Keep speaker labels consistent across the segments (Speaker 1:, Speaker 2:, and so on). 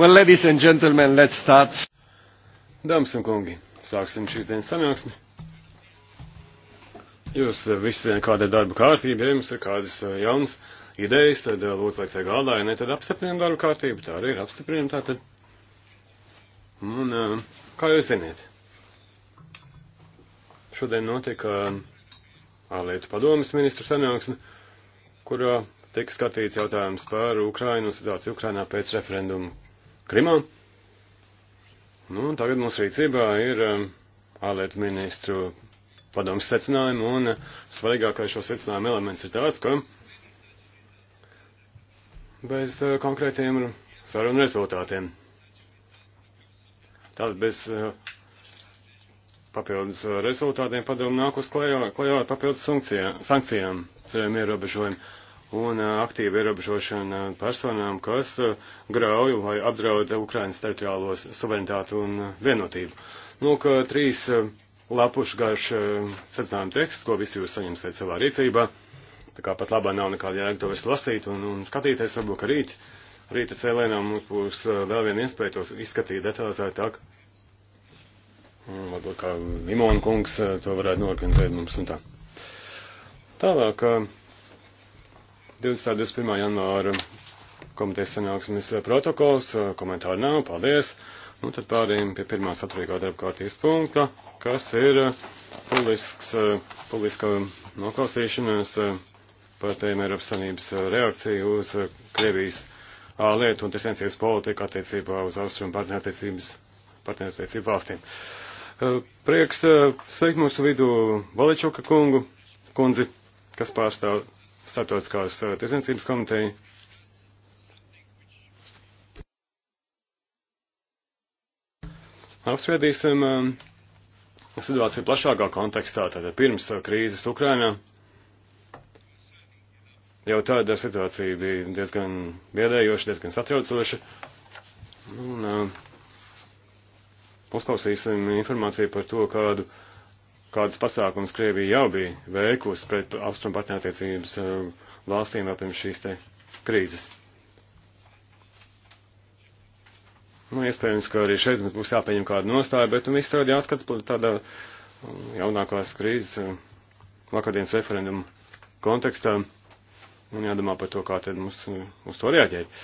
Speaker 1: Well, ladies and gentlemen, let's start. Dāmas un kungi, sāksim šīs dienas sanāksmi. Jūs eh, visi zināt, kāda ir darba kārtība, ja jums ir kādas eh, jaunas idejas, tad eh, lūdzu liek te galdā, ja ne, tad apstiprinam darba kārtību, tā arī ir apstiprinam tā tad. Un, kā jūs ziniet, šodien notika ārlietu padomas ministru sanāksme, kurā tika skatīts jautājums par Ukrainu situāciju Ukrainā pēc referendumu Krimā. Nu, tagad mums rīcībā ir um, ārlietu ministru padomus secinājumu, un uh, svarīgākais šo secinājumu elements ir tāds, ka bez uh, konkrētiem sarunu rezultātiem. Tātad bez uh, papildus uh, rezultātiem padomu nāk uz klajā, klajā ar papildus sankcijām, sankcijām ceļiem ierobežojumiem un uh, aktīva ierobežošana personām, kas uh, grauju vai apdraud Ukrainas teritoriālo suverenitātu un uh, vienotību. Lūk, trīs lapušu garš secinājuma teksts, ko visi jūs saņemsiet savā rīcībā. Tā kā pat labā nav nekāda jēga to visu lasīt un, un skatīties, varbūt, ka rīt, rīta cēlēnā mums būs vēl viena iespēja tos izskatīt detalizētāk. Varbūt kā Imona kungs to varētu norganizēt mums un tā. Tālāk. Uh, 20. 21. janvāra komitejas sanāksmes eh, protokols, eh, komentāru nav, paldies. Nu, tad pārējiem pie pirmā saturīgā darba kārtības punkta, kas ir eh, publisks, publiska noklausīšanās par tēmu Eiropas Sanības reakciju uz Krievijas ārlietu un tiesniecības politiku attiecībā uz austrumu partnerattiecības partnerattiecību valstīm. Prieks sveikt mūsu vidū Valičuka kungu, kundzi, kas pārstāv Startautiskās uh, tiesniecības komiteja. Apspriedīsim uh, situāciju plašākā kontekstā, tātad pirms uh, krīzes Ukrainā. Jau tāda situācija bija diezgan biedējoša, diezgan satraucoša. Un, uh, uzklausīsim informāciju par to, kādu uh, kādas pasākumas Krievija jau bija veikusi pret austrumu partnerattiecības eh, valstīm vēl pirms šīs te krīzes. Nu, iespējams, ka arī šeit būs jāpieņem kāda nostāja, bet nu, viss tagad jāskatās tādā mm, jaunākās krīzes eh, vakardienas referenduma kontekstā un jādomā par to, kā tad mums eh, uz to reaģēt.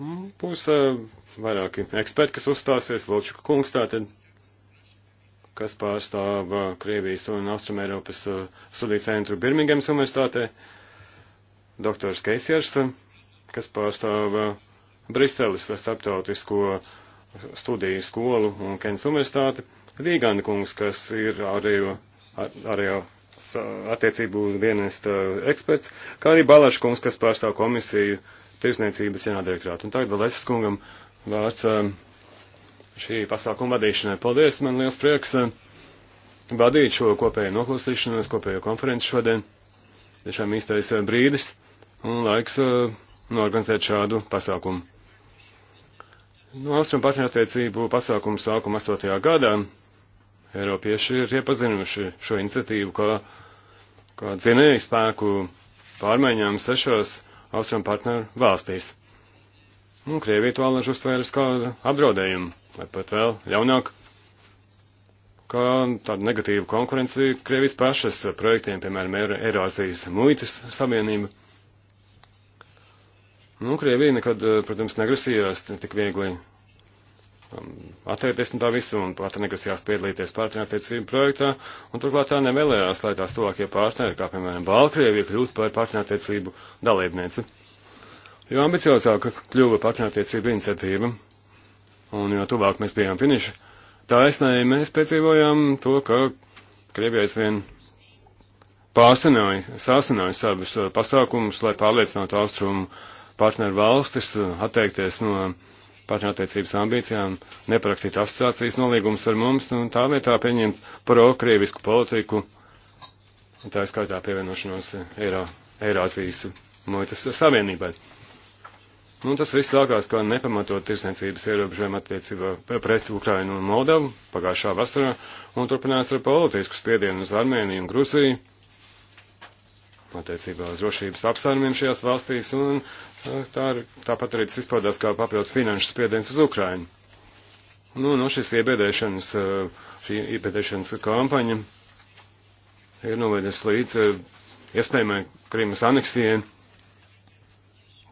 Speaker 1: Mm, būs uh, vairāki eksperti, kas uzstāsies, Lūčuka kungs tātad kas pārstāv uh, Krievijas un Austrumēropas uh, studiju centru Birmingemas universitātē, doktors Keisjers, uh, kas pārstāv Briseles starptautisko studiju skolu un Kens universitāti, Rīgāna kungs, kas ir ārējo, ārējo attiecību dienesta eksperts, kā arī Balaša kungs, kas pārstāv komisiju tirsniecības jānādirektorātu. Un tagad vēl es kungam vārds. Uh, šī pasākuma vadīšanai. Paldies, man liels prieks eh, vadīt šo kopēju noklausīšanos, kopējo konferenci šodien. Tiešām īstais eh, brīdis un laiks eh, norganizēt šādu pasākumu. No Austrum partnerattiecību pasākumu sākuma 8. gadā Eiropieši ir iepazinuši šo iniciatīvu kā, kā dzinēju spēku pārmaiņām sešos Austrum partneru valstīs. Un Krievija to alaž uztvērusi kā apdraudējumu vai pat vēl jaunāk, kā tāda negatīva konkurence Krievijas pašas projektiem, piemēram, Eirāzijas muitas savienība. Nu, Krievija nekad, eh, protams, negrasījās tik viegli um, atteikties no tā visu un pat negrasījās piedalīties partnerattiecību projektā, un turklāt tā nevēlējās, lai tās tuvākie partneri, kā piemēram Balkrievija, kļūtu par partnerattiecību dalībnieci. Jo ambiciozāka kļuva partnerattiecība iniciatīva, Un jo tuvāk mēs bijām finiša taisnēji, mēs piedzīvojām to, ka Krievijas vien pārsināja, sāsināja savus eh, pasākumus, lai pārliecinātu austrumu partneru valstis eh, atteikties no partnerattiecības ambīcijām, neparakstīt asociācijas nolīgumus ar mums, un tā vietā pieņemt pro-krievisku politiku, tā skaitā pievienošanos eh, Eirā, Eirāzijas muitas savienībai. Un nu, tas viss sākās kā nepamatot tirsniecības ierobežojuma attiecībā pret Ukrainu un Moldavu pagājušā vasarā un turpinās ar politisku spiedienu uz Armēniju un Gruziju attiecībā uz drošības apsvērumiem šajās valstīs un tā ir, tāpat arī tas izpaudās kā papildus finanšu spiediens uz Ukrainu. Nu, no nu, šīs iebēdēšanas, šī iebēdēšanas kampaņa ir novedis līdz iespējamai Krīmas aneksijai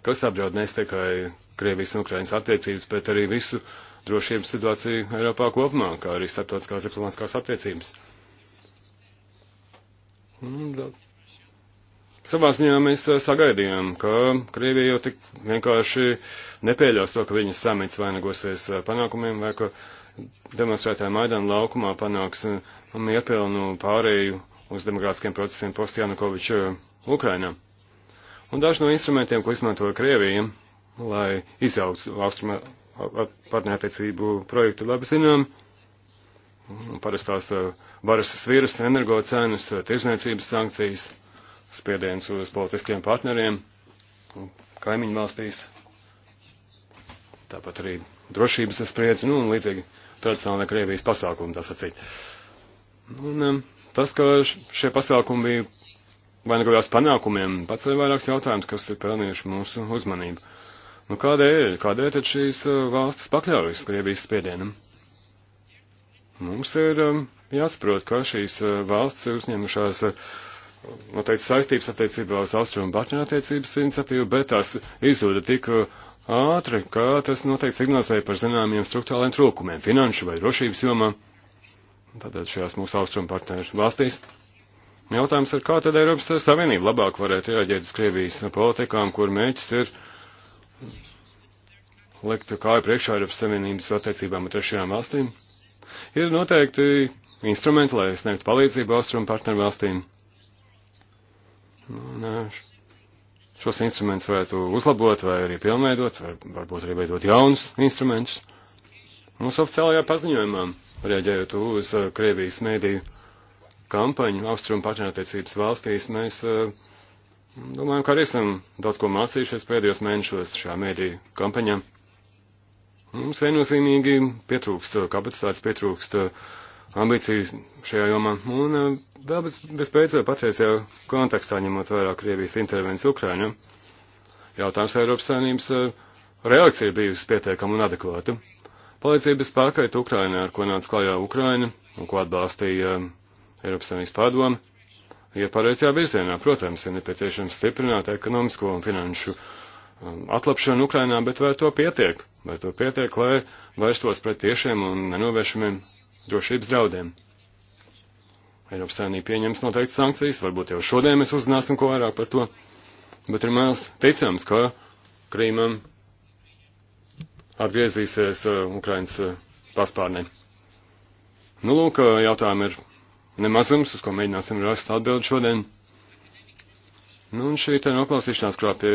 Speaker 1: kas apdraud ne tikai Krievijas un Ukrainas attiecības, bet arī visu drošības situāciju Eiropā kopumā, kā arī starptautiskās diplomātiskās attiecības. Un, Savā ziņā mēs eh, sagaidījām, ka Krievija jau tik vienkārši nepieļaus to, ka viņas samits vainagosies eh, panākumiem vai ka demonstrētāji Maidana laukumā panāks eh, mierpilnu pārēju uz demokrātiskiem procesiem post Janukoviča Ukrainā. Un daži no instrumentiem, ko izmantoja Krievija, lai izaugtu austrumu partnerattiecību projektu, labi zinām, parastās eh, varas sviras, energo cenas, eh, tirzniecības sankcijas, spiediens uz politiskiem partneriem, kaimiņu valstīs, tāpat arī drošības spriedzi, nu, un līdzīgi tradicionālā Krievijas pasākuma, tā sacīt. Un eh, tas, ka šie pasākumi bija vai nekādās nu panākumiem, pats ir vairāks jautājums, kas ir pelnījuši mūsu uzmanību. Nu, kādēļ? Kādēļ tad šīs uh, valstis pakļaujas Krievijas spiedienam? Mums ir um, jāsaprot, ka šīs uh, valsts ir uzņemušās uh, noteikti saistības attiecībā uz austrumu partneru attiecības iniciatīvu, bet tās izzūda tik ātri, ka tas noteikti signalizēja par zināmiem struktūrāliem trūkumiem finanšu vai drošības jomā. Tātad šajās mūsu austrumu partneru valstīs. Jautājums ir, kā tad Eiropas Savienība labāk varētu reaģēt uz Krievijas politikām, kur mēģis ir likt kāju priekšā Eiropas Savienības attiecībām ar trešajām valstīm? Ir noteikti instrumenti, lai sniegtu palīdzību austrumu partneru valstīm. Nu, nē, šos instrumentus varētu uzlabot vai arī pilnveidot, var, varbūt arī veidot jaunus instrumentus. Mūsu oficiālajā paziņojumā, reaģējot uz Krievijas mēdīju kampaņu austrumu partnerattiecības valstīs, mēs eh, domājam, ka arī esam daudz ko mācījušies pēdējos mēnešos šajā mēdīju kampaņā. Mums viennozīmīgi pietrūkst eh, kapacitātes, pietrūkst eh, ambīcijas šajā jomā. Un vēl bez, bez pēcējo patreizajā kontekstā ņemot vērā Krievijas intervenciju Ukraiņu. Jautājums Eiropas saimnības reakcija bijusi pietiekama un adekvāta. Palīdzības pārkait Ukrainai, ar ko nāca klajā Ukraina un ko atbalstīja Eiropas Savienības padome iet pareizajā virzienā. Protams, ir nepieciešams stiprināt ekonomisko un finanšu um, atlapšanu Ukrainā, bet vai to pietiek? Vai to pietiek, lai vērstos pret tiešiem un nenovēršamiem drošības draudiem? Eiropas Savienība pieņems noteikti sankcijas, varbūt jau šodien mēs uzzināsim ko vairāk par to, bet ir mēs ticams, ka Krīmam atgriezīsies uh, Ukrainas uh, paspārnē. Nu, lūk, uh, jautājumi ir nemazums, uz ko mēģināsim rast atbildi šodien. Nu, un šī te noklausīšanās, kurā pie,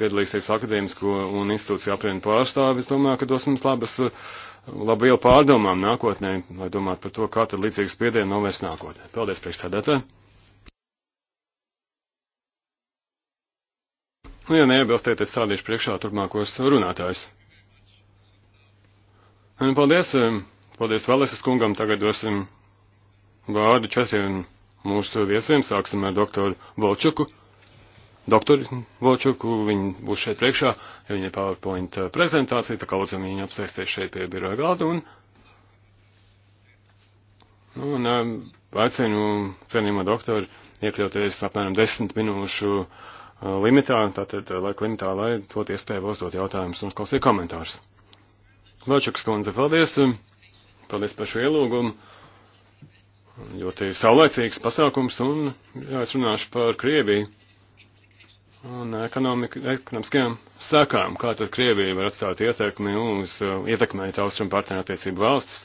Speaker 1: piedalīsies akadēmisko un institūciju aprienu pārstāvi, es domāju, ka dos mums labas, labu ielu pārdomām nākotnē, lai domātu par to, kā tad līdzīgas spiedienu novērst nākotnē. Paldies, priekšstādātāji! Nu, ja neiebilstiet, es stādīšu priekšā turpmākos runātājus. Un paldies, paldies Valesas kungam, tagad dosim vārdu četriem mūsu viesiem. Sāksim ar doktoru Volčuku. Doktori Volčuku, viņi būs šeit priekšā, ja viņa PowerPoint eh, prezentācija, tā kā lūdzam viņu apsēsties šeit pie biroja galda un, un eh, aicinu cenīmo doktoru iekļauties apmēram desmit minūšu eh, limitā, tātad laika limitā, lai dot iespēju uzdot jautājumus un klausīt komentārus. Volčukas kundze, paldies! Paldies par šo ielūgumu! ļoti saulēcīgs pasākums, un jā, es runāšu par Krieviju un ekonomiskajām sakām, kā tad Krievija var atstāt ietekmi uz ietekmēt austrumu partnerattiecību valstis,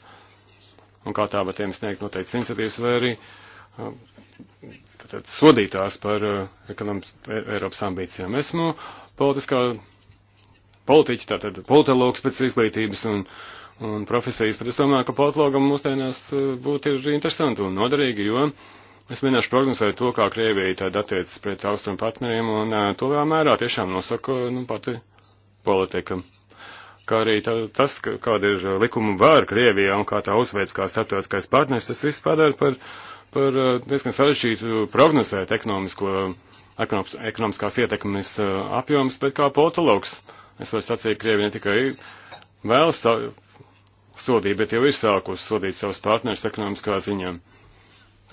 Speaker 1: un kā tā var tiem sniegt noteikti iniciatīvas, vai arī tātad, sodītās par e, Eiropas ambīcijām. Esmu politiskā politiķa, tātad politologs pēc izglītības, un uh, un profesijas, bet es domāju, ka potloga mūsdienās eh, būtu ir interesanti un noderīgi, jo es vienkārši prognozēju to, kā Krievija tāda attiecas pret austrumu partneriem, un eh, to vēl mērā tiešām nosaka, nu, pati politika. Kā arī tā, tas, ka, kāda ir likuma vāra Krievijā un kā tā uzveic kā starptautiskais partners, tas viss padara par, par eh, diezgan sarežģītu prognozēt ekonomisko, ekonomiskās ietekmes apjoms, bet kā politologs. Es varu sacīt, Krievija ne tikai vēlas sodīt, bet jau ir sākusi sodīt savus partnerus ekonomiskā ziņā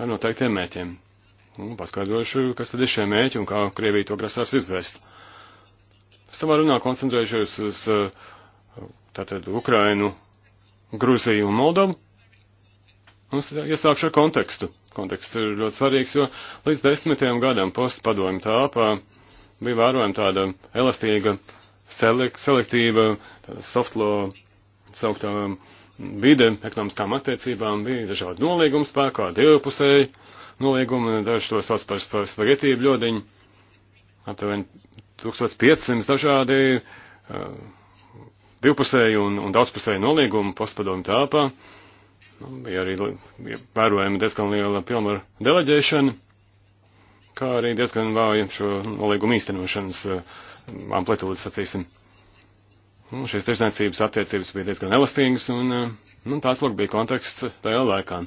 Speaker 1: ar noteiktiem mēķiem. Un nu, paskaidrošu, kas tad ir šie mēķi un kā Krievija to grasās izvērst. Savā runā koncentrēšos uz uh, tātad Ukrainu, Gruziju un Moldovu. Un iesākšu ar kontekstu. Konteksts ir ļoti svarīgs, jo līdz desmitiem gadam postpadomju tāpā bija vērojama tāda elastīga, selektīva softlo sauktā um, vide ekonomiskām attiecībām bija dažādi nolīgumi spēkā, divpusēji nolīgumi, daži to sauc par, par spagetību ļodiņu, aptuveni 1500 dažādi uh, divpusēji un, un daudzpusēji nolīgumi postpadomu tāpā. Nu, bija arī bija vērojama diezgan liela pilnvaru deleģēšana, kā arī diezgan vāja šo nolīgumu īstenošanas uh, amplitūdu, sacīsim nu, šīs tirsniecības attiecības bija diezgan elastīgas, un eh, nu, tāds lūk bija konteksts tajā laikā.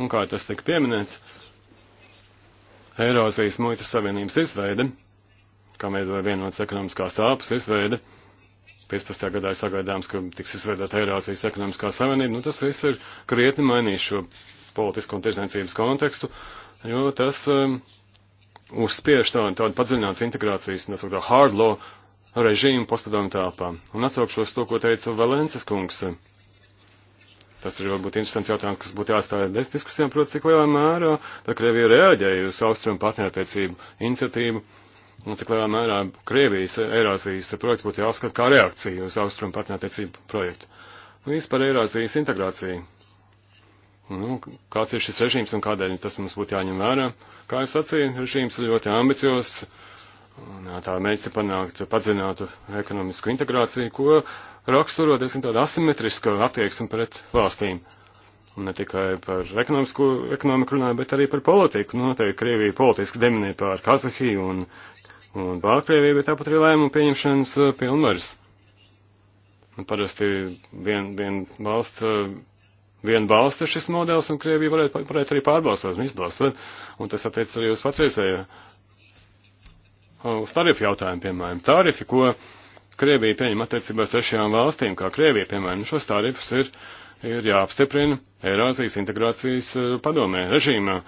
Speaker 1: Un kā tas tika pieminēts, Eirozijas muitas savienības izveide, kam veidoja vienotas ekonomiskās tāpas izveide, 15. gadā ir sagaidāms, ka tiks izveidota Eirāzijas ekonomiskā savienība, nu tas viss ir krietni mainījis šo politisko un tirsniecības kontekstu, jo tas um, uzspiež tādu, tādu padziļinātu integrācijas, nesauktā hard law režīmu postpadomu telpā. Un atsaukšos to, ko teica Valences kungs. Tas ir varbūt interesants jautājums, kas būtu jāstāja des diskusijām, proti, cik lielā mērā tā Krievija reaģēja uz austrumu partnerattiecību iniciatīvu, un cik lielā mērā Krievijas Eirāzijas projekts būtu jāuzskata kā reakcija uz austrumu partnerattiecību projektu. Nu, vispār Eirāzijas integrāciju. Nu, kāds ir šis režīms un kādēļ tas mums būtu jāņem vērā? Kā es sacīju, režīms ir ļoti ambiciozs, Un, jā, tā mērķis ir panākt padziļinātu ekonomisku integrāciju, ko raksturo diezgan tāda asimetriska attieksme pret valstīm. Un ne tikai par ekonomisko ekonomiku runāju, bet arī par politiku. Nu, noteikti Krievija politiski deminē pār Kazahiju un, un Baltkrieviju, bet tāpat arī lēmumu pieņemšanas uh, pilnvaras. Parasti vien, vien valsts uh, vienu balstu šis modelis, un Krievija varētu, varētu arī pārbalsot un izbalsot, un tas attiec arī uz patreizējo uz tarifu jautājumu, piemēram, tarifi, ko Krievija pieņem attiecībā ar trešajām valstīm, kā Krievija, piemēram, šos tarifus ir, ir jāapstiprina Eirāzijas integrācijas padomē režīmā.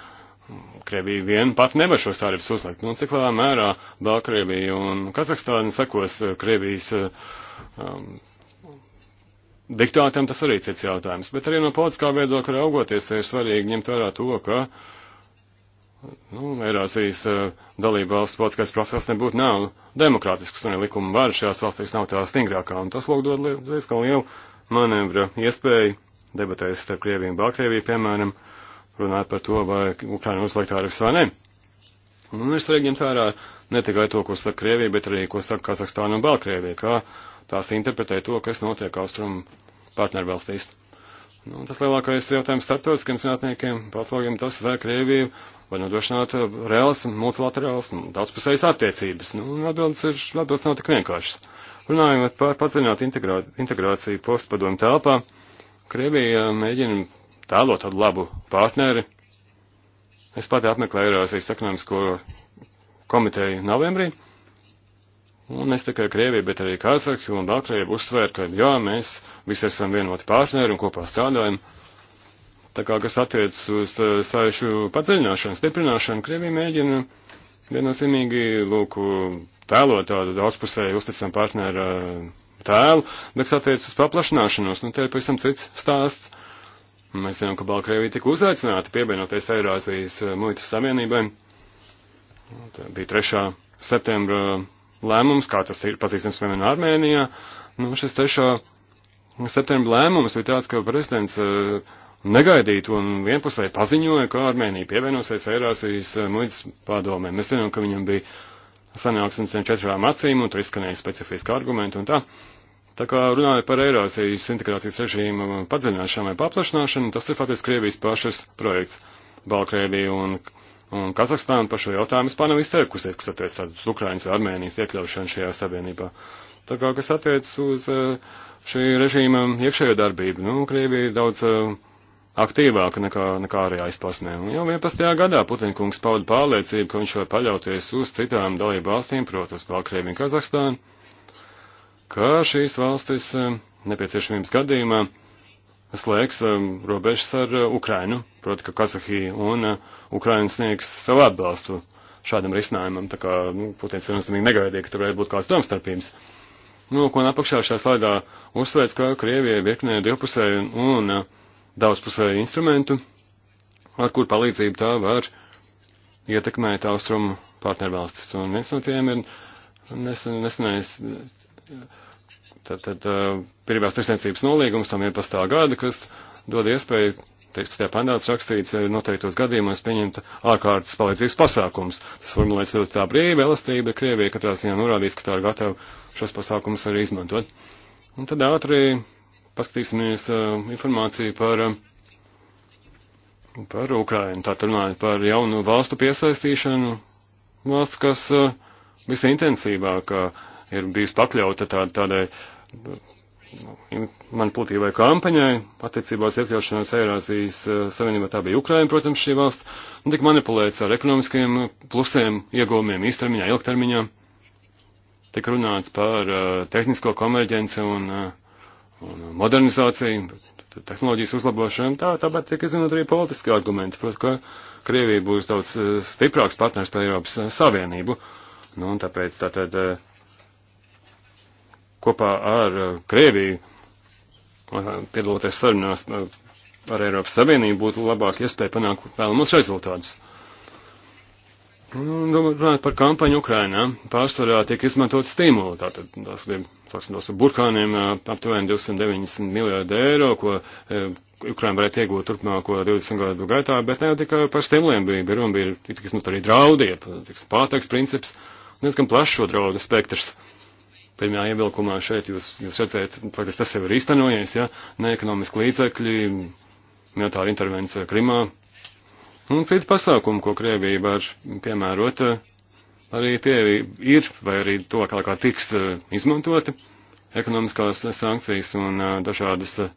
Speaker 1: Krievija vien pat nevar šos tarifus uzlikt. Nu, cik lielā mērā Balkrievija un Kazahstāna sekos Krievijas um, diktātam, tas arī cits jautājums. Bet arī no politiskā viedokļa raugoties ir svarīgi ņemt vērā to, ka uh, nu, Eirāzijas eh, dalība valsts politiskais profils nebūtu nav demokrātisks, un likuma vara šajās valstīs nav tā stingrākā, un tas lūk dod diezgan lielu manevra iespēju debatēs starp Krieviju un Baltkrieviju, piemēram, runāt par to, vai Ukraina uzliek tārifus vai ne. Un ir svarīgi ņemt vērā ne tikai to, ko saka Krievija, bet arī, ko saka Kazahstāna un Baltkrievija, kā tās interpretē to, kas notiek austrumu partnervalstīs. valstīs. Nu, tas lielākais jautājums starptautiskiem zinātniekiem, patologiem, tas vai Krievija var nodrošināt uh, reāls un multilaterāls un daudzpusējas attiecības. Nu, atbildes, ir, atbildes nav tik vienkāršas. Runājot par padziļinātu integrā, integrāciju postpadomu telpā, Krievija mēģina tēlot tādu labu partneri. Es pati apmeklēju Eirāzijas ekonomisko komiteju novembrī. Un nu, ne tikai Krievija, bet arī Kazahi un Baltkrievija uzsvēra, ka jā, mēs visi esam vienoti partneri un kopā strādājam. Tā kā, kas attiec uz eh, saišu padziļināšanu, stiprināšanu, Krievija mēģina viennozīmīgi, lūk, tēlot tādu daudzpusēju uzticam partneru eh, tēlu, bet kas attiec uz paplašināšanos, nu, te ir pavisam cits stāsts. Mēs zinām, ka Baltkrievija tika uzaicināta pievienoties Eirāzijas eh, muitas savienībai. Tā bija 3. septembra lēmums, kā tas ir pazīstams, piemēram, Armēnijā. Nu, šis 3. septembra lēmums bija tāds, ka prezidents eh, negaidītu un vienpusēji paziņoja, ka Armēnija pievienosies Eirāsijas eh, muitas padomē. Mēs zinām, ka viņam bija sanāksmes ar četrām acīm, un tur izskanēja specifiski argumenti un tā. Tā kā runāja par Eirāsijas integrācijas režīmu padziļināšanu vai paplašināšanu, tas ir faktiski Krievijas pašas projekts. Balkrievija un Un Kazahstāna par šo jautājumu vispār nav izteikusies, kas attiec uz Ukrainas vai Armēnijas iekļaušanu šajā savienībā. Tā kā, kas attiec uz eh, šī režīma iekšējo darbību, nu, Krievija ir daudz eh, aktīvāka nekā, nekā arī aizpasnē. Un jau 11. gadā Putinkungs pauda pārliecību, ka viņš var paļauties uz citām dalību valstīm, protams, Baltkrieviju un Kazahstānu, ka šīs valstis eh, nepieciešamības gadījumā slēgs um, robežas ar uh, Ukrainu, proti, ka Kazahija un uh, Ukraina sniegs savu atbalstu šādam risinājumam, tā kā nu, Putins viennozīmīgi negaidīja, ka tur varētu būt kāds domstarpības. Nu, ko apakšā šajā slaidā uzsvērts, ka Krievijai virknē divpusēju un uh, daudzpusēju instrumentu, ar kur palīdzību tā var ietekmēt austrumu partnervalstis. Un viens no tiem ir nesen, nesenais Tātad eh, pirmās tirsniecības nolīgums tam 11. gada, kas dod iespēju, 13. pandāts rakstīts, eh, noteiktos gadījumos pieņemt ārkārtas palīdzības pasākums. Tas formulēts ļoti tā brīva elastība, Krievija katrā ziņā norādīs, ka tā ir gatava šos pasākumus arī izmantot. Un tad ātri paskatīsimies uh, informāciju par, uh, par Ukrainu. Tātad runājot par jaunu valstu piesaistīšanu, valsts, kas uh, visintensīvāk uh, ir bijusi pakļauta tā, tādai uh, man būtībai kampaņai attiecībās iekļaušanās Eirāzijas eh, savienībā tā bija Ukraina, protams, šī valsts, un nu, tik manipulēts ar ekonomiskiem plusiem, iegūmiem īstermiņā, ilgtermiņā. Tik runāts par uh, tehnisko konverģenci un, uh, un modernizāciju, tehnoloģijas uzlabošanu, tā, tāpat tiek izvinot arī politiski argumenti, protams, ka Krievija būs daudz stiprāks partners par Eiropas Savienību, nu, un tāpēc tātad. Uh, kopā ar eh, Krieviju eh, piedaloties sarunās eh, ar Eiropas Savienību, būtu labāk iespēja panākt vēlamos rezultātus. Nu, runājot par kampaņu Ukrainā, pārsvarā tiek izmantot stimulu, tātad tās ir, tās ir burkāniem aptuveni 290 miljārdi eiro, ko Ukraina varētu iegūt turpmāko 20 gadu gaitā, bet ne jau tikai par stimuliem bija, bija runa, bija tiksim, arī draudie, tiksim, pārteks princips, diezgan plašs šo draudu spektrs pirmajā ievilkumā šeit jūs, jūs redzēt, faktiski tas jau ir īstenojies, ja, neekonomiski līdzekļi, militāra intervence Krimā un citi pasākumi, ko Krievija var piemērot, eh, arī tie ir vai arī to kā kā tiks eh, izmantoti, ekonomiskās sankcijas un eh, dažādas uh,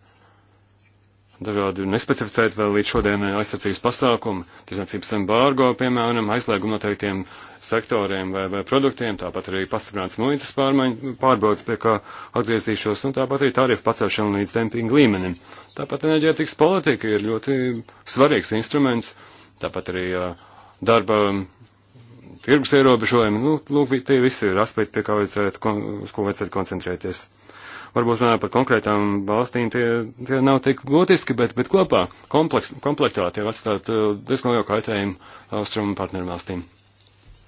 Speaker 1: dažādi nespecificēti vēl līdz šodienai aizsardzības pasākumi, tirsniecības embargo, piemēram, aizliegumu noteiktiem sektoriem vai, vai produktiem, tāpat arī pastiprināts muitas pārbaudas, pie kā atgriezīšos, un tāpat arī tarifu pacelšana līdz dempinga līmenim. Tāpat enerģētikas politika ir ļoti svarīgs instruments, tāpat arī darba tirgus ierobežojumi, nu, lūk, tie visi ir aspekti, pie kā vajadzētu, ko vajadzētu koncentrēties varbūt runājot par konkrētām valstīm, tie, tie nav tik būtiski, bet, bet kopā kompleks, komplektā tie atstāt uh, diezgan lielu kaitējumu austrumu partneru valstīm.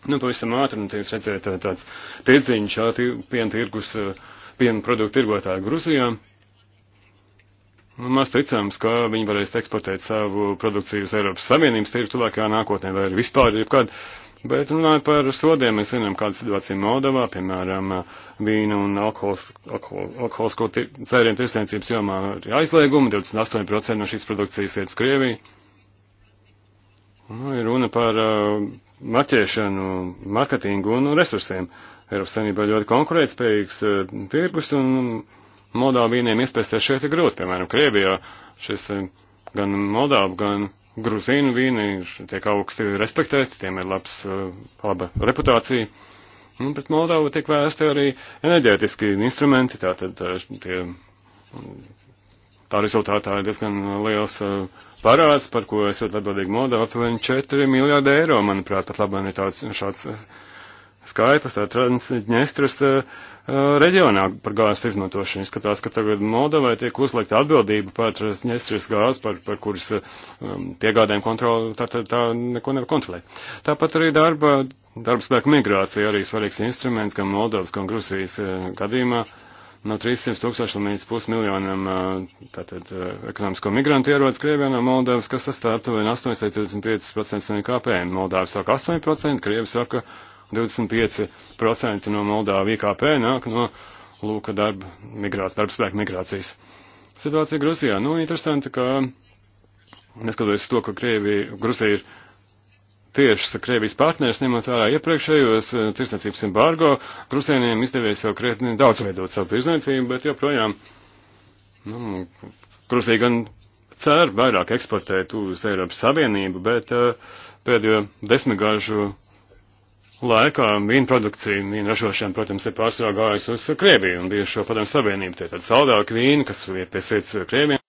Speaker 1: Nu, pavisam ātri, nu, jūs redzēt tā, uh, tāds tirdziņš, piena tirgus, uh, piena produktu tirgotāju Gruzijā. Nu, maz ticams, ka viņi varēs eksportēt savu produkciju uz Eiropas Savienības tirgu tuvākajā nākotnē vai arī vispār jebkad. Ja Bet runājot par sodiem, mēs zinām, kāda situācija Moldovā, piemēram, vīnu un alkohols, alkohol, alkoholisko dzērienu tirsniecības jomā ir aizliegumi, 28% no šīs produkcijas iet uz Krieviju. Nu, ir runa par uh, marķēšanu, marketingu un resursiem. Eiropas Savienībā ļoti konkurētspējīgs uh, tirgus un Moldovā vīniem iespēsties šeit ir grūti, piemēram, Krievijā šis uh, gan Moldāvu, gan gruzīnu vīni tiek augsti respektēti, tiem ir labs, eh, laba reputācija. Un nu, pret Moldovu tiek vēsti arī enerģētiski instrumenti, tātad eh, tie, tā rezultātā ir diezgan liels eh, parāds, par ko esot atbildīgi Moldova, aptuveni 4 miljārdi eiro, manuprāt, pat labāk ir tāds šāds skaitlis Transdņestras eh, eh, reģionā par gāzes izmantošanu. Izskatās, ka tagad Moldovai tiek uzlikta atbildība par Transdņestras gāzi, par, par kuras eh, um, piegādēm kontroli, tā, tā, tā neko nevar kontrolēt. Tāpat arī darba, darba spēka migrācija arī svarīgs instruments gan Moldovas, gan Grusijas gadījumā. No 300 tūkstošiem līdz pusmiljonam tātad, ekonomisko migrantu ierodas Krievijā no Moldovas, kas sastāv aptuveni 8,25% no IKP. Moldāvi saka 8%, Krievi saka 8%. 25% no Moldāvi IKP nāk no lūka darba migrācijas, darbspēka migrācijas. Situācija Grusijā. Nu, interesanti, ka neskatoties to, ka Krievija, Grusija ir tieši Krievijas partners, ņemot vērā iepriekšējos eh, tirsniecības embargo, Grusieniem izdevies jau krietni daudz veidot savu tirsniecību, bet joprojām, nu, Grusija gan cer vairāk eksportēt uz Eiropas Savienību, bet uh, pēdējo desmitgažu laikā vīna produkcija, vīna ražošana, protams, ir pārsvarā gājusi uz Krieviju un bijušo padomu savienību. Tie tad saldāki vīni, kas ir piesiets Krievijiem.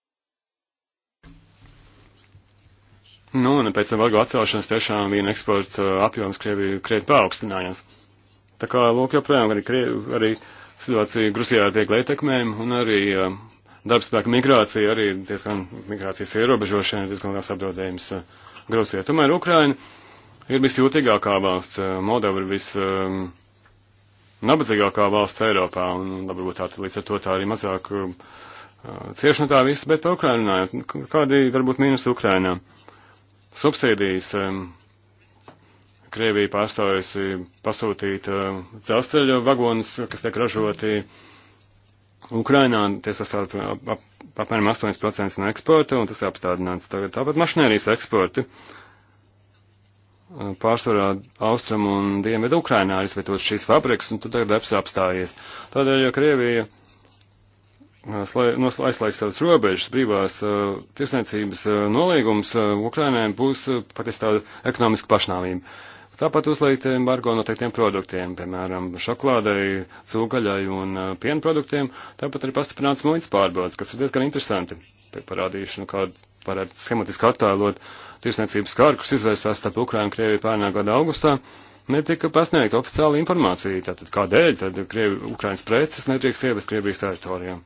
Speaker 1: Nu, un pēc tam vagu atcelšanas tiešām vīna eksporta uh, apjoms Krieviju krietni paaugstinājās. Tā kā, lūk, joprojām arī, Krievi, arī situācija Grusijā ir viegli ietekmējama un arī uh, darbspēka migrācija, arī diezgan migrācijas ierobežošana ir diezgan liels apdraudējums uh, Grusijā. Tomēr Ukraina ir visjūtīgākā valsts, eh, Moldova ir vis um, nabadzīgākā valsts Eiropā, un varbūt tā līdz ar to tā arī mazāk uh, cieši no tā viss, bet par Ukrainu runājot, nu, kādi varbūt mīnus Ukrainā? Subsīdijas, um, Krievija pārstāvējusi pasūtīt uh, dzelzceļa vagonus, kas tiek ražoti Ukrainā, tie sastāv ap, ap, apmēram 8% no eksporta, un tas apstādināts tagad. Tāpat mašinērijas eksporti. Uh, Uh, pārsvarā austrumu un dienvidu Ukrainā ir izvietotas šīs fabrikas, un tur tagad darbs apstājies. Tādēļ, ja Krievija uh, aizslēgs savas robežas, brīvās uh, tirsniecības uh, nolīgums, uh, Ukrainai būs uh, patiesi tāda ekonomiska pašnāvība. Tāpat uzlikt embargo noteiktiem produktiem, piemēram, šokolādei, cūgaļai un piena produktiem, tāpat arī pastiprināts muitas pārbaudas, kas ir diezgan interesanti. Te parādīšu, nu, kādu varētu schematiski attēlot tirsniecības kāru, kas izvērsās starp Ukrainu un Krieviju pērnā gada augustā, netika pasniegta oficiāla informācija, tātad kādēļ tad Krievi, Ukrainas preces nedrīkst ievest Krievijas teritorijā.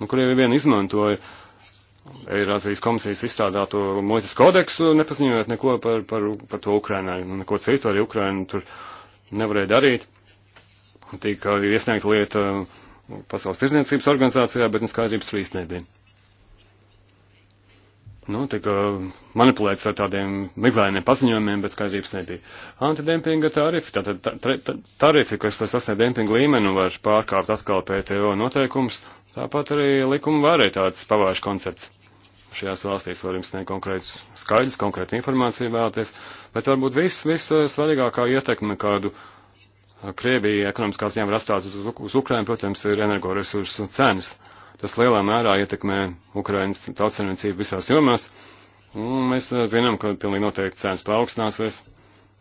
Speaker 1: Nu, Krievija vien izmantoja Eirāzijas komisijas izstrādāto muitas kodeksu, nepaziņojot neko par, par, par to Ukrainai, nu, neko citu arī Ukraina tur nevarēja darīt. Tika iesniegta lieta Pasaules tirdzniecības organizācijā, bet neskaidrības nu tur īsti nebija nu, tika manipulēts ar tādiem meklējumiem paziņojumiem, bet skaidrības nebija. Antidempinga tarifi, tātad tā, tā, tā, tarifi, kas sasniedz dempinga līmeni, var pārkāpt atkal PTO noteikums, tāpat arī likuma vērē tāds pavāžu koncepts. Šajās valstīs var jums sniegt konkrēts skaidrs, konkrēta informācija vēlaties, bet varbūt viss, viss eh, svarīgākā ietekme, kādu eh, Krievija ekonomiskās ziņām rastātu uz Ukrainu, protams, ir energoresursu cenas. Tas lielā mērā ietekmē Ukrainas tautsarniecību visās jomās, un mēs zinām, ka pilnīgi noteikti cenas paaugstināsies.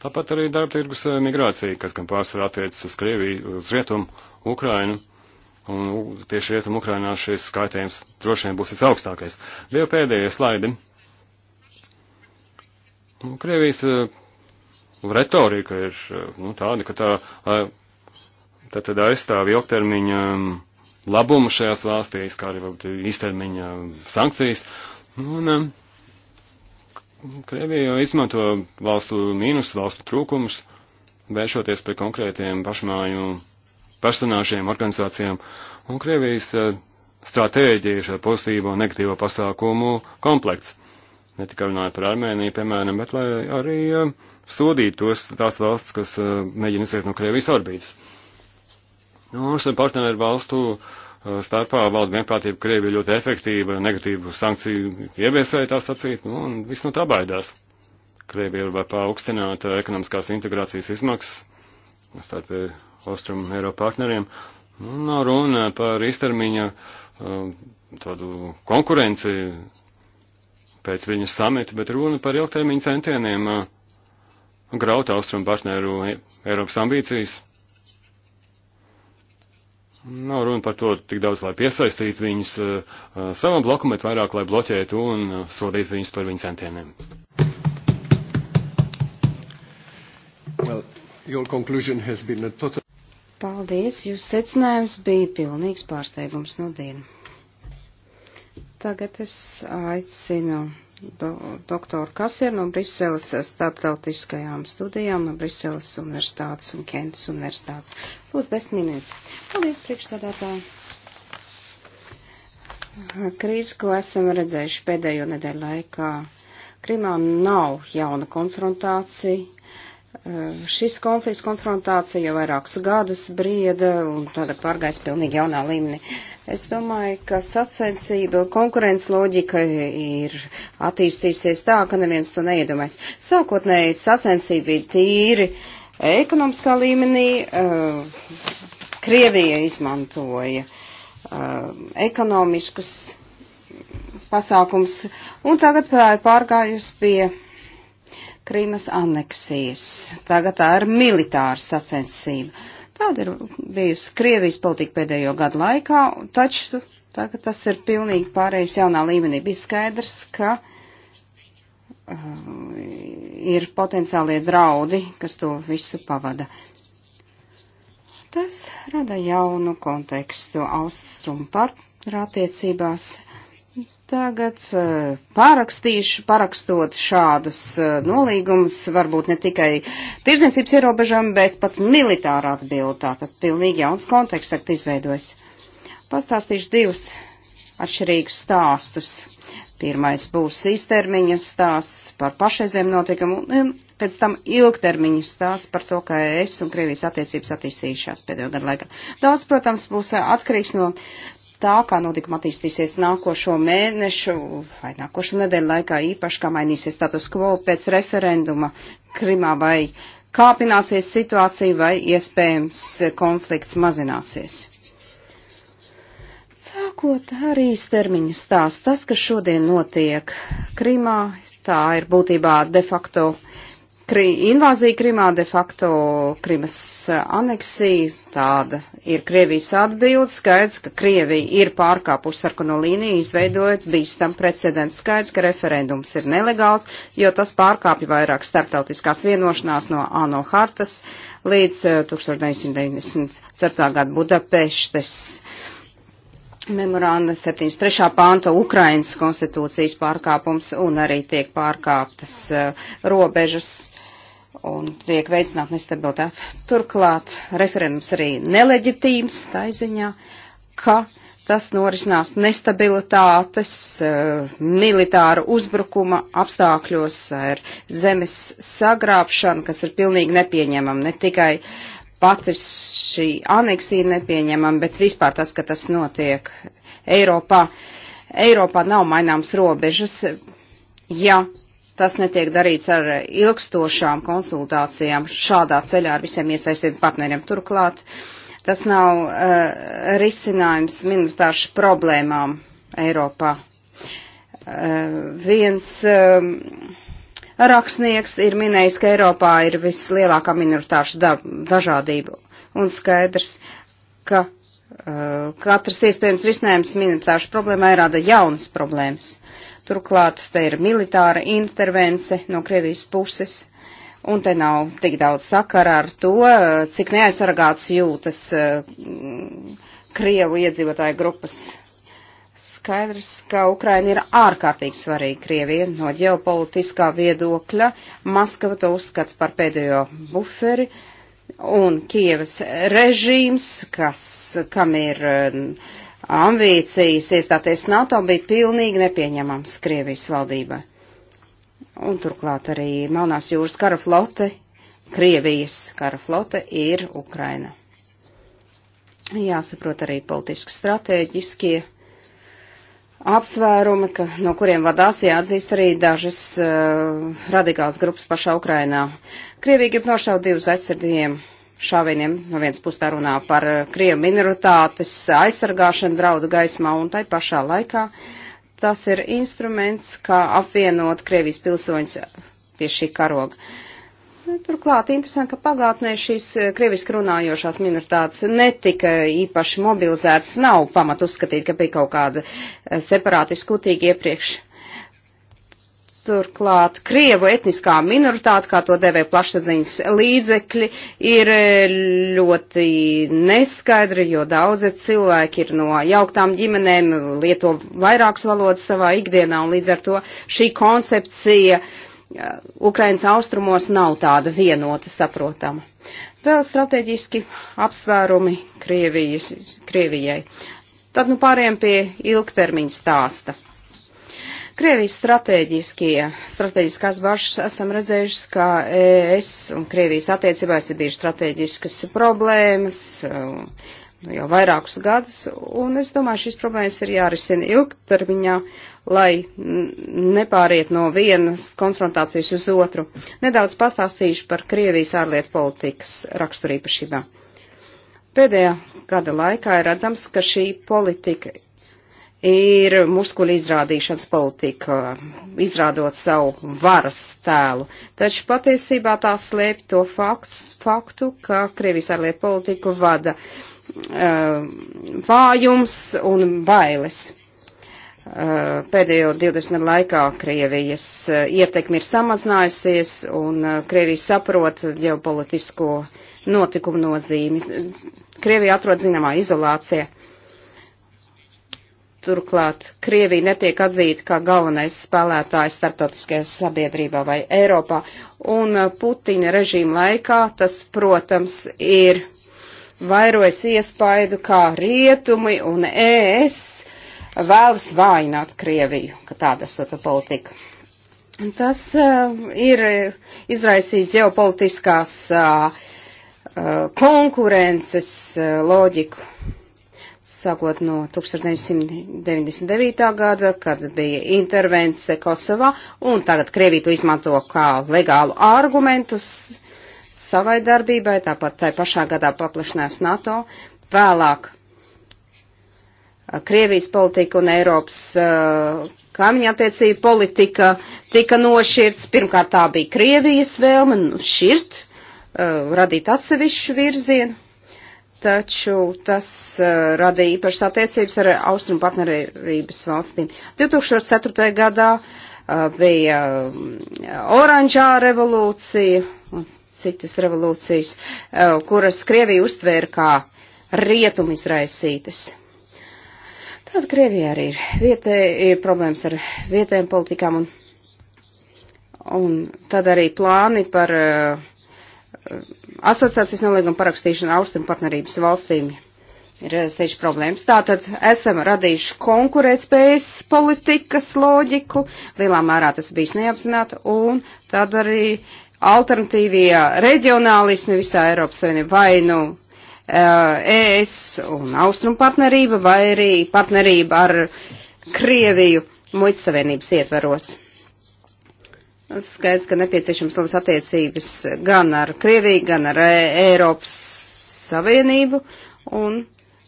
Speaker 1: Tāpat arī darba tirgus migrācija, kas gan pārsvarā attiecas uz Krieviju, uz Rietumu, Ukrainu. Un tieši Rietumu Ukrainā šis skaitījums droši vien būs visaugstākais. Bija pēdējie slaidi. Nu, Krievijas retorika ir nu, tāda, ka tā, tā tad aizstāv ilgtermiņa labumu šajās valstīs, kā arī varbūt īstermiņa sankcijas. Un, um, Krievija jau izmanto valstu mīnus, valstu trūkumus, vēršoties pie konkrētiem pašmāju personāžiem, organizācijām, un Krievijas uh, stratēģija šo pozitīvo un negatīvo pasākumu komplekts. Ne tikai runājot par Armēniju, piemēram, bet lai arī uh, sodītu tos tās valsts, kas uh, mēģina iziet no Krievijas orbītas. Un nu, šeit partneru valstu uh, starpā valda vienprātība, Krievija ļoti efektīva, negatīvu sankciju ieviesēja tā sacīt, nu, un viss no tā baidās. Krievija var paaugstināt ekonomiskās integrācijas izmaksas starp Austrum Eiropa partneriem. Nu, nav runa par īstermiņa um, tādu konkurenci pēc viņas samita, bet runa par ilgtermiņa centieniem uh, graut Austrum partneru Eiropas ambīcijas Nav runa par to tik daudz, lai piesaistītu viņus uh, savam blokam, bet vairāk, lai bloķētu un uh, sodītu viņus par viņu centieniem. Well, total...
Speaker 2: Paldies, jūs secinājums bija pilnīgs pārsteigums no dienu. Tagad es aicinu do, doktoru Kasier no Briseles eh, starptautiskajām studijām no Briseles universitātes un Kentas universitātes. Lūdzu, desmit minūtes. Paldies, priekšstādātāji. Krīze, ko esam redzējuši pēdējo nedēļu laikā, Krimā nav jauna konfrontācija. Eh, šis konflikts konfrontācija jau vairākus gadus brieda un tāda pārgais pilnīgi jaunā līmenī. Es domāju, ka sacensība konkurences loģika ir attīstīsies tā, ka neviens to neiedomājas. Sākotnēji sacensība bija tīri ekonomiskā līmenī. Eh, Krievija izmantoja eh, ekonomiskus pasākums, un tagad pārgājus pie Krīmas aneksijas. Tagad tā ir militāra sacensība Tāda ir bijusi Krievijas politika pēdējo gadu laikā, taču tagad tas ir pilnīgi pārējais jaunā līmenī. Bija skaidrs, ka uh, ir potenciālie draudi, kas to visu pavada. Tas rada jaunu kontekstu austrumu partneru attiecībās Tagad eh, pārakstīšu, parakstot šādus eh, nolīgumus, varbūt ne tikai tirzniecības ierobežojumi, bet pat militāra atbilda. Tātad pilnīgi jauns konteksts tagad izveidojas. Pastāstīšu divus atšķirīgus stāstus. Pirmais būs īstermiņa stāsts par pašreizēm notikumu, un pēc tam ilgtermiņa stāsts par to, kā es un Krievijas attiecības attīstījušās pēdējo gadu laikā. Daudz, protams, būs atkarīgs no tā, kā notikuma attīstīsies nākošo mēnešu vai nākošo nedēļu laikā, īpaši kā mainīsies status quo pēc referenduma Krimā vai kāpināsies situācija vai iespējams konflikts mazināsies. Sākot ar īstermiņu stāst, tas, kas šodien notiek Krimā, tā ir būtībā de facto uh, Kri, invāzija Krimā, de facto Krimas eh, aneksija, tāda ir Krievijas atbilde, skaidrs, ka Krievija ir pārkāpusi sarkano līniju, izveidojot bīstam precedents, skaidrs, ka referendums ir nelegāls, jo tas pārkāpja vairāk starptautiskās vienošanās no ANO hartas līdz 1994. Eh, gada Budapeštes memoranda 73. panta Ukrainas konstitūcijas pārkāpums un arī tiek pārkāptas uh, robežas un tiek veicināta nestabilitāte. Turklāt referendums arī neleģitīms taiziņā, ka tas norisinās nestabilitātes, e, militāru uzbrukuma apstākļos ar zemes sagrābšanu, kas ir pilnīgi nepieņemama. Ne tikai pati šī aneksija ir nepieņemama, bet vispār tas, ka tas notiek Eiropā. Eiropā nav maināms robežas. Ja tas netiek darīts ar ilgstošām konsultācijām šādā ceļā ar visiem iesaistītiem partneriem. Turklāt tas nav uh, risinājums minoritāšu problēmām Eiropā. Uh, viens um, rakstnieks ir minējis, ka Eiropā ir vislielākā minoritāšu da dažādība un skaidrs, ka uh, katrs iespējams risinājums minoritāšu problēmai rada jaunas problēmas. Uh, Turklāt te ir militāra intervence no Krievijas puses, un te nav tik daudz sakara ar to, cik neaizsargāts jūtas mm, Krievu iedzīvotāju grupas. Skaidrs, ka Ukraina ir ārkārtīgi svarīga Krievija no ģeopolitiskā viedokļa. Maskava to uzskata par pēdējo buferi un Kievas režīms, kas, kam ir uh, ambīcijas iestāties NATO bija pilnīgi nepieņemams Krievijas valdībai. Un turklāt arī Melnās jūras kara flote, Krievijas kara flote ir Ukraina. Jāsaprot arī politiski stratēģiskie apsvērumi, ka, no kuriem vadās jāatzīst arī dažas uh, radikālas grupas pašā Ukrainā. Krievija grib nošaut divus aizsardzījumus šāvieniem. No vienas puses tā runā par eh, krievu minoritātes aizsargāšanu draudu gaismā un tai pašā laikā tas ir instruments, kā apvienot Krievijas pilsoņus pie šī karoga. Turklāt interesanti, ka pagātnē šīs eh, krieviski runājošās minoritātes netika īpaši mobilizētas. Nav pamat uzskatīt, ka bija kaut kāda eh, separātiski kutīgi iepriekš Turklāt Krievu etniskā minoritāte, kā to devē plašsaziņas līdzekļi, ir e, ļoti neskaidra, jo daudzi cilvēki ir no jauktām ģimenēm, lieto vairākas valodas savā ikdienā, un līdz ar to šī koncepcija e, Ukrainas austrumos nav tāda vienota saprotama. Vēl strateģiski apsvērumi Krievijas, Krievijai. Tad nu pāriem pie ilgtermiņa stāsta Krievijas stratēģiskie, stratēģiskās bažas esam redzējuši, ka ES un Krievijas attiecībās ir bijušas stratēģiskas problēmas um, jau vairākus gadus, un es domāju, šīs problēmas ir jārisina ilgtermiņā, lai nepāriet no vienas konfrontācijas uz otru. Nedaudz pastāstīšu par Krievijas ārlietu politikas raksturīpašībām. Pēdējā gada laikā ir redzams, ka šī politika ir muskuļu izrādīšanas politika, izrādot savu varas tēlu. Taču patiesībā tā slēp to faktu, faktu ka Krievijas ārlietu politiku vada uh, vājums un bailes. Uh, pēdējo 20 gadu laikā Krievijas uh, eh, ietekmi ir samazinājusies un uh, Krievija saprot ģeopolitisko notikumu nozīmi. Krievija atrod zināmā izolācija. Uh, Turklāt Krievija netiek atzīta kā galvenais spēlētājs starptautiskajā sabiedrībā vai Eiropā. Un uh, Putina režīma laikā tas, protams, ir vairojas iespaidu, kā rietumi un ES vēlas vājināt Krieviju, ka tāda sota politika. Tas uh, ir izraisījis ģeopolitiskās uh, uh konkurences uh, loģiku sākot no 1999. gada, kad bija intervence Kosovā, un tagad Krievija to izmanto kā legālu argumentu savai darbībai, tāpat tai pašā gadā paplašinās NATO, vēlāk Krievijas politika un Eiropas uh, kaimiņa attiecība politika tika nošķirts. Pirmkārt, tā bija Krievijas vēlme nu, šķirt, uh, radīt atsevišķu virzienu taču tas uh, radīja īpašas attiecības ar austrumu partnerības valstīm. 2004. gadā uh, bija uh, oranžā revolūcija un citas revolūcijas, uh, kuras Krievija uztvēra kā rietumu izraisītas. Tad Krievijā arī ir, vietē, ir problēmas ar vietējiem politikām un, un tad arī plāni par uh, asociācijas nolīguma parakstīšana austrumu partnerības valstīm ir eh, steidz problēmas. Tātad esam radījuši konkurētspējas politikas loģiku, lielā mērā tas bijis neapzināti, un tad arī alternatīvie reģionālismi visā Eiropas Savienībā vai nu ES eh, e un austrumu partnerība vai arī partnerība ar Krieviju muitas savienības ietveros. Skaidrs, ka nepieciešams labas attiecības gan ar Krieviju, gan ar e- Eiropas Savienību, un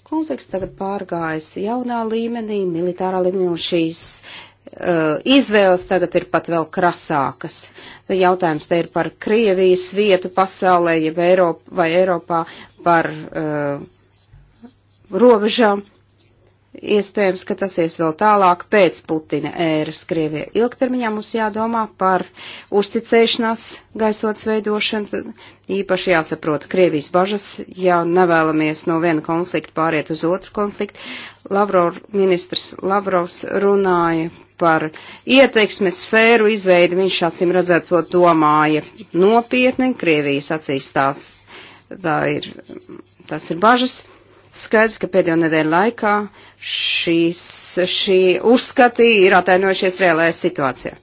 Speaker 2: konflikts tagad pārgājis jaunā līmenī, militārā līmenī, un šīs uh, izvēles tagad ir pat vēl krasākas. Jautājums te ir par Krievijas vietu pasaulē, jeb Eiropa, vai Eiropā par uh, robežām. Iespējams, ka tas ies vēl tālāk pēc Putina ēras Krievijā. Ilgtermiņā mums jādomā par uzticēšanās gaisots veidošanu, īpaši jāsaprot Krievijas bažas, ja nevēlamies no viena konflikta pāriet uz otru konfliktu. Lavrov, ministrs Lavrovs runāja par ieteiksmes sfēru izveidi, viņš acīm redzēt to domāja nopietni, Krievijas acīs tās, tā ir, tas ir bažas Skaidrs, ka pēdējo nedēļu laikā šīs, šī uzskati ir atainojušies reālajā situācijā.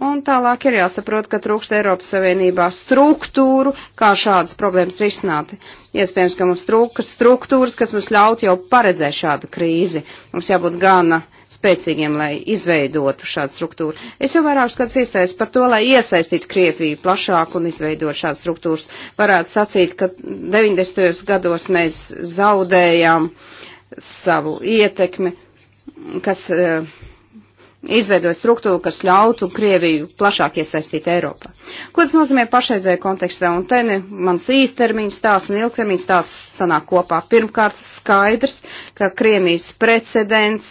Speaker 2: Un tālāk ir jāsaprot, ka trūkst Eiropas Savienībā struktūru, kā šādas problēmas risināt. Iespējams, ka mums trūkst struktūras, kas mums ļaut jau paredzēt šādu krīzi. Mums jābūt gana spēcīgiem, lai izveidotu šādu struktūru. Es jau vairākus gadus iestājos par to, lai iesaistītu Krieviju plašāk un izveidot šādas struktūras. Varētu sacīt, ka 90. gados mēs zaudējām savu ietekmi, kas. Uh, izveidoja struktūru, kas ļautu Krieviju plašāk iesaistīt Eiropā. Ko tas nozīmē pašreizējā kontekstā? Un te mans īstermiņa stāsts un ilgtermiņa stāsts sanāk kopā. Pirmkārt, skaidrs, ka Krievijas precedents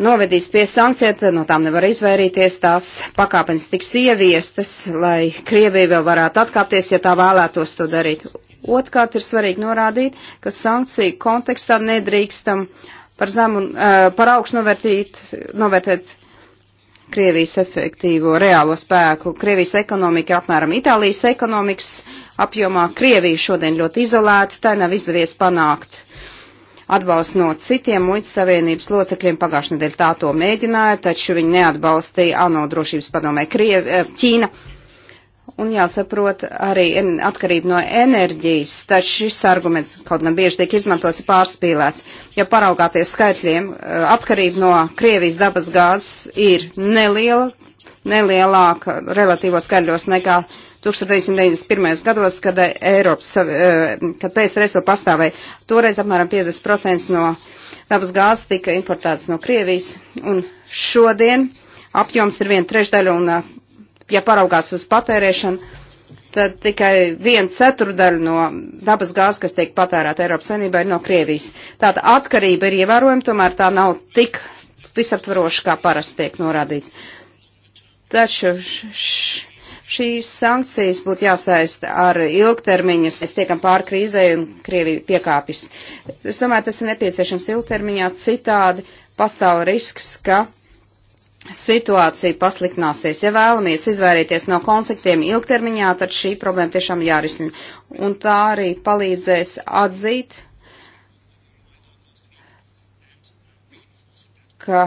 Speaker 2: novedīs pie sankcijām, no tām nevar izvairīties, tās pakāpenes tiks ieviestas, lai Krievija vēl varētu atkāpties, ja tā vēlētos to darīt. Otkārt ir svarīgi norādīt, ka sankciju kontekstā nedrīkstam uh, par zemu, eh, par augstu novērtīt, novērtēt Krievijas efektīvo reālo spēku. Krievijas ekonomika apmēram Itālijas ekonomikas apjomā. Krievija šodien ļoti izolēta, tai nav izdevies panākt atbalstu no citiem muitas savienības locekļiem. Pagājušajā nedēļā tā to mēģināja, taču viņi neatbalstīja ANO drošības padomē Kriev, eh, Ķīna un jāsaprot arī atkarība no enerģijas, taču šis arguments kaut gan bieži tiek izmantots pārspīlēts. Ja paraugāties skaitļiem, eh, atkarība no Krievijas dabas gāzes ir neliela, nelielāka relatīvos skaļos nekā 1991. gados, kad Eiropas, eh, kad PSRS vēl pastāvēja, toreiz apmēram 50% no dabas gāzes tika importēts no Krievijas, un šodien apjoms ir viena trešdaļa un eh, ja paraugās uz patērēšanu, tad tikai viena ceturdaļa no dabas gāzes, kas tiek patērēta Eiropas Savienībā, ir no Krievijas. Tāda atkarība ir ievērojama, tomēr tā nav tik visaptvaroša, kā parasti tiek norādīts. Taču šīs sankcijas būtu jāsaista ar ilgtermiņu. Mēs tiekam pāri krīzē un Krievija piekāpjas. Es domāju, tas ir nepieciešams ilgtermiņā citādi. Pastāv risks, ka situācija pasliktināsies. Ja vēlamies izvairīties no konfliktiem ilgtermiņā, tad šī problēma tiešām jārisina. Un tā arī palīdzēs atzīt, ka,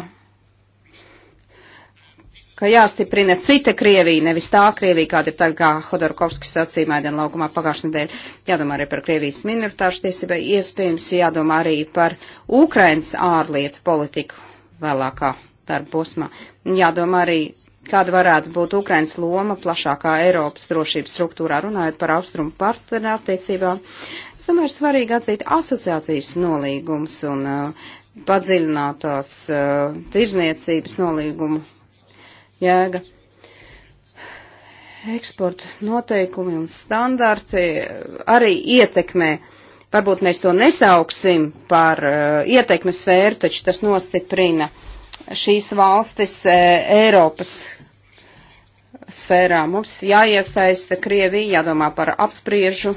Speaker 2: ka jāstiprina cita Krievija, nevis tā Krievija, kāda ir tagad, kā Hodorkovskis sacīja Maidena laukumā pagājušajā nedēļā. Jādomā arī par Krievijas minoritāšu tiesībai, iespējams jādomā arī par Ukrainas ārlietu politiku vēlākā darba posmā. Jādomā arī, kāda varētu būt Ukrainas loma plašākā Eiropas drošības struktūrā, runājot par austrumu partneru attiecībām. Es domāju, ir svarīgi atzīt asociācijas nolīgums un uh, padziļinātās uh, tirzniecības nolīgumu jēga. Eksporta noteikumi un standarti uh, arī ietekmē uh, varbūt mēs to nesauksim par uh, ietekmes sfēru, taču tas nostiprina šīs valstis e, Eiropas sfērā. Mums jāiesaista Krievija, jādomā par apspriežu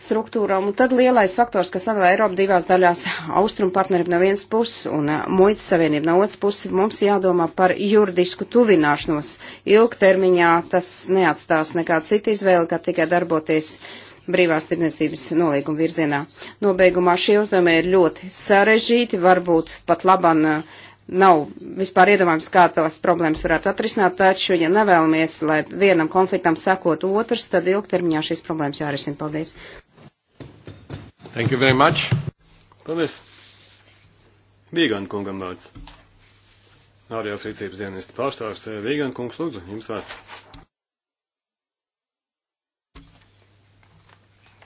Speaker 2: struktūrām. Un tad lielais faktors, kas sadalā Eiropu divās daļās - austrumu partnerību no vienas puses un e, muitas savienību no otras puses, mums jādomā par juridisku tuvināšanos. Ilgtermiņā tas neatstās nekā cita izvēle, kā tikai darboties brīvās tirdzniecības nolīguma virzienā. Nobeigumā šie uzdevumi ir ļoti sarežģīti, varbūt pat laban uh, nav vispār iedomājams, kā tās problēmas varētu atrisināt, taču, ja nevēlamies, lai vienam konfliktam sekot otrs, tad ilgtermiņā šīs problēmas jārisina. Paldies!
Speaker 1: Thank you very much! Paldies! Vīgan kungam vārds. Ārējās rīcības dienesta pārstāvs eh, Vīgan kungs, lūdzu, jums vārds.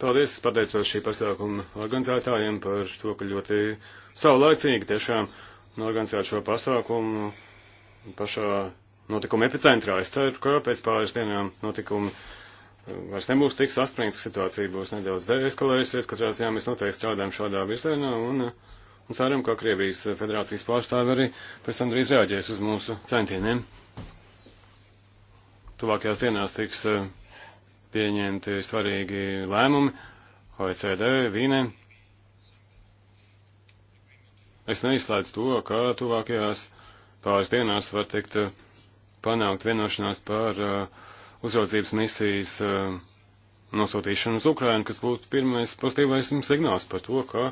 Speaker 1: Paldies, pateicos šī pasākuma organizētājiem par to, ka ļoti saulaicīgi tiešām norganizēt šo pasākumu pašā notikuma epicentrā. Es ceru, ka pēc pāris dienām notikumi eh, vairs nebūs tik saspringti, situācija būs nedaudz deeskalējusies, katrā ziņā mēs noteikti strādājam šādā virzienā un, eh, un ceram, ka Krievijas federācijas pārstāvi arī pēc tam drīz reaģēs uz mūsu centieniem. Tuvākajās dienās tiks uh, pieņemti svarīgi lēmumi OECD, Vīnē. Es neizslēdzu to, ka tuvākajās pāris dienās var tikt uh, panākt vienošanās par uh, uzraudzības misijas uh, nosūtīšanu uz Ukrainu, kas būtu pirmais pozitīvais signāls par to, ka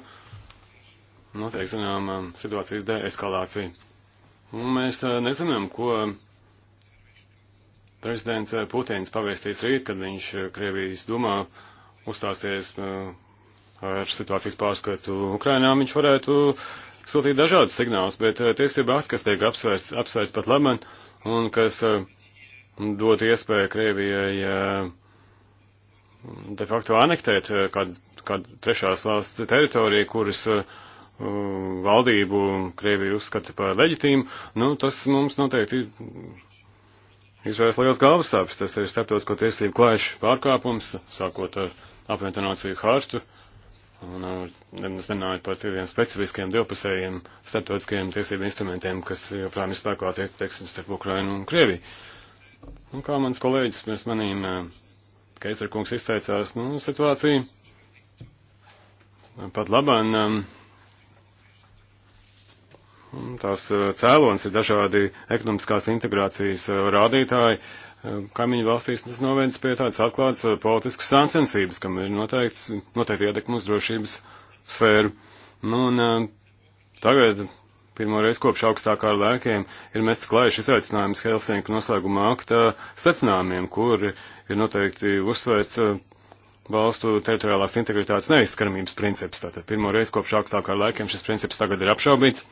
Speaker 1: notiek, zinām, um, situācijas deeskalācija. Un mēs uh, nezinām, ko prezidents eh, Putins pavēstīs rīt, kad viņš eh, Krievijas domā uzstāsies eh, ar situācijas pārskatu Ukrainā, viņš varētu sūtīt dažādas signālus, bet tiesība akti, kas tiek apsvērts, apsvērts pat labam un kas dot iespēju Krievijai de facto anektēt kādu, kādu trešās valsts teritoriju, kuras valdību Krievija uzskata par leģitīmu, nu, tas mums noteikti izvērst liels galvasāpes. Tas ir starptautisko tiesību klājuši pārkāpums, sākot ar apvienoto nāciju hartu. Un es uh, nenāju par tādiem specifiskiem divpusējiem starptautiskajiem tiesību instrumentiem, kas joprojām ir spēkā, tiek, teiksim, starp Ukrainu un Krieviju. Un kā mans kolēģis, mēs manīm, uh, Keisar kungs izteicās, nu, situācija pat labāk tās eh, cēlons ir dažādi ekonomiskās integrācijas eh, rādītāji. Eh, kaimiņu valstīs tas novēdz pie tādas atklātas politiskas sāncensības, kam ir noteikts, noteikti ietekmi uz drošības sfēru. Nu, un tagad, pirmo reizi kopš augstākā lēkiem, ir mests klājuši izaicinājums Helsinku noslēguma akta secinājumiem, kur ir noteikti uzsvērts valstu teritoriālās integritātes neizskaramības princips. Tātad pirmo reizi kopš augstākā laikiem šis princips tagad ir apšaubīts.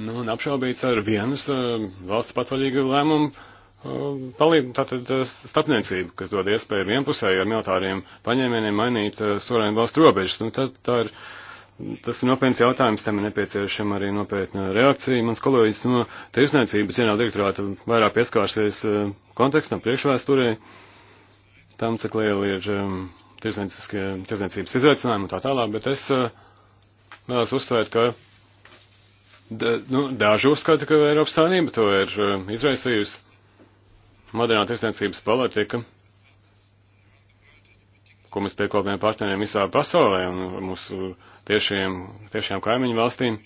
Speaker 1: Nu, un apšaubīts ar vienas uh, valsts patvaļīgu lēmumu uh, palīdz tātad uh, starpniecību, kas dod iespēju vienpusēji ar militāriem paņēmieniem mainīt uh, suverēnu valstu robežas. Nu, tas, tā ir, tas ir nopietns jautājums, tam ir nepieciešama arī nopietna reakcija. Mans kolēģis no tirsniecības ģenerāla direktorāta vairāk pieskārsies uh, kontekstam, priekšvēsturē, tam, cik liela ir um, tirsniecības izaicinājuma un tā tālāk, bet es uh, vēlos uzsvērt, ka Da, nu, daži uzskata, ka Eiropas Savienība to ir uh, izraisījusi. Modernā tirsniecības politika, ko mēs piekopējam partneriem visā pasaulē un mūsu tiešiem, tiešām kaimiņu valstīm,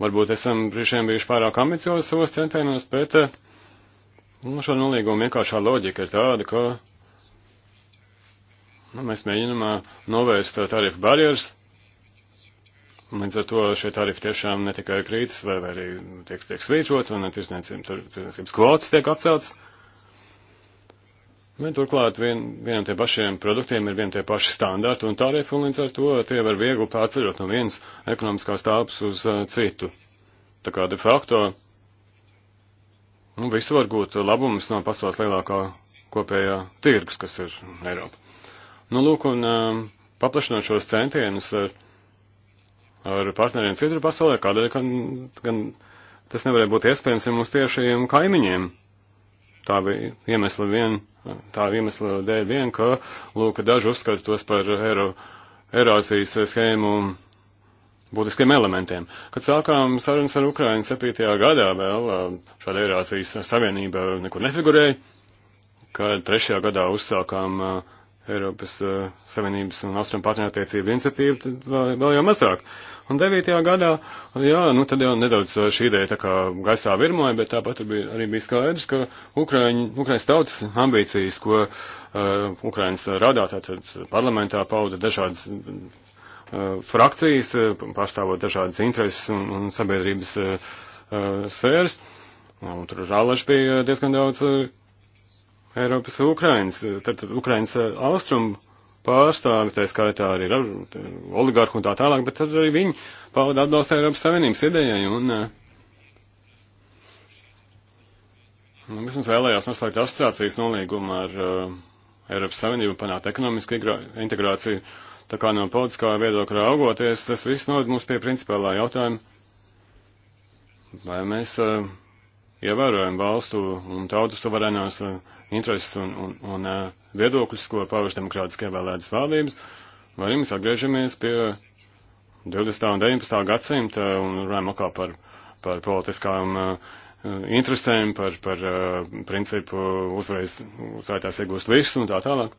Speaker 1: varbūt esam brīžiem bijuši pārāk ambiciozi savos centienos, bet uh, nu, šo nolīgumu vienkāršā loģika ir tāda, ka nu, mēs mēģinām uh, novērst uh, tarifu barjeras Līdz ar to šie tarifi tiešām ne tikai krītas, vai, vai arī tiek, tiek svītrot, un tirsniecības kvotas tiek atceltas. Bet turklāt vien, vienam tie pašiem produktiem ir vien tie paši standarti un tarifi, un līdz ar to tie var viegli pārceļot no vienas ekonomiskās tāpas uz uh, citu. Tā kā de facto nu, visi var gūt labumus no pasaules lielākā kopējā tirgus, kas ir Eiropa. Nu, lūk, un uh, paplašinot šos centienus ar. Uh, ar partneriem citur pasaulē, kādēļ gan, gan tas nevarēja būt iespējams ar mūsu tiešajiem kaimiņiem. Tā bija iemesla vien, tā iemesla dēļ vien, ka, lūk, daži uzskata tos par Eiro, Eirāzijas schēmu būtiskiem elementiem. Kad sākām sarunas ar Ukrainu 7. gadā vēl šāda Eirāzijas savienība nekur nefigurēja, kad 3. gadā uzsākām uh, Eiropas uh, Savienības un Austrum partnerattiecību iniciatīvu, tad vēl, vēl jau mazāk. Un 9. gadā, jā, nu tad jau nedaudz uh, šī ideja tā kā gaisā virmoja, bet tāpat bija, arī bija skaidrs, ka Ukraiņu, Ukraiņas tautas ambīcijas, ko uh, Ukraiņas radā, tātad parlamentā pauda dažādas uh, frakcijas, uh, pārstāvot dažādas intereses un, un sabiedrības uh, uh, sfēras, un tur rālaši bija uh, diezgan daudz. Uh, Eiropas Ukrainas, tad Ukrainas austrumu pārstāvi, tā skaitā arī oligarhu un tā tālāk, bet tad arī viņi pauda atbalstu Eiropas Savienības idejai un, eh, nu, vismaz vēlējās noslēgt asociācijas nolīgumu ar uh, Eiropas Savienību, panākt ekonomisku integrāciju, tā kā no politiskā viedokļa augoties, tas viss noved mums pie principālā jautājuma, vai mēs uh, ievērojam valstu un tautu suverēnās uh, intereses un, un, un uh, viedokļus, ko pauž demokrātiski ievēlētas valdības, vai arī mēs atgriežamies pie 20. un 19. gadsimta un runājam atkal par, par politiskām uh, interesēm, par, par uh, principu uzreiz uzvaitās iegūst visu un tā tālāk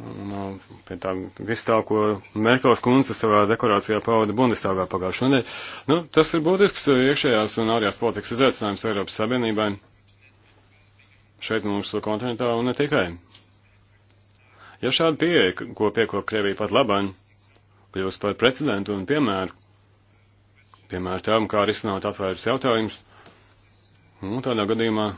Speaker 1: no, nu, pie tā viss tā, ko Merkels kundze savā deklarācijā pauda Bundestāvā pagājušajā nedēļā. Nu, tas ir būtisks iekšējās un ārējās politikas izaicinājums Eiropas Savienībai. Šeit mums kontinentā un ne tikai. Ja šāda pieeja, ko piekop Krievija pat labaini, kļūst par precedentu un piemēru, piemēru tam, kā risināt atvērtus jautājumus, nu, tādā gadījumā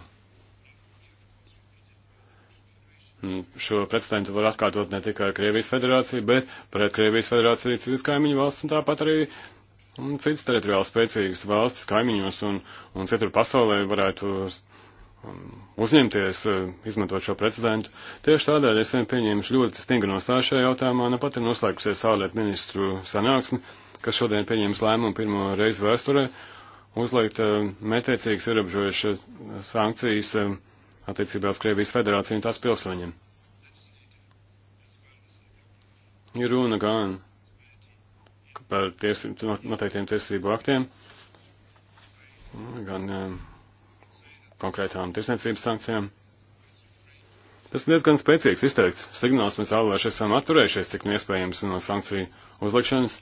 Speaker 1: Nu, šo precedentu var atkārtot ne tikai Krievijas federācija, bet pret Krievijas federāciju citas kaimiņu valsts un tāpat arī mm, citas teritoriāli spēcīgas valstis kaimiņos un, un citur pasaulē varētu mm, uzņemties, e, izmantot šo precedentu. Tieši tādēļ es vien pieņēmuši ļoti stingru nostāju šajā jautājumā, ne nu, pat ir noslēgusies ārlietu ministru sanāksme, kas šodien pieņēmis lēmumu pirmo reizi vēsturē, uzlikt e, mētiecīgas ierobežojušas sankcijas e, attiecībā uz Krievijas federāciju un tās pilsoņiem. Ir runa gan par ties, noteiktiem tiesību aktiem, gan um, konkrētām tiesniecības sankcijām. Tas ir diezgan spēcīgs izteikts signāls. Mēs vēlēšu esam atturējušies, cik iespējams, no sankciju uzlikšanas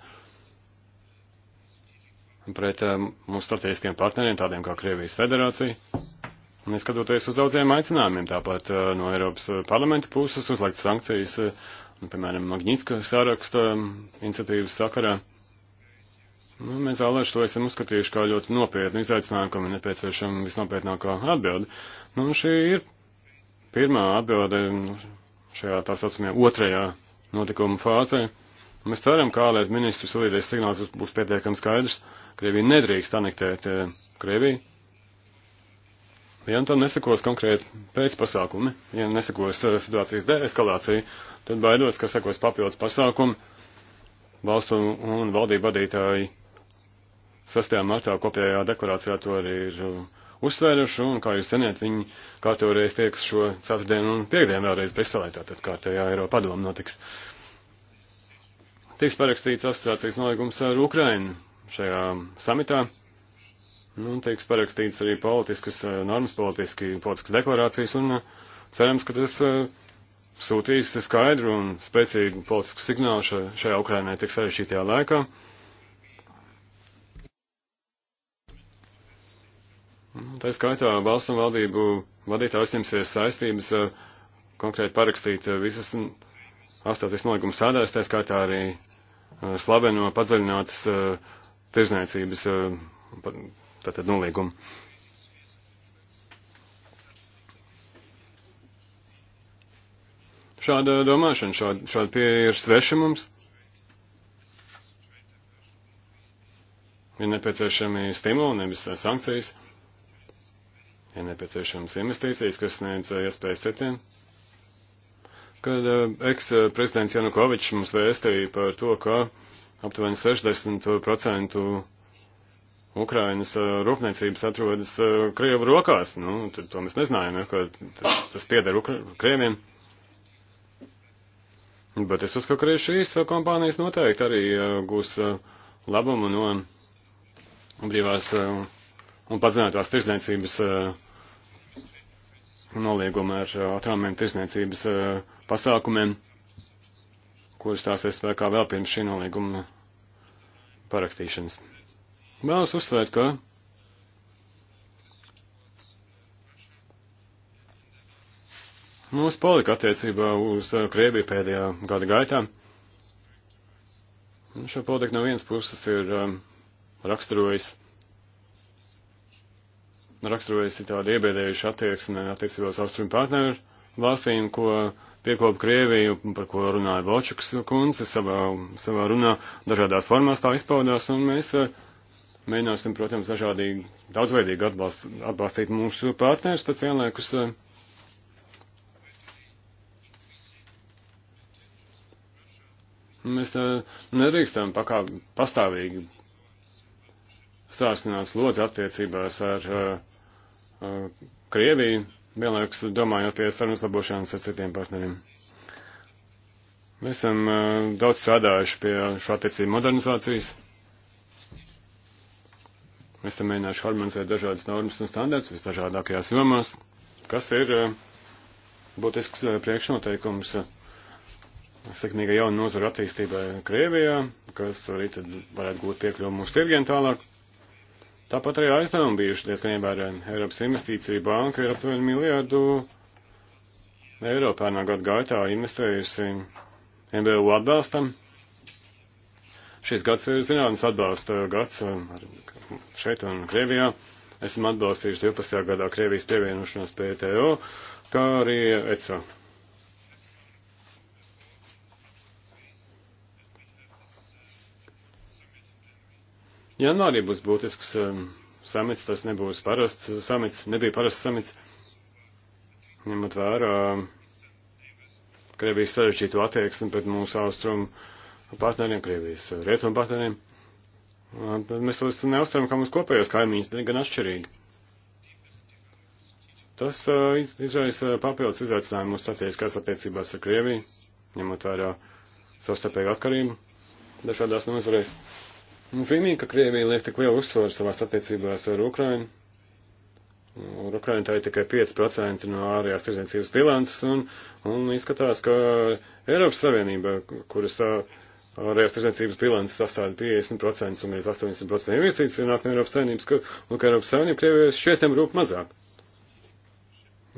Speaker 1: pret um, mūsu strateģiskiem partneriem, tādiem kā Krievijas federācija. Neskatoties uz daudziem aicinājumiem, tāpat eh, no Eiropas eh, parlamenta puses uzlikt sankcijas, eh, un, piemēram, Magnitska sāraksta mm, iniciatīvas sakarā. Nu, mēs zālēši to esam uzskatījuši kā ļoti nopietnu izaicinājumu, kam ir nepieciešama visnopietnākā atbilde. Nu, šī ir pirmā atbilde mm, šajā tā saucamajā otrajā notikuma fāzē. Mēs ceram, ka ārlietu ministru solītais signāls būs pietiekami skaidrs. Krievija nedrīkst anektēt Krieviju. Ja nu tam nesakos konkrēti pēcpasākumi, ja nesakos uh, situācijas deeskalācija, tad baidos, ka sakos papildus pasākumi valstu un valdību vadītāji 6. martā kopējā deklarācijā to arī ir uh, uzsvēruši, un, kā jūs zināt, viņi kārtoreiz tieks šo ceturtdienu un piekdienu vēlreiz Briselē, tātad kārtējā Eiropa padoma notiks. Tiks parakstīts asociācijas nolīgums ar Ukrainu šajā samitā. Nu, tiks parakstīts arī politiskas eh, normas, politiski, politiskas deklarācijas, un eh, cerams, ka tas eh, sūtīs skaidru un spēcīgu politisku signālu šajā Ukrainē tik sarežģītajā laikā. Nu, tā skaitā valsts un valdību vadītāji uzņemsies saistības konkrēti parakstīt visas astoties nolīguma sādās, tā skaitā arī slaveno padziļinātas tirzniecības tātad nolīgumu. Šāda domāšana, šāda, šāda pieeja ir sveša mums. Ir nepieciešami stimuli, nevis sankcijas. Ir nepieciešams investīcijas, kas sniedz iespējas citiem. Kad eks-prezidents eh, Janukovičs mums vēstīja par to, ka aptuveni 60% Ukrainas eh, rūpniecības atrodas eh, Krievu rokās. Nu, to mēs nezinājām, ja, ka tas, tas pieder Krieviem. Bet es uzskatu, ka arī šīs eh, kompānijas noteikti arī gūs labumu no brīvās un padzinātās tirsniecības nolieguma ar autonomiem tirsniecības pasākumiem, kuras tās ir spēkā vēl pirms šī nolieguma parakstīšanas. Vēlos uzsvērt, ka mūsu palika attiecībā uz uh, Krieviju pēdējā gada gaitā. Un nu, šo politiku no vienas puses ir um, raksturojis, raksturojis tādu iebēdējušu attieksmi attiecībā uz austrumu partneru valstīm, ko piekopa Krieviju, par ko runāja Balčuks kundze savā, savā runā, dažādās formās tā izpaudās, un mēs uh, Mēģināsim, protams, dažādīgi, daudzveidīgi atbalst, atbalstīt mūsu partnerus, bet vienlaikus eh, mēs eh, nedrīkstam pakā, pastāvīgi sārstinās lodzi attiecībās ar uh, Krieviju, vienlaikus domājot pie sarunas labošanas ar citiem partneriem. Mēs esam uh, daudz strādājuši pie šo attiecību modernizācijas. Es tam mēģināšu harmonizēt dažādas normas un standarts visdažādākajās jomās, kas ir eh, būtisks eh, priekšnoteikums eh, sekmīga jauna nozara attīstībai Krievijā, kas arī tad varētu būt piekļuva mūsu tirgiem tālāk. Tāpat arī aizdevumi bijuši diezgan ievērojami. Eiropas investīcija banka ir aptuveni miljārdu eiro pērnā gada gaitā investējusi MBU atbalstam. Šis gads ir zinātnes atbalsta gads, ar šeit un Krievijā. Esam atbalstījuši 12. gadā Krievijas pievienošanos PTO, kā arī ECO. Janvārī būs būtisks um, samits, tas nebūs parasts samits, nebija parasts samits, ņemot vērā um, Krievijas sarežģīto attieksmi pret mūsu austrumu partneriem, Krievijas rietumu partneriem. Tad mēs neuzstāvam kā mūsu kopējos kaimiņus, bet gan atšķirīgi. Tas uh, izraisa papildus izaicinājumu mūsu strateģiskās attiecībās ar Krieviju, ņemot vērā savstarpēju atkarību dažādās nozarēs. Zīmīgi, ka Krievija liek tik lielu uzsvaru savās attiecībās ar Ukrainu. Ar Ukrainu tā ir tikai 5% no ārējās tirdzniecības bilances, un, un izskatās, ka Eiropas Savienība, kuras uh, ārējās tirdzniecības bilances sastāda 50% un līdz 80% investīciju nāk no Eiropas saimnības, ka, un ka Eiropas saimnība Krievijas šķietam rūp mazāk.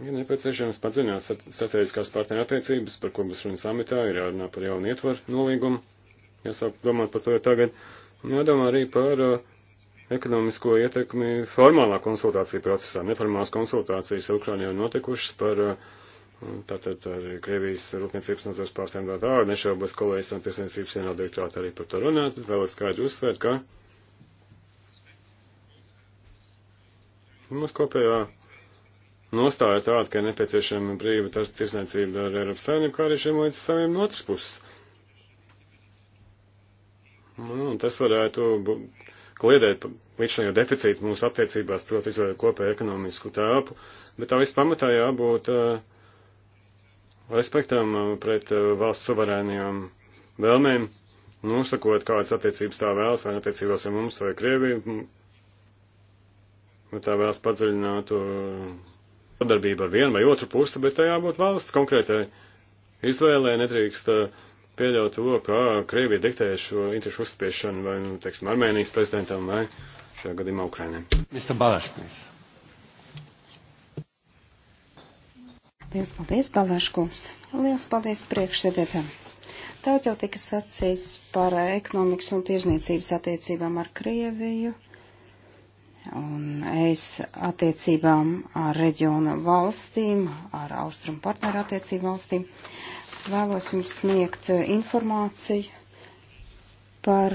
Speaker 1: Ir nepieciešams padziļināt strateģiskās partneru attiecības, par ko būs runa samitā, ir jārunā par jaunu ietvaru nolīgumu, jāsāk domāt par to jau tagad, un jādomā arī par uh, ekonomisko ietekmi formālā konsultācija procesā. Neformālās konsultācijas Ukrainā jau notikušas par uh, Tātad arī Krievijas rūpniecības nozars pārstāvjiem tā tālāk, nešaubos kolēģis un tiesniecības vienā direktorātā arī par to runās, bet vēl es skaidri uzsvērt, ka mums kopējā nostāja tāda, ka ir nepieciešama brīva tiesniecība ar Eiropas saimnību, kā arī šiem līdz saviem no otras puses. Nu, un tas varētu būt kliedēt līdz šajā deficītu mūsu attiecībās, proti, izveidot kopēju ekonomisku tēpu, bet tā vispār pamatā jābūt uh, respektam uh, pret uh, valsts suverēnajām vēlmēm, nosakot, kādas attiecības tā vēlas, vai attiecībās ar mums vai Krieviju, mm. vai tā vēlas padziļinātu uh, sadarbību ar vienu vai otru pusi, bet tajā būtu valsts konkrētai izvēlē nedrīkst pieļaut to, ka Krievija diktē šo interešu uzspiešanu vai, nu, teiksim, Armēnijas prezidentam vai šajā gadījumā Ukrainai. Mr. Balas, please.
Speaker 2: Liels paldies, Balēškungs! Liels paldies priekšsēdētājiem! Daudz jau tika sacīts par ekonomikas un tirzniecības attiecībām ar Krieviju un es attiecībām ar reģiona valstīm, ar austrumu partneru attiecību valstīm. Vēlos jums sniegt informāciju par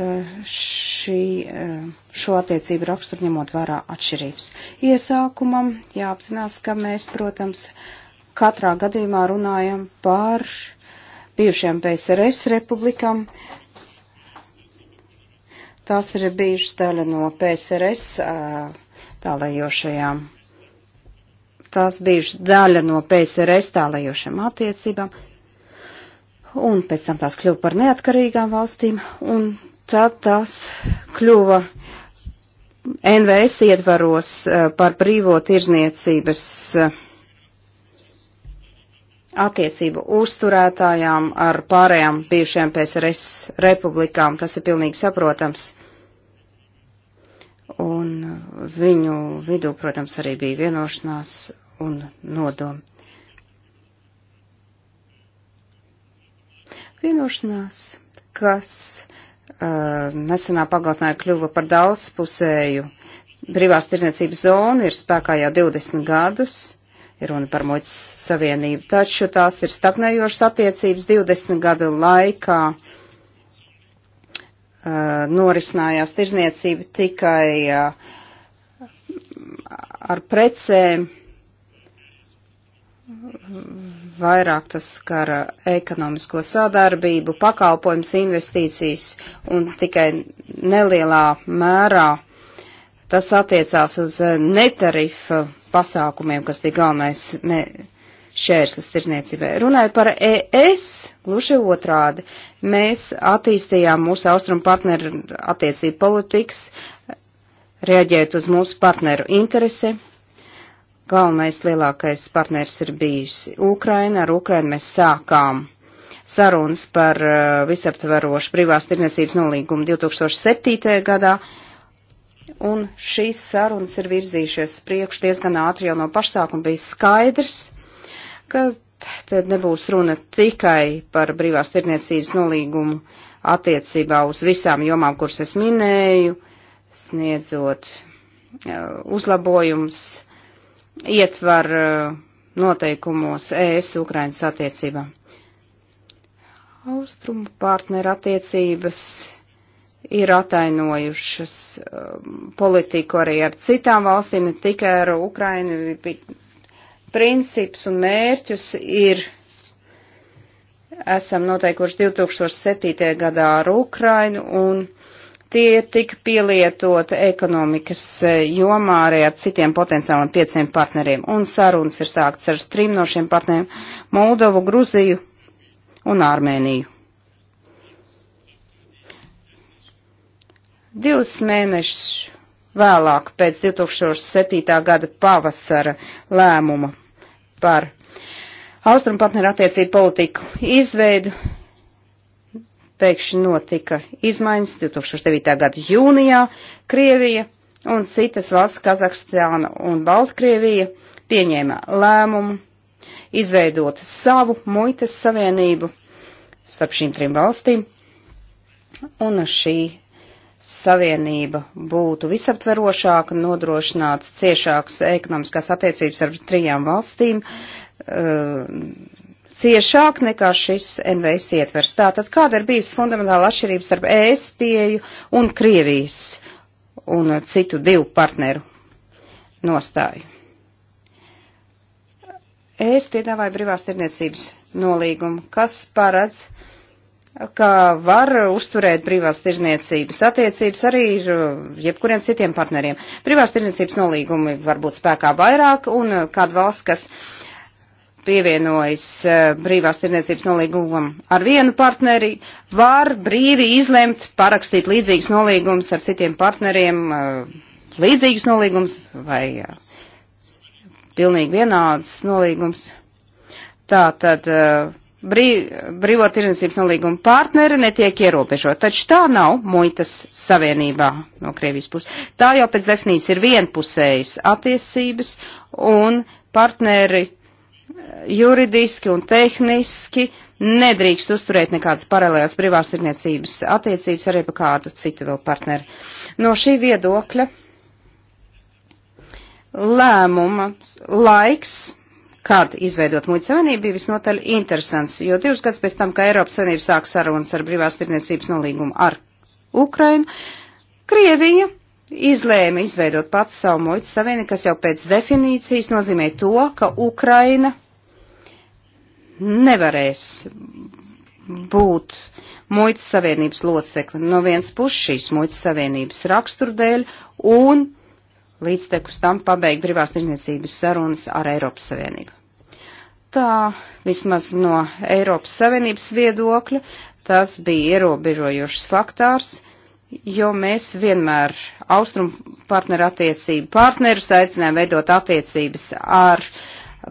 Speaker 2: šī, šo attiecību raksturu ņemot vērā atšķirības. Iesākumam jāapzinās, ka mēs, protams, uh, katrā gadījumā runājam par bijušajām PSRS republikam. Tās ir bijušas daļa no PSRS tālējošajām. Tās bijušas daļa no PSRS tālējošajām attiecībām. Un pēc tam tās kļuva par neatkarīgām valstīm, un tad tās kļuva NVS ietvaros par brīvo tirzniecības uh, attiecību uzturētājām ar pārējām bijušajām PSRS republikām. Tas ir pilnīgi saprotams. Un viņu vidū, protams, arī bija vienošanās un nodomi. Vienošanās, kas uh, nesenā pagātnē kļuva par daudzpusēju brīvās tirdzniecības zonu, ir spēkā jau 20 gadus ir runa par muitas savienību. Taču tās ir stagnējošas attiecības 20 gadu laikā. Uh, norisinājās tirzniecība tikai uh, ar precēm, vairāk tas skar ekonomisko sadarbību, pakalpojums, investīcijas un tikai nelielā mērā tas attiecās uz netarifa pasākumiem, kas bija galvenais šērslis tirzniecībai. Runājot par ES, gluži otrādi, mēs attīstījām mūsu austrumu partneru attiecību politikas, rēģēt uz mūsu partneru interesi. Galvenais lielākais partners ir bijis Ukraina. Ar Ukrainu mēs sākām sarunas par uh, visaptverošu privās tirnesības nolīgumu 2007. gadā un šīs sarunas ir virzījušies priekš diezgan ātri jau no pašsākuma bija skaidrs, ka tad nebūs runa tikai par brīvās tirniecības nolīgumu attiecībā uz visām jomām, kuras es minēju, sniedzot eh, uzlabojums, ietvar eh, noteikumos ES Ukrainas attiecībām. Austrumu partneru attiecības ir atainojušas um, politiku arī ar citām valstīm, ne tikai ar Ukrainu. Princips un mērķus ir, esam noteikuši 2007. gadā ar Ukrainu un tie tika pielietoti ekonomikas eh, jomā arī ar citiem potenciāliem pieciem partneriem. Un sarunas ir sākts ar trim no šiem partneriem - Moldovu, Gruziju un Armēniju. Divus mēnešus vēlāk pēc 2007. gada pavasara lēmuma par Austrum partneru attiecību politiku izveidu pēkšņi notika izmaiņas 2009. gada jūnijā Krievija un citas valsts Kazahstāna un Baltkrievija pieņēma lēmumu izveidot savu muitas savienību starp šīm trim valstīm, un šī savienība būtu visaptverošāka, nodrošinātu ciešākas ekonomiskās attiecības ar trijām valstīm, eh, ciešāk nekā šis NVS ietvers. Tātad kāda ir bijusi fundamentāla atšķirība starp ES pieju un Krievijas un citu divu partneru nostāju? ES piedāvāja brīvās tirniecības nolīgumu, kas paredz uh, ka var uzturēt privās tirzniecības attiecības arī ar uh, jebkuriem citiem partneriem. Privās tirzniecības nolīgumi var būt spēkā vairāk un uh, kāda valsts, kas pievienojas brīvās uh, tirniecības nolīgumam ar vienu partneri, var brīvi izlemt parakstīt līdzīgas nolīgumas ar citiem partneriem, līdzīgas nolīgumas vai pilnīgi vienādas nolīgumas. Tā tad uh, brīv, brīvo tirdzniecības nolīguma partneri netiek ierobežot. Taču tā nav muitas savienībā no Krievijas puses. Tā jau pēc definīcijas ir vienpusējas attiecības un partneri eh, juridiski un tehniski nedrīkst uzturēt nekādas paralēlas privās tirdzniecības attiecības arī par kādu citu vēl partneri. No šī viedokļa lēmuma laiks kad izveidot muitas savienību, bija visnotaļ interesants, jo divus gadus pēc tam, ka Eiropas Savienība sāk sarunas ar brīvās tirniecības nolīgumu ar Ukrainu, Krievija izlēma izveidot pats savu muitas savienību, kas jau pēc definīcijas nozīmē to, ka Ukraina nevarēs būt muitas savienības locekli no vienas puses šīs muitas savienības raksturdēļ un līdztekus tam pabeigt brīvās tirdzniecības sarunas ar Eiropas Savienību. Tā vismaz no Eiropas Savienības viedokļa tas bija ierobežojošs faktārs, jo mēs vienmēr austrum partneru attiecību partnerus aicinājām veidot attiecības ar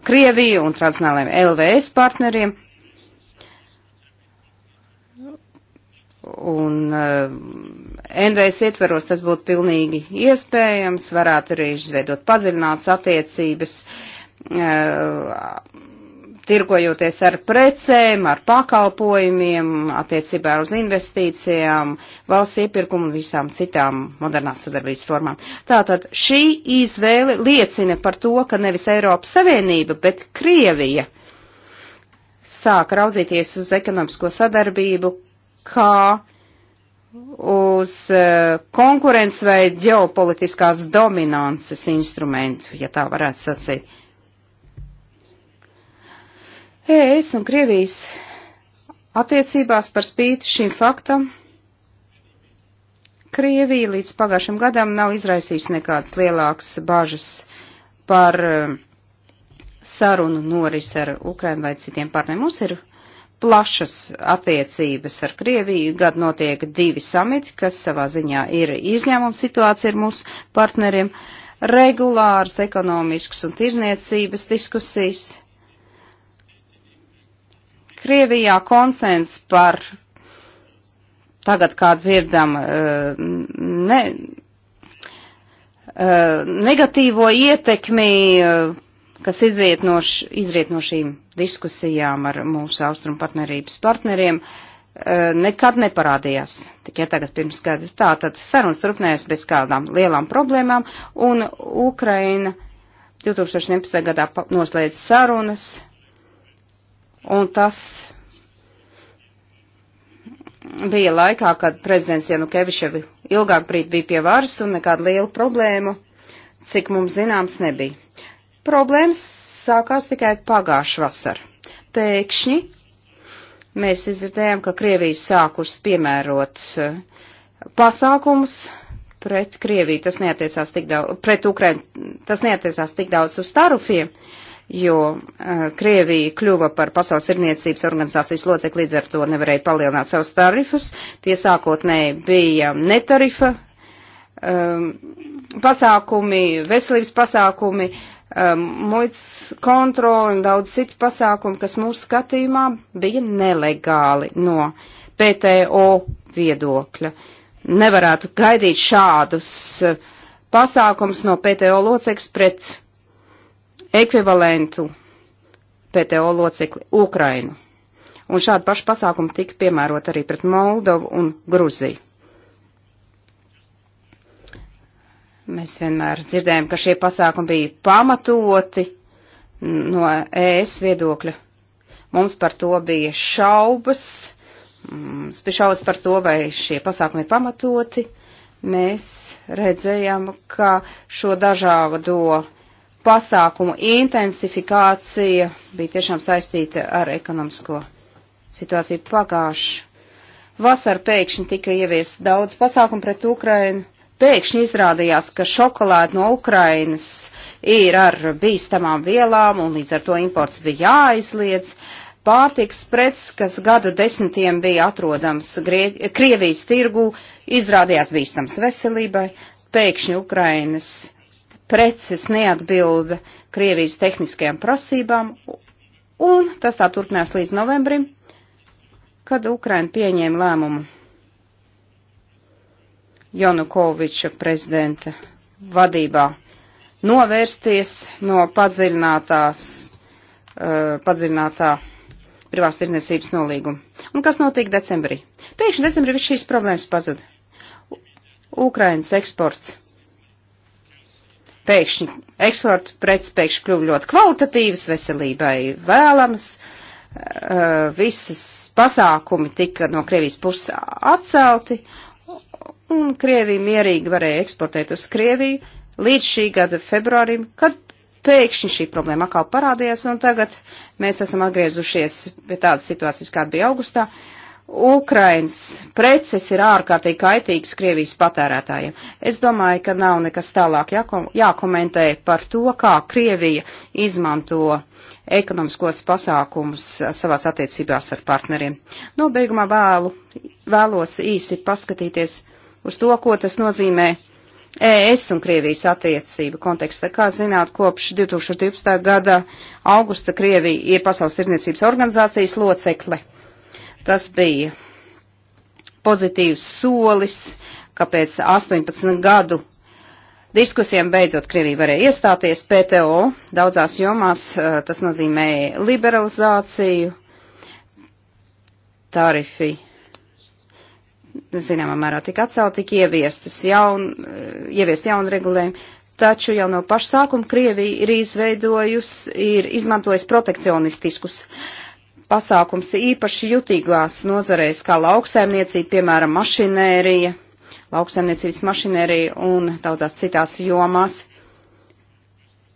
Speaker 2: Krieviju un tradicionāliem LVS partneriem, Un uh, eh, NVS ietveros tas būtu pilnīgi iespējams, varētu arī izveidot padziļinātas attiecības, uh, tirgojoties ar precēm, ar pakalpojumiem, attiecībā uz investīcijām, valsts iepirkumu un visām citām modernās sadarbības formām. Tātad šī izvēle liecina par to, ka nevis Eiropas Savienība, bet Krievija sāk raudzīties uz ekonomisko sadarbību kā uz eh, konkurences vai ģeopolitiskās dominances instrumentu, ja tā varētu sacīt. ES un Krievijas attiecībās par spīti šim faktam Krievija līdz pagājušam gadam nav izraisījis nekādas lielākas bažas par eh, sarunu noris ar Ukrainu vai citiem partneriem. Mums ir plašas attiecības ar Krieviju. Gadu notiek divi samiti, kas savā ziņā ir izņēmuma situācija ar mūsu partneriem, regulāras ekonomiskas un tirzniecības diskusijas. Krievijā konsens par tagad kā dzirdam eh, ne, eh, negatīvo ietekmi, eh, kas izriet no, š, izriet no šīm diskusijām ar mūsu austrumu partnerības partneriem eh, nekad neparādījās. Tikai tagad pirms gadu. Tā tad sarunas turpinājās bez kādām lielām problēmām, un Ukraina 2011. gadā noslēdz sarunas, un tas bija laikā, kad prezidents Janukeviševi ilgāk brīd bija pie varas un nekādu lielu problēmu, cik mums zināms, nebija. Problēmas sākās tikai pagājušā vasara. Pēkšņi mēs izdzirdējām, ka Krievija sākus piemērot eh, pasākumus pret Krieviju. Tas neatiecās tik daudz, pret Ukrainu, tas neatiecās tik daudz uz tarufiem, jo uh, Krievija kļuva par pasaules irniecības organizācijas locekli, līdz ar to nevarēja palielināt savus tarifus. Tie sākotnēji bija netarifa um, pasākumi, veselības pasākumi, uh, um, muitas kontroli un daudz citu pasākumu, kas mūsu skatījumā bija nelegāli no PTO viedokļa. Nevarētu gaidīt šādus uh, pasākums no PTO locekļs pret ekvivalentu PTO locekli Ukrainu. Un šādi paši pasākumi tika piemērot arī pret Moldovu un Gruziju. Mēs vienmēr dzirdējam, ka šie pasākumi bija pamatoti no ES viedokļa. Mums par to bija šaubas, mm, šaubas par to, vai šie pasākumi ir pamatoti. Mēs redzējām, ka šo dažādo pasākumu intensifikācija bija tiešām saistīta ar ekonomisko situāciju pagājuši. Vasar pēkšņi tika ievies daudz pasākumu pret Ukrainu, pēkšņi izrādījās, ka šokolāde no Ukrainas ir ar bīstamām vielām un līdz ar to imports bija jāaizliedz. Pārtiks preces, kas gadu desmitiem bija atrodams Grie Krievijas tirgū, izrādījās bīstams veselībai. Pēkšņi Ukrainas preces neatbilda Krievijas tehniskajām prasībām, un tas tā turpinās līdz novembrim, kad Ukraina pieņēma lēmumu Janukoviča prezidenta vadībā novērsties no padziļinātās, uh, padziļinātā privās tirdzniecības nolīguma. Un kas notika decembrī? Pēkšņi decembrī viss šīs problēmas pazuda. Ukrainas eksports. Pēkšņi eksporta preces pēkšņi kļuva ļoti kvalitatīvas, veselībai vēlamas. Uh, visas pasākumi tika no Krievijas puses atcelti, un Krievija mierīgi varēja eksportēt uz Krieviju līdz šī gada februārim, kad pēkšņi šī problēma atkal parādījās, un tagad mēs esam atgriezušies pie tādas situācijas, kāda bija augustā. Ukrainas preces ir ārkārtīgi kaitīgas Krievijas patērētājiem. Es domāju, ka nav nekas tālāk jākom jākomentē par to, kā Krievija izmanto ekonomiskos pasākumus savās attiecībās ar partneriem. Nobeigumā vēlu, vēlos īsi paskatīties uz to, ko tas nozīmē ES un Krievijas attiecību kontekstā. Kā zināt, kopš 2012. gada augusta Krievija ir Pasaules tirdzniecības organizācijas locekle. Tas bija pozitīvs solis, ka pēc 18 gadu diskusijām beidzot Krievija varēja iestāties PTO. Daudzās jomās eh, tas nozīmēja liberalizāciju, tarifi zināmā mērā tika atcelt, tika ieviestas jaun, eh, ieviest jaunu regulējumu, taču jau no paša sākuma Krievija ir izveidojusi, ir izmantojis protekcionistiskus pasākums īpaši jutīgās nozarēs, kā lauksaimniecība, piemēram, mašinērija, lauksaimniecības mašinērija un daudzās citās jomās,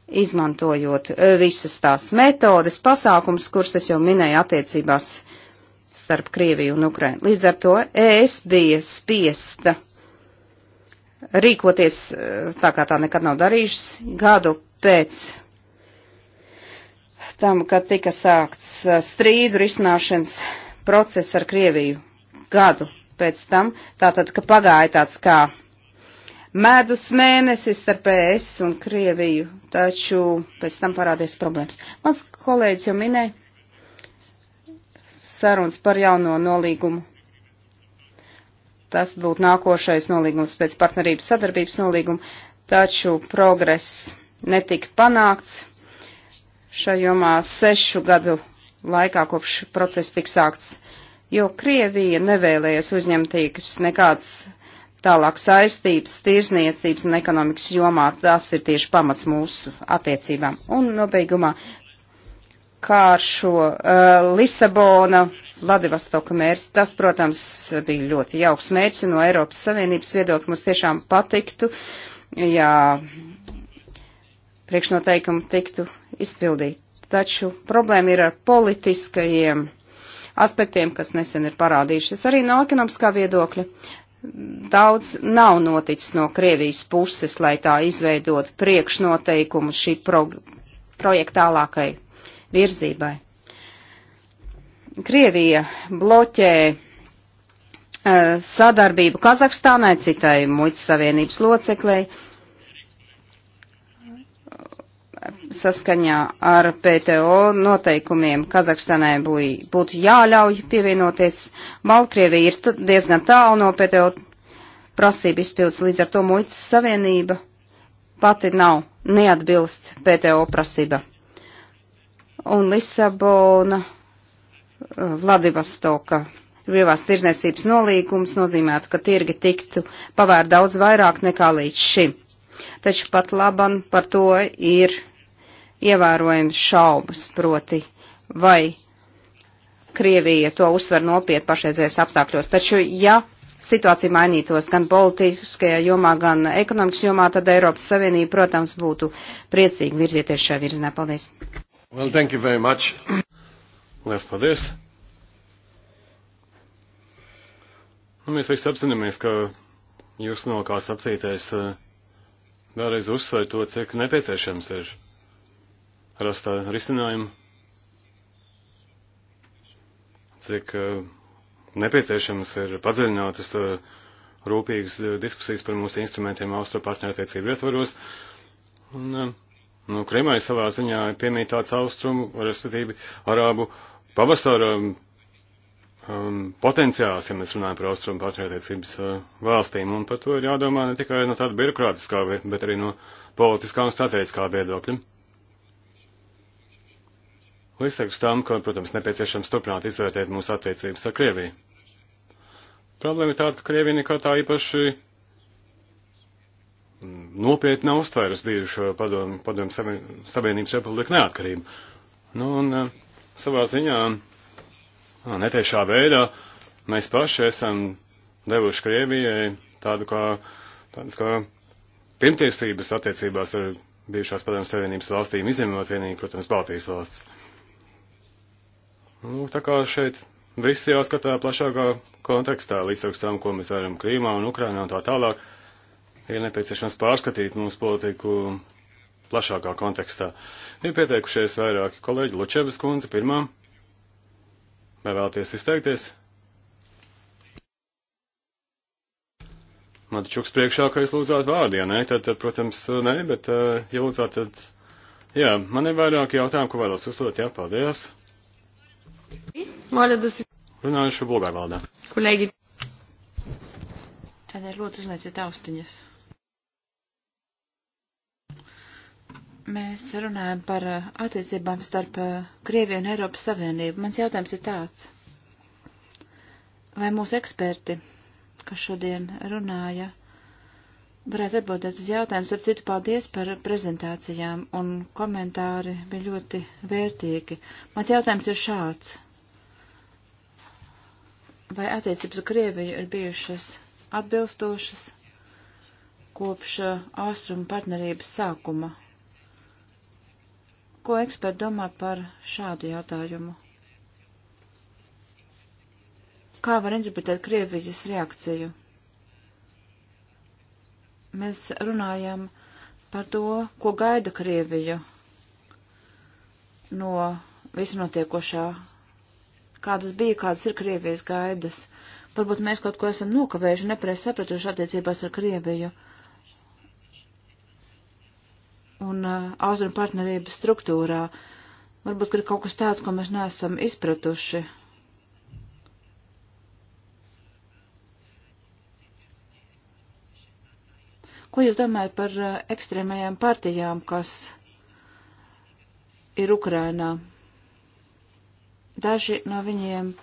Speaker 2: izmantojot eh, visas tās metodes, pasākums, kuras es jau minēju attiecībās starp Krieviju un Ukrainu. Līdz ar to ES bija spiesta rīkoties eh, tā, kā tā nekad nav darījušas, gadu pēc tam, kad tika sākts eh, strīdu risināšanas process ar Krieviju gadu pēc tam, tātad, ka pagāja tāds kā medus mēnesis starp ES un Krieviju, taču pēc tam parādies problēmas. Mans kolēģis jau minēja sarunas par jauno nolīgumu. Tas būtu nākošais nolīgums pēc partnerības sadarbības nolīguma, taču progress netika panākts šajomā sešu gadu laikā, kopš process tika sākts, jo Krievija nevēlējies uzņemtīgas nekādas tālāk saistības tirzniecības un ekonomikas jomā. Tas ir tieši pamats mūsu attiecībām. Un nobeigumā kāršo uh, eh, Lisabona Vladivostoka mērķis. Tas, protams, bija ļoti jauks mērķis un no Eiropas Savienības viedokļa mums tiešām patiktu, ja priekšnoteikumi tiktu izpildīti. Taču problēma ir ar politiskajiem aspektiem, kas nesen ir parādījušies arī no ekonomiskā viedokļa. Daudz nav noticis no Krievijas puses, lai tā izveidot priekšnoteikumu šī pro projekta tālākai virzībai. Krievija bloķē eh, sadarbību Kazahstānai, citai muitas savienības loceklei, saskaņā ar PTO noteikumiem Kazahstānai būtu jāļauj pievienoties. Baltkrievija ir diezgan tālu no PTO prasību izpildes, līdz ar to muitas savienība pati nav neatbilst PTO prasība un Lisabona uh, Vladivostoka brīvās tirzniecības nolīgums nozīmētu, ka tirgi tiktu pavērt daudz vairāk nekā līdz šim. Taču pat laban par to ir ievērojams šaubas, proti, vai Krievija to uztver nopiet pašreizējais apstākļos. Taču, ja situācija mainītos gan politiskajā jomā, gan ekonomikas jomā, tad Eiropas Savienība, protams, būtu priecīgi virzieties šajā virzienā. Paldies!
Speaker 1: Well, thank you very much. Lielas paldies. Nu, mēs visi apzināmies, ka jūs no kā sacītais eh, vēlreiz uzsver to, cik nepieciešams ir rast eh, risinājumu, cik eh, nepieciešams ir padziļinātas rūpīgas diskusijas par mūsu instrumentiem austro partnerattiecību ietvaros. Un, Nu, Krimai savā ziņā piemīt tāds austrumu, respektīvi, arābu pavasara um, um potenciāls, ja mēs runājam par austrumu patrietiecības uh, valstīm, un par to ir jādomā ne tikai no tāda birokrātiskā, bet arī no politiskā un strateģiskā viedokļa. Līdztekus tam, ka, protams, nepieciešams turpināt izvērtēt mūsu attiecības ar Krieviju. Problēma ir tāda, ka Krievija nekā tā īpaši nopietni nav uztvērusi bijušo padomu, padomu Savienības republiku neatkarību. Nu, un eh, savā ziņā netiešā veidā mēs paši esam devuši Krievijai tādu kā, tādas kā pirmtiesības attiecībās ar bijušās padomu Savienības valstīm, izņemot vienīgi, protams, Baltijas valsts. Nu, tā kā šeit viss jāskatā plašākā kontekstā, līdz tam, ko mēs varam Krīmā un Ukrainā un tā tālāk ir nepieciešams pārskatīt mūsu politiku plašākā kontekstā. Ir pieteikušies vairāki kolēģi. Lučevas kundze pirmā. Vai vēlties izteikties? Man taču priekšā, ka jūs lūdzāt vārdu, ja nē, tad, tad, protams, nē, bet, eh, ja lūdzāt, tad, jā, man ir vairāki jautājumi, ko vēlos uzdot, jā, paldies. Runājuši bulgāru valodā.
Speaker 3: Kolēģi. Tad ir lūdzu uzlieciet austiņas. Mēs runājam par uh, attiecībām starp uh, Krieviju un Eiropas Savienību. Mans jautājums ir tāds. Vai mūsu eksperti, kas šodien runāja, varētu atbildēt uz jautājumu? Ar citu paldies par prezentācijām un komentāri bija ļoti vērtīgi. Mans jautājums ir šāds. Vai attiecības ar Krieviju ir bijušas atbilstošas kopš uh, austrumu partnerības sākuma? Ko eksperti domā par šādu jautājumu? Kā var interpretēt Krievijas reakciju? Mēs runājam par to, ko gaida Krieviju no visnotiekošā, kādas bija, kādas ir Krievijas gaidas. Varbūt mēs kaut ko esam nokavējuši un nepareiz sapratuši attiecībās ar Krieviju. Uh, un uh, austrumu partnerības struktūrā. Varbūt ir kaut kas tāds, ko mēs neesam izpratuši. Ko jūs domājat par uh, ekstrēmajām partijām, kas ir Ukrainā? Daži no viņiem,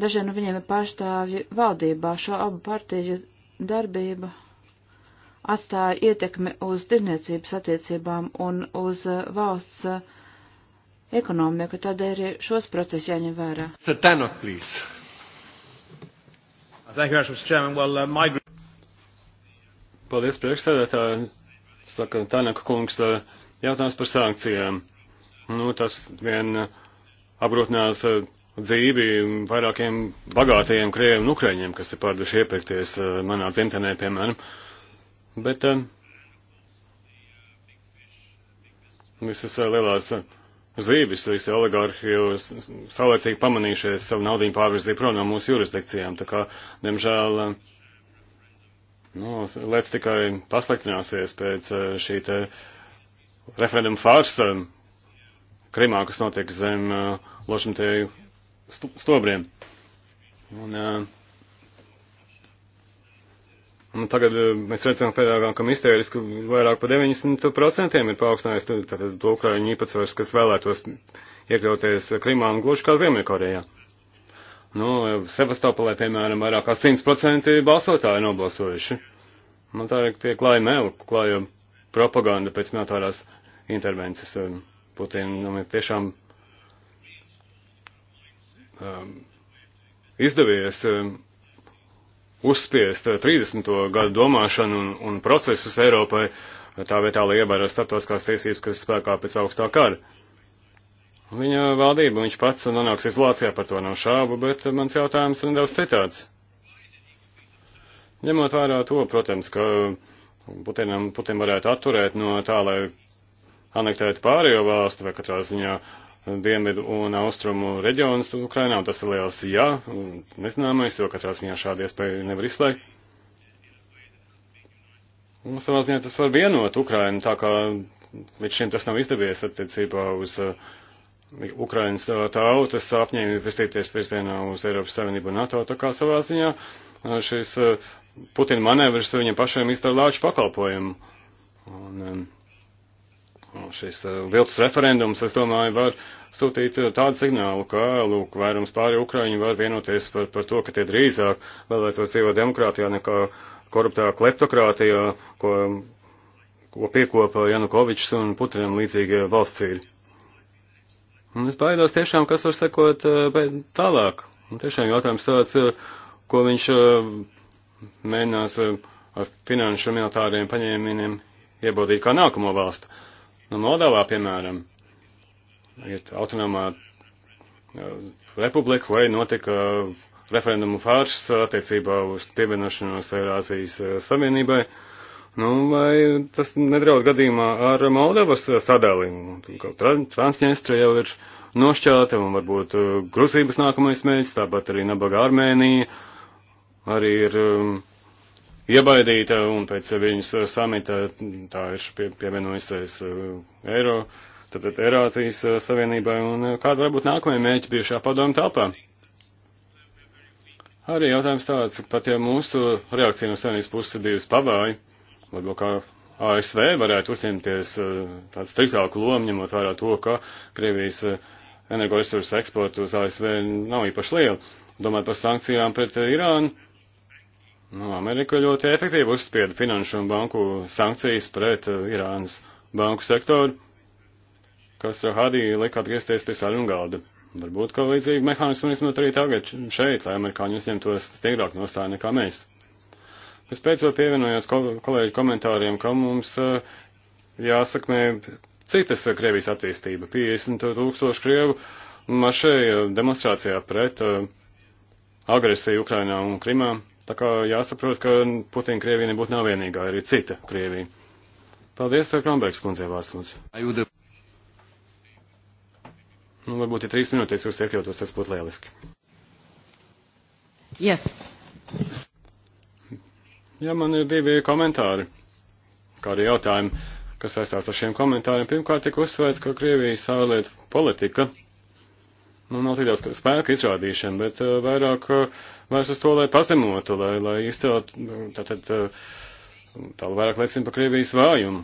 Speaker 3: daži no viņiem ir pārstāvji valdībā šo abu partiju darbība atstāja ietekmi uz tirniecības attiecībām un uz uh, valsts uh, ekonomiku, tādēļ arī šos procesus jāņem vērā.
Speaker 1: Tanok, well, uh, my... Paldies, priekšstādātāji. Saka Tanaka kungs, uh, jautājums par sankcijām. Nu, tas vien apgrūtinās dzīvi vairākiem bagātajiem krieviem un ukraiņiem, kas ir pārduši iepirkties manā dzimtenē, piemēram. Uh, Bet um, visas eh, lielās eh, zīves, visi oligārhi jau saulēcīgi pamanījušies savu naudu pārvirzīju prom no mūsu jurisdikcijām. Tā kā, diemžēl, nu, lēc tikai pasliktināsies pēc šī te referenduma fārsta Krimā, kas notiek zem lošamtēju stobriem. Un, uh, Un tagad eh, mēs redzam pēdējā, ka mistēriski vairāk par 90% ir paaugstinājies tātad to ukraiņu īpatsvars, kas vēlētos iekļauties Krimā un gluži kā Ziemeļkorejā. Nu, Sevastopolē, piemēram, vairāk kā 100% balsotāji nobalsojuši. Man nu, tā ir tie klāja meli, klāja propaganda pēc militārās intervences. Eh, Putinam nu, ir tiešām um, izdevies um, uzspiest 30. gadu domāšanu un, un procesus Eiropai, tā vietā, lai ievērot starptautiskās tiesības, kas spēkā pēc augstā kara. Viņa valdība, viņš pats nonāks izolācijā, par to nav šābu, bet mans jautājums ir nedaudz citāds. Ņemot vērā to, protams, ka Putinam, Putin varētu atturēt no tā, lai anektētu pārējo valstu vai katrā ziņā dienvidu un austrumu reģionus Ukrainā, un tas ir liels jā, un nezināmais, jo katrā ziņā šādu iespēju nevar izslēgt. Un savā ziņā tas var vienot Ukrainu, tā kā līdz šim tas nav izdevies attiecībā uz uh, Ukrainas uh, tautas apņēmību virzīties virzienā uz Eiropas Savienību un NATO, tā kā savā ziņā uh, šis uh, Putina manevrs viņam pašiem izdara lāču pakalpojumu. Un, um, šis eh, viltus referendums, es domāju, var sūtīt eh, tādu signālu, ka, lūk, vairums pāri Ukraiņu var vienoties par, par to, ka tie drīzāk vēlētos dzīvot demokrātijā nekā korruptā kleptokrātijā, ko, ko piekopa Janukovičs un Putinam līdzīgie valsts ir. Un es baidos tiešām, kas var sekot eh, tālāk. Un tiešām jautājums tāds, ko viņš mēģinās ar finanšu militāriem paņēmieniem iebūdīt kā nākamo valstu. Nu, Moldovā, piemēram, ir autonomā uh, republika, vai notika referendumu fārs attiecībā uz pievienošanos Eirāzijas uh, Savienībai. Nu, vai tas nedraud gadījumā ar Moldovas uh, sadalījumu? Nu, Transņestra jau ir nošķēlta un varbūt Gruzības nākamais mēģis, tāpat arī nabaga Armēnija, arī ir um, iebaidīta, eh, un pēc viņas eh, samita tā ir pie, pievienojusies eh, Eiro, tātad Eirāzijas Savienībai, un kāda varbūt nākamajā mēķi bijušā padomu telpā? Arī jautājums tāds, pat ja mūsu reakcija no Savienības puses bijusi pavāja, varbūt kā ASV varētu uzņemties tādu striktāku lomu, ņemot vērā to, ka Krievijas energoresursu eksportu uz ASV nav īpaši liela. Domājot par sankcijām pret Irānu, Nu, Amerika ļoti efektīvi uzspieda finanšu un banku sankcijas pret uh, Irānas banku sektoru, kas uh, Hadī lika atgriezties pie sarunu galda. Varbūt, ka līdzīgi mehānismi izmantot arī tagad šeit, lai amerikāņi uzņemtos stingrāk nostāju nekā mēs. Es pēc vēl pievienojos kol kolēģi komentāriem, ka mums uh, jāsakmē citas uh, Krievijas attīstība. 50 tūkstoši Krievu maršēja demonstrācijā pret uh, agresiju Ukrainā un Krimā. Tā kā jāsaprot, ka Putina Krievija nebūtu nav vienīgā, arī cita Krievija. Paldies, Kronbergs kundzei Vārslūdzu. Nu, varbūt, ja trīs minūtēs jūs iekļautos, tas būtu lieliski. Yes. Jā, man ir divi komentāri, kā arī jautājumi, kas saistās ar šiem komentāriem. Pirmkārt, tika uzsvērts, ka Krievijas ārlietu politika Nu, nav tik daudz spēka izrādīšana, bet uh, vairāk uh, eh, vairs uz to, lai pazemotu, lai, lai izcelt, eh, tātad, uh, tā vairāk liecina par Krievijas vājumu.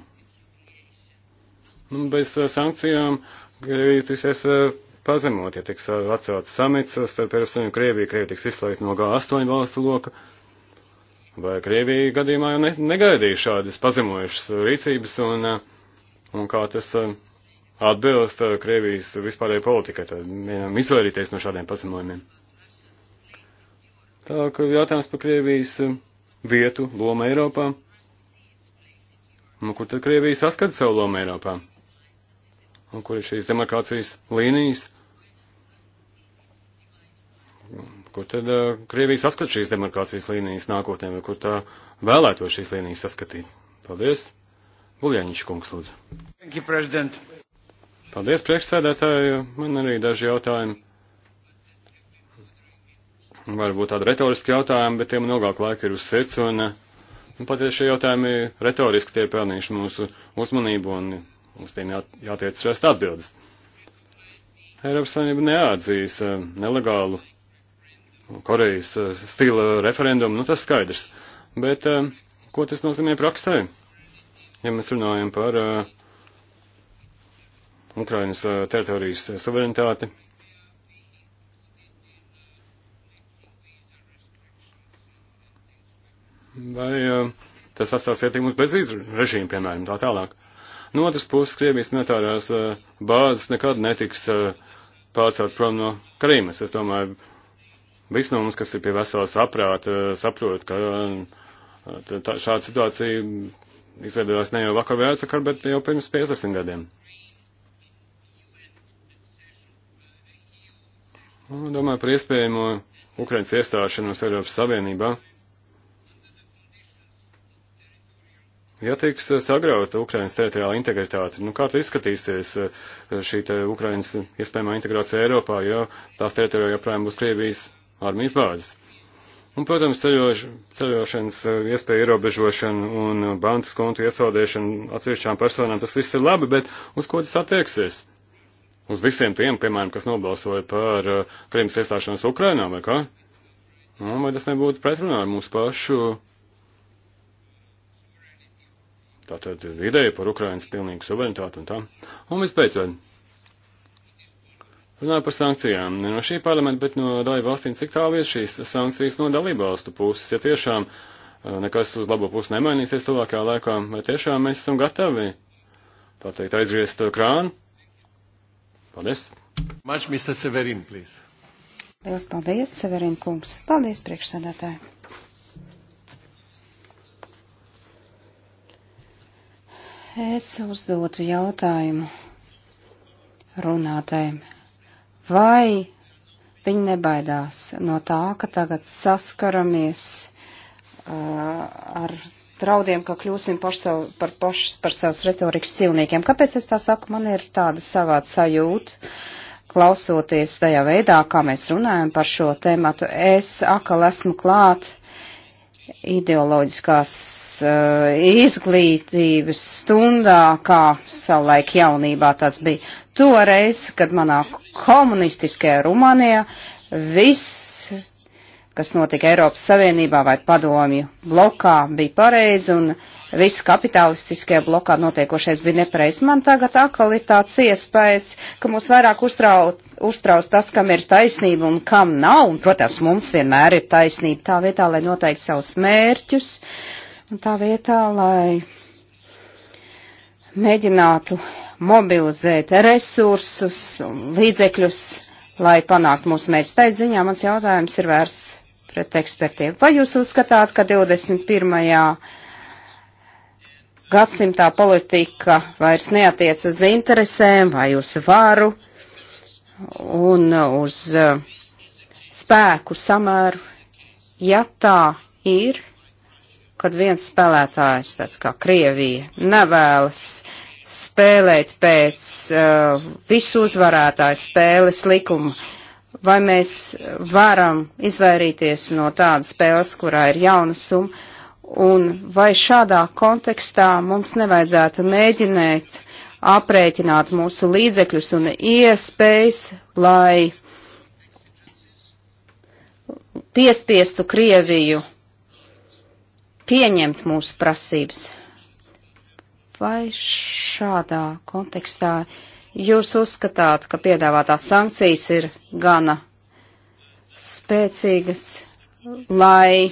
Speaker 1: Nu, bez uh, sankcijām Krievija tiksies uh, pazemot, ja tiks uh, atcelts samits starp Eiropas Savienību un Krieviju, Krievija tiks izslēgta no G8 valstu loka. Vai Krievija gadījumā jau ne, negaidīja šādas pazemojušas rīcības un, uh, un kā tas. Uh, atbilst uh, Krievijas vispārējai politikai. Tad mēģinām izvairīties no šādiem paziņojumiem. Tā kā jautājums par Krievijas uh, vietu, lomu Eiropā. Nu, kur tad Krievija saskata savu lomu Eiropā? Un kur ir šīs demarkācijas līnijas? Kur tad uh, Krievija saskata šīs demarkācijas līnijas nākotnē, vai kur tā vēlēto šīs līnijas saskatīt? Paldies! Buļjaņš kungs, lūdzu. Thank you, President. Paldies, priekšsēdētāji. Man arī daži jautājumi. Varbūt tādi retoriski jautājumi, bet tiem ilgāk laika ir uz sirds. Un, un patiešām šie jautājumi retoriski tie pelnījuši mūsu uzmanību un uz tiem jā, jātiec rast atbildes. Eiropas Savienība neatzīs eh, nelegālu Korejas eh, stila referendumu, nu tas skaidrs. Bet eh, ko tas nozīmē praksē? Ja mēs runājam par uh, Ukrainas eh, teritorijas eh, suverenitāti. Vai eh, tas atstās ietekmi uz bezvīzu režīmu, piemēram, tā tālāk. No otras puses, Krievijas militārās bāzes nekad netiks pārcelt prom no Krīmas. Es domāju, visi no mums, kas ir pie veselas saprāta, saprot, ka tā, šāda situācija izveidojās ne jau vakar vai aizvakar, bet jau pirms 50 gadiem. Un nu, domāju par iespējamo Ukrainas iestāšanos Eiropas Savienībā. Ja tiks sagrauta Ukrainas teritoriāla integritāte, nu kā izskatīsies eh, šī te Ukrainas iespējamā integrācija Eiropā, jo tās teritorijā joprojām būs Krievijas armijas bāzes? Un, protams, ceļoš, ceļošanas eh, iespēja ierobežošana un bankas kontu iesaldēšana atsevišķām personām, tas viss ir labi, bet uz ko tas attieksies? uz visiem tiem, piemēram, kas nobalsoja par uh, Krimas iestāšanos Ukrainā, vai kā? Nu, vai tas nebūtu pretrunā ar mūsu pašu tātad ideju par Ukrainas pilnīgu suverenitāti un tā. Un vispēcot, runāju par sankcijām. Ne no šī parlamenta, bet no dalību valstīm, cik tālu ir šīs sankcijas no dalību valstu puses. Ja tiešām uh, nekas uz labo pusi nemainīsies tuvākajā laikā, vai tiešām mēs esam gatavi, tā teikt, aizgriezt krānu Paldies! Mač, Mr. Severin, please.
Speaker 2: Lielas paldies, Severin kungs. Paldies, priekšsēdētāji. Es uzdotu jautājumu runātājiem. Vai viņi nebaidās no tā, ka tagad saskaramies uh, ar draudiem, ka kļūsim par, savu, par, paš, par savas retorikas cilniekiem. Kāpēc es tā saku? Man ir tāda savāda sajūta, klausoties tajā veidā, kā mēs runājam par šo tēmatu. Es akal esmu klāt ideoloģiskās uh, izglītības stundā, kā savulaik jaunībā tas bija. Toreiz, kad manā komunistiskajā Rumānijā viss kas notika Eiropas Savienībā vai padomju blokā, bija pareizi un viss kapitalistiskajā blokā notiekošais bija nepareizi. Man tagad atkal ir tāds iespējas, ka mūs vairāk uztraut, uztrauc tas, kam ir taisnība un kam nav, un, protams, mums vienmēr ir taisnība tā vietā, lai noteikti savus mērķus, un tā vietā, lai mēģinātu mobilizēt resursus un līdzekļus, lai panāktu mūsu mērķus. Tā ziņā mans jautājums ir vērsts pret ekspertiem. Vai jūs uzskatāt, ka 21. gadsimtā politika vairs neatiec uz interesēm vai uz varu un uz uh, spēku samēru? Ja tā ir, kad viens spēlētājs, tāds kā Krievija, nevēlas spēlēt pēc uh, visu uzvarētāju spēles likuma, uh, vai mēs varam izvairīties no tādas spēles, kurā ir jauna summa, un vai šādā kontekstā mums nevajadzētu mēģināt aprēķināt mūsu līdzekļus un iespējas, lai piespiestu Krieviju pieņemt mūsu prasības. Vai šādā kontekstā Jūs uzskatāt, ka piedāvātās sankcijas ir gana spēcīgas, lai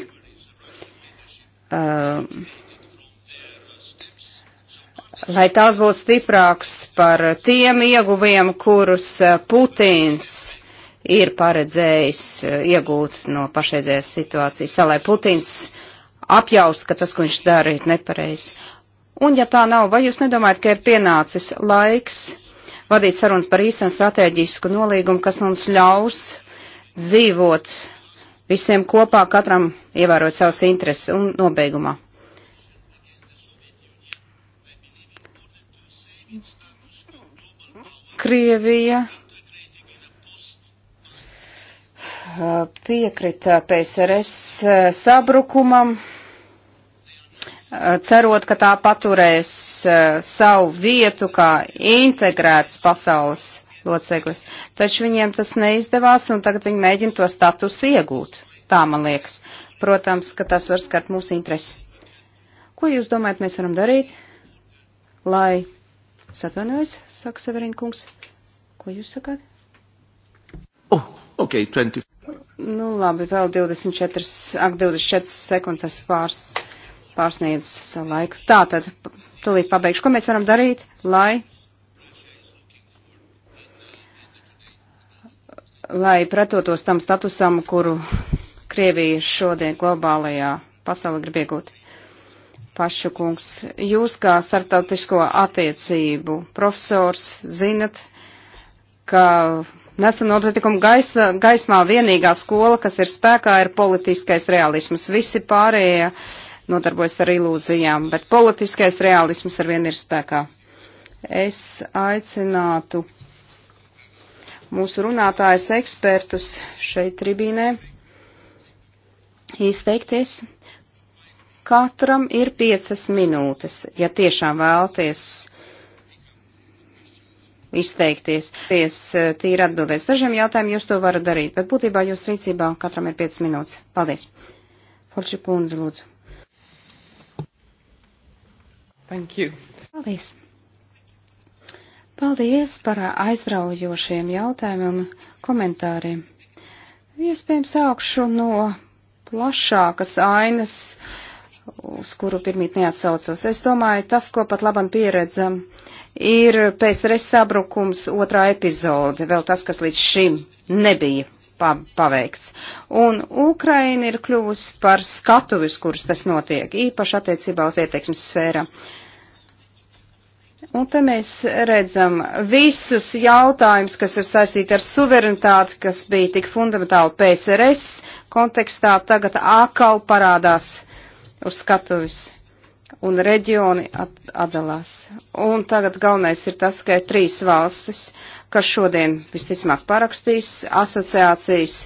Speaker 2: uh, lai tās būtu stiprāks par tiem ieguviem, kurus uh, Putins ir paredzējis uh, iegūt no pašreizējās situācijas, tā lai Putins apjaust, ka tas, ko viņš dara, ir nepareizi. Un ja tā nav, vai jūs nedomājat, ka ir pienācis laiks vadīt sarunas par īstenu stratēģisku nolīgumu, kas mums ļaus dzīvot visiem kopā, katram ievērot savas intereses un nobeigumā. Krievija piekrita PSRS sabrukumam. Eh, cerot, ka tā paturēs eh, savu vietu kā integrēts pasaules loceklis. Taču viņiem tas neizdevās, un tagad viņi mēģina to statusu iegūt. Tā man liekas. Protams, ka tas var skart mūsu interesi. Ko jūs domājat, mēs varam darīt, lai satvainojas, saka Severina kungs? Ko jūs sakāt? Oh, ok, 20. Nu labi, vēl 24, ak, 24 sekundes es pārs pārsniedz savu laiku. Tātad, tūlīt pabeigšu, ko mēs varam darīt, lai, lai pretotos tam statusam, kuru Krievija šodien globālajā pasaulē grib iegūt. Pašu kungs, jūs kā starptautisko attiecību profesors zinat, ka nesen notikumu gaisa, gaismā vienīgā skola, kas ir spēkā, ir politiskais realisms. Visi pārējie uh, nodarbojas ar ilūzijām, bet politiskais realisms ar vienu ir spēkā. Es aicinātu mūsu runātājs ekspertus šeit tribīnē izteikties. Katram ir piecas minūtes, ja tiešām vēlties izteikties. Ties tīri atbildēs dažiem jautājumiem, jūs to varat darīt, bet būtībā jūs rīcībā katram ir piecas minūtes. Paldies. Forši kundze, lūdzu. Thank you. Paldies. Paldies par aizraujošiem jautājumiem un komentāriem. Iespējams, sākšu no plašākas ainas, uz kuru pirmīt neatsaucos. Es domāju, tas, ko pat labam pieredzam, ir pēc resa sabrukums otrā epizode, vēl tas, kas līdz šim nebija paveikts. Un Ukraina ir kļuvusi par skatuvis, kuras tas notiek, īpaši attiecībā uz ieteiksmes sfēra. Uh, Un te mēs redzam visus jautājumus, kas ir saistīti ar suverenitāti, kas bija tik fundamentāli PSRS kontekstā, tagad atkal parādās uz skatuvis un reģioni at atdalās. Un tagad galvenais ir tas, ka ir trīs valstis, kas šodien visticamāk parakstīs asociācijas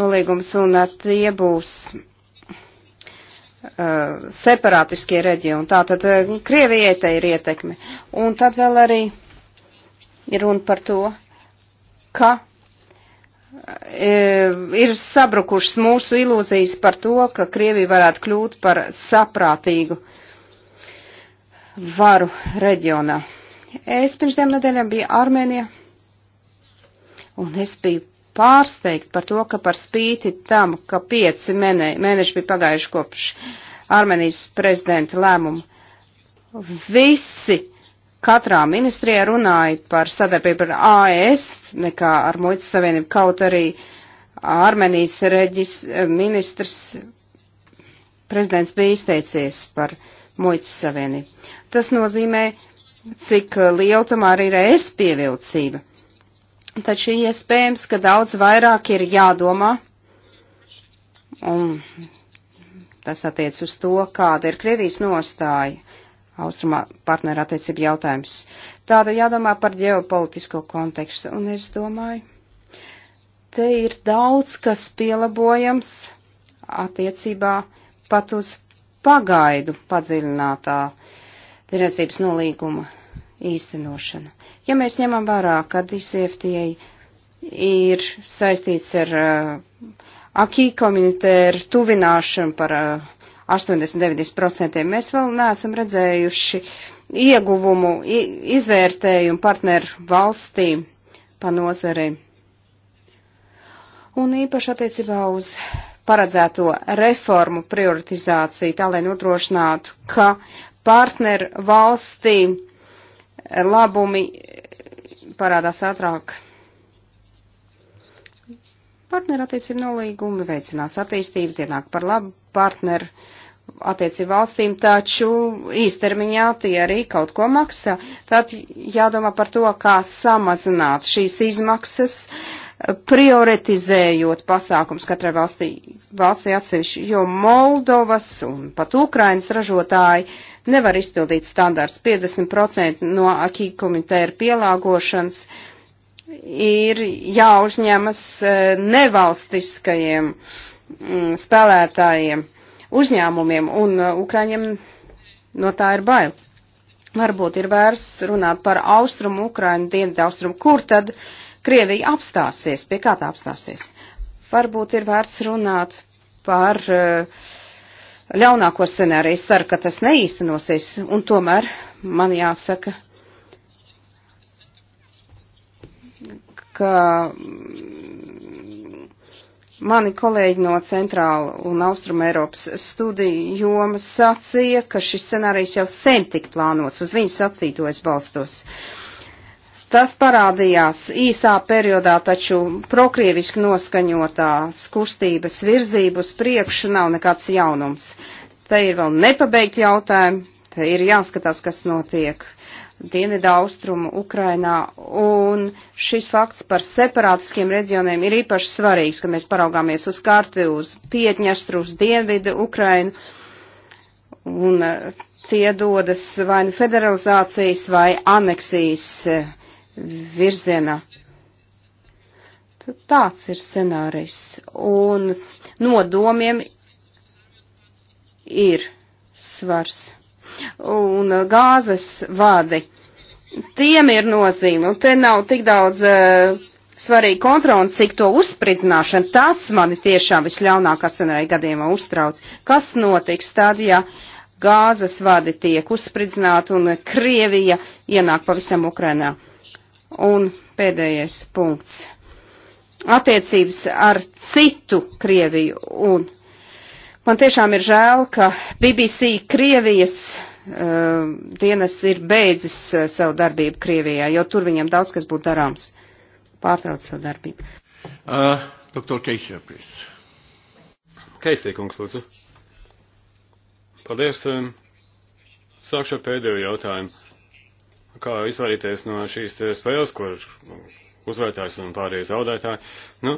Speaker 2: nolīgums un tie būs uh, separātiskie reģioni. Tātad uh, Krievijai te ir ietekme. Un tad vēl arī ir runa par to, ka uh, ir sabrukušas mūsu ilūzijas par to, ka Krievija varētu kļūt par saprātīgu varu reģionā. Es pirms tiem nedēļām biju Armēnijā, un es biju pārsteigt par to, ka par spīti tam, ka pieci mēne, mēneši bija pagājuši kopš Armenijas prezidenta lēmumu, visi katrā ministrijā runāja par sadarbību ar AES nekā ar Muitas Savienību, kaut arī Armenijas reģis, ministrs prezidents bija izteicies par Muitas Savienību. Tas nozīmē, cik liela tomēr ir ES e pievilcība taču iespējams, ka daudz vairāk ir jādomā, un tas attiec uz to, kāda ir Krievijas nostāja austrumā partneru attiecību jautājums. Tāda jādomā par ģeopolitisko kontekstu, un es domāju, te ir daudz, kas pielabojams attiecībā pat uz pagaidu padziļinātā tirdzniecības nolīguma īstenošana. Ja mēs ņemam vērā, ka DCFTA ir saistīts ar uh, akī komunitēru tuvināšanu par uh, 80-90%, mēs vēl neesam redzējuši ieguvumu, izvērtējumu partneru valstīm pa nozarei. Un īpaši attiecībā uz paredzēto reformu prioritizāciju, tā lai nodrošinātu, ka partneru valstīm labumi parādās ātrāk. Partnerattiecību nolīgumi veicinās attīstību, tie nāk par labu partneru attiecību valstīm, taču īstermiņā tie arī kaut ko maksā. Tad jādomā par to, kā samazināt šīs izmaksas, prioritizējot pasākums katrai valstī, valstī atsevišķi, jo Moldovas un pat Ukrainas ražotāji uh, nevar izpildīt standārs. 50% no akī komitēra pielāgošanas ir jāuzņemas eh, nevalstiskajiem mm, spēlētājiem, uzņēmumiem, un eh, Ukraiņiem no tā ir bail. Varbūt ir vērts runāt par austrumu Ukrainu, dienvidu austrumu, kur tad Krievija apstāsies, pie kā tā apstāsies. Varbūt ir vērts runāt par uh, ļaunāko scenāriju ceru, ka tas neīstenosies, un tomēr man jāsaka, ka mani kolēģi no Centrāla un Austruma Eiropas studiju jomas sacīja, ka šis scenārijs jau sen tik plānots, uz viņu sacīto es balstos. Uh, Tas parādījās īsā periodā, taču prokrieviski noskaņotās kustības virzības priekšu nav nekāds jaunums. Te ir vēl nepabeigti jautājumi, te ir jāskatās, kas notiek dienvidā austrumu Ukrainā, un šis fakts par separātiskiem reģioniem ir īpaši svarīgs, ka mēs paraugāmies uz karti, uz Pietņestru, uz dienvidu Ukrainu, un tie dodas vai nu federalizācijas vai aneksijas virzienā. Tāds ir scenārijs. Un nodomiem ir svars. Un uh, gāzes vadi. Tiem ir nozīme. Un te nav tik daudz uh, svarīgi kontroli, cik to uzspridzināšana. Tas mani tiešām visļaunākā scenārija gadījumā uztrauc. Kas notiks tad, ja gāzes vadi tiek uzspridzināti un Krievija ienāk pavisam Ukrainā? Un pēdējais punkts. Attiecības ar citu Krieviju. Un man tiešām ir žēl, ka BBC Krievijas uh, dienas ir beidzis uh, savu darbību Krievijā, jo tur viņam daudz kas būtu darāms. Pārtrauc savu
Speaker 1: darbību. Uh, Doktor Keisija, please. Keisija, kungs, lūdzu. Paldies. Um, sākšu ar pēdējo jautājumu kā izvairīties no šīs spēles, kur uzvarētājs un pārējie zaudētāji. Nu,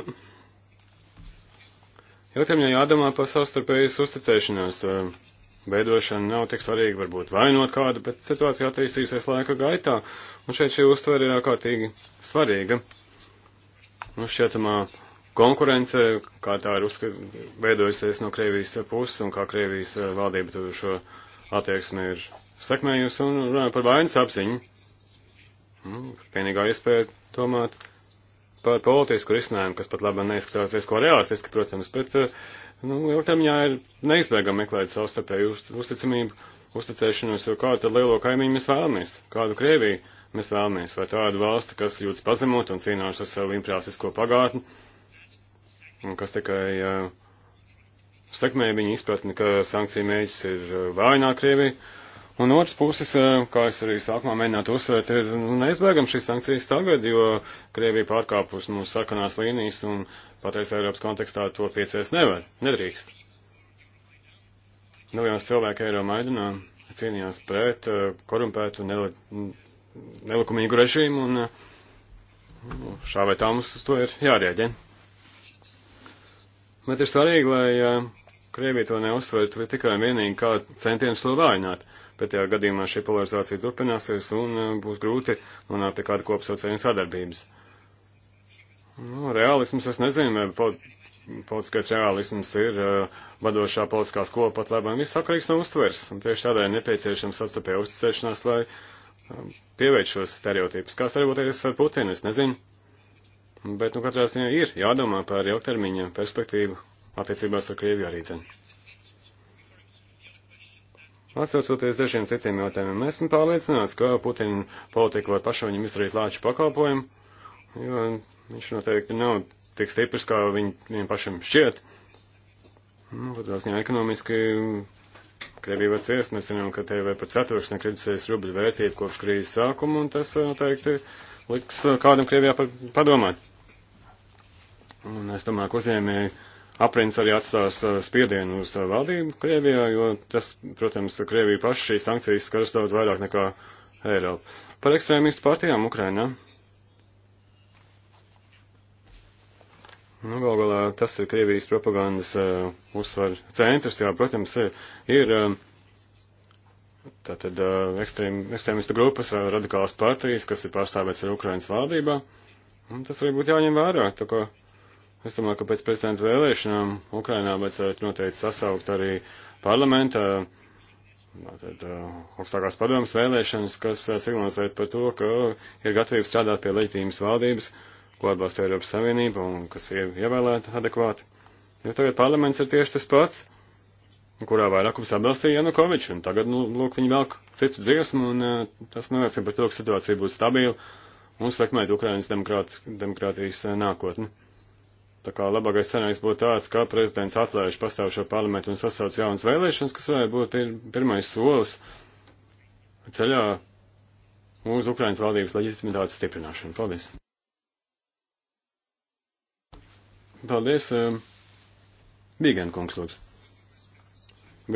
Speaker 1: Ilgtermiņā jādomā par savstarpējas uzticēšanās. Beidošana nav tik svarīga, varbūt vainot kādu, bet situācija attīstīsies laika gaitā, un šeit šī uztvere ir ārkārtīgi svarīga. Nu, šķietamā konkurence, kā tā ir uzskat, veidojusies no Krievijas puses, un kā Krievijas valdība tur šo attieksmi ir sekmējusi, un runājot par vainas apziņu. Nu, vienīgā iespēja domāt par politisku risinājumu, kas pat labi neizskatās diezko realistiski, protams, bet eh, nu, ilgtermiņā ir neizbēgami meklēt savstarpēju uz, uzticamību, uzticēšanos, jo kādu tad lielo kaimiņu mēs vēlamies, kādu Krieviju mēs vēlamies, vai tādu valsti, kas jūtas pazemot un cīnās ar savu imprāsisko pagātni, un kas tikai uh, sekmē viņa izpratni, ka sankcija mēģis ir uh, vājināt Krieviju. Un otrs puses, eh, kā es arī sākumā mēģinātu uzsvērt, ir nu, neizbēgam šīs sankcijas tagad, jo Krievija pārkāpus mūsu sarkanās līnijas un patreiz Eiropas kontekstā to piecēs nevar, nedrīkst. Miljonus cilvēku Eiro Maidanā cīnījās pret eh, korumpētu nel nelikumīgu režīmu un eh, nu, šā vai tā mums uz to ir jārēģē. Bet ir svarīgi, lai Krievija to neuzsver tikai un vienīgi kā centienus to vājināt. Pretējā gadījumā šī polarizācija turpināsies un e, būs grūti nonākt pie kāda kopsaucējuma sadarbības. Nu, realisms, es nezinu, vai politiskais realisms ir uh, vadošā politiskās kopa pat labāk, viss sakarīgs no uztvers. Un tieši tādēļ nepieciešams sastopē uzticēšanās, lai um, e, pievērš šos stereotipus. Kā starboties ar Putinu, es nezinu. Bet, nu, katrā ziņā ir jādomā par ilgtermiņa perspektīvu attiecībās ar Krieviju arī cenu. Atsaucoties dažiem citiem jautājumiem, esmu pārliecināts, ka Putina politika var pašam viņam izdarīt lāču pakalpojumu, jo viņš noteikti nav tik stiprs, kā viņ, viņam pašam šķiet. Nu, katrā ziņā ekonomiski Krievija var ciest, mēs zinām, ka TV pat ceturksni kritizējas rubļu vērtību kopš krīzes sākuma, un tas eh, noteikti liks eh, kādam Krievijā padomāt. Un es domāju, ka uzņēmēji aprins arī atstās uh, spiedienu uz uh, valdību Krievijā, jo tas, protams, Krievija paši šīs sankcijas skars daudz vairāk nekā Eiropa. Par ekstrēmistu partijām Ukrainā. Nu, gal galā tas ir Krievijas propagandas uh, uzsver centrs, jā, protams, ir, ir uh, tātad uh, ekstrēm, ekstrēmistu grupas, uh, radikālas partijas, kas ir pārstāvēts ar Ukrainas valdībā. Un tas arī būtu jāņem vērā, tā kā. Ko... Es domāju, ka pēc prezidenta vēlēšanām Ukrainā vajadzētu noteikti sasaukt arī parlamenta, tātad augstākās padomas vēlēšanas, kas signalizē par to, ka ir gatavība strādāt pie leģitīmas valdības, ko atbalsta Eiropas Savienība un kas ir ievēlēta adekvāti. Jo tagad parlaments ir tieši tas pats, kurā vairākums atbalstīja Janukoviču, un tagad, nu, lūk, viņi velk citu dziesmu, un tas neliecina par to, ka situācija būs stabila un sekmēt Ukrainas demokrāt, demokrātijas nākotni. Ne? Tā kā labākais scenārijs būtu tāds, ka prezidents atlaiž pastāvošo parlamentu un sasauc jaunas vēlēšanas, kas varētu būt pir pirmais solis ceļā uz Ukrainas valdības leģitimitātes stiprināšanu. Paldies! Paldies, um, Bīgēn kungs, lūdzu.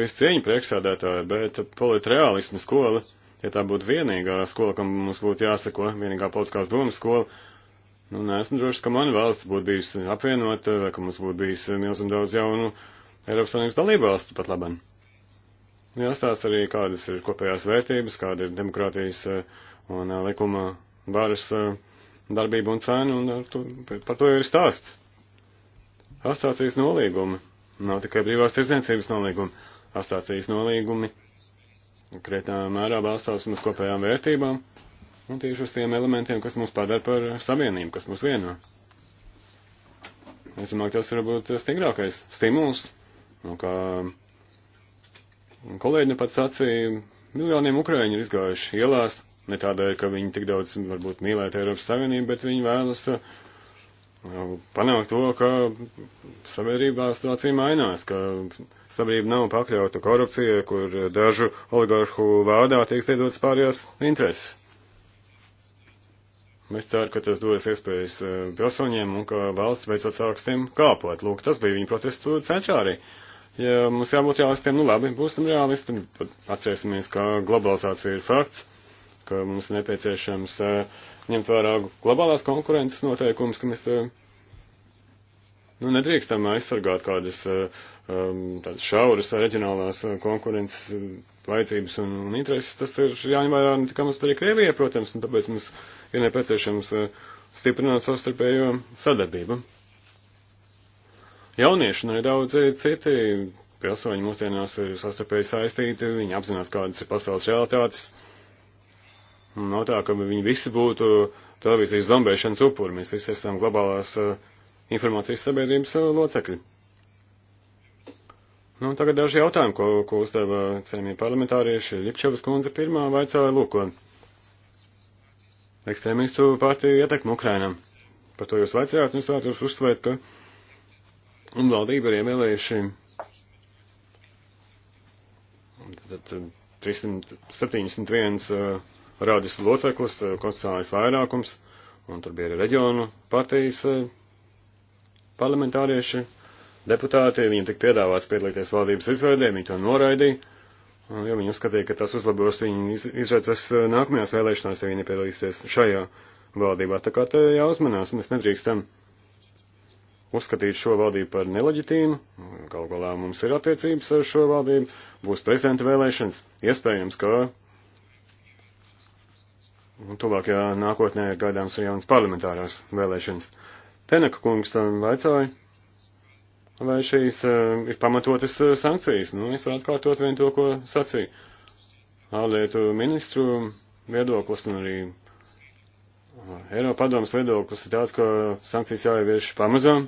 Speaker 1: Visu cieņu priekšsādētāju, bet politreālismu skola, ja tā būtu vienīgā skola, kam mums būtu jāseko, vienīgā politiskās domas skola, Nu, neesmu drošs, ka mana valsts būtu bijusi apvienota, vai ka mums būtu bijis eh, milzīgi daudz jaunu Eiropas Savienības dalībvalstu pat labam. Jāstāsta arī, kādas ir kopējās vērtības, kāda ir demokrātijas eh, un eh, likuma varas darbība un cena, un to, par to ir stāsts. Astācijas nolīgumi nav tikai brīvās tirdzniecības nolīgumi. Astācijas nolīgumi krietnā mērā balstās uz kopējām vērtībām, un nu, tieši uz tiem elementiem, kas mūs padara par savienību, kas mūs vieno. Es domāju, ka tas var būt stingrākais stimuls, nu, kā kolēģi nu pats sacīja, miljoniem ukraiņu ir izgājuši ielās, ne tādēļ, ka viņi tik daudz varbūt mīlētu Eiropas Savienību, bet viņi vēlas uh, panākt to, ka sabiedrībā situācija mainās, ka sabiedrība nav pakļauta korupcijai, kur dažu oligarhu vārdā tiek stiedotas pārējās intereses. Es ceru, ka tas dos iespējas e, pilsoņiem un ka valsts beidzot sāks tiem kāpot. Lūk, tas bija viņa protestu centrā arī. Ja mums jābūt realistiem, nu labi, būsim realisti, atcerēsimies, ka globalizācija ir fakts, ka mums nepieciešams e, ņemt vērā globālās konkurences noteikumus, ka mēs e, Nu, nedrīkstam aizsargāt kādas um, šauras vai reģionālās eh, konkurences eh, vajadzības un, un intereses. Tas ir jāņem vērā ne nu, tikai mums, bet arī Krievijai, protams, un tāpēc mums ir nepieciešams uh, stiprināt savstarpējo sadarbību. Jaunieši un arī daudzi citi pilsoņi mūsdienās ir savstarpēji saistīti, viņi apzinās, kādas ir pasaules realitātes. Nav no tā, ka viņi visi būtu televīzijas zombēšanas upuri. Mēs visi esam globālās uh, informācijas sabiedrības uh, locekļi. Nu, tagad daži jautājumi, ko, ko uzdeva cienīja parlamentārieši. Ļipčevas kundze pirmā vaicāja lūko. Ekstrēmistu partiju ietekmu Ukrainam. Par to jūs vaicājāt, un es vēlētos uzsvērt, ka un valdība ir ievēlējuši 371 uh, rādes loceklis, uh, konstitucionālais vairākums, un tur bija arī reģionu partijas uh, parlamentārieši, deputāti, viņiem tika piedāvāts piedalīties valdības izveidē, viņi to noraidīja, jo viņi uzskatīja, ka tas uzlabos viņu izredzes eh, nākamajās vēlēšanās, ja viņi nepiedalīsies šajā valdībā. Tā kā te jāuzmanās, mēs nedrīkstam uzskatīt šo valdību par neleģitīmu. Galu galā mums ir attiecības ar šo valdību, būs prezidenta vēlēšanas. Iespējams, ka nu, tuvākajā nākotnē gaidāms ir jaunas parlamentārās vēlēšanas. Tenaka kungs vaicāja, vai šīs uh, ir pamatotas uh, sankcijas. Nu, es varu atkārtot vien to, ko sacīju. Ārlietu ministru viedoklis un arī eh, Eiropa padomas viedoklis ir tāds, ka sankcijas jāievieš pamazām.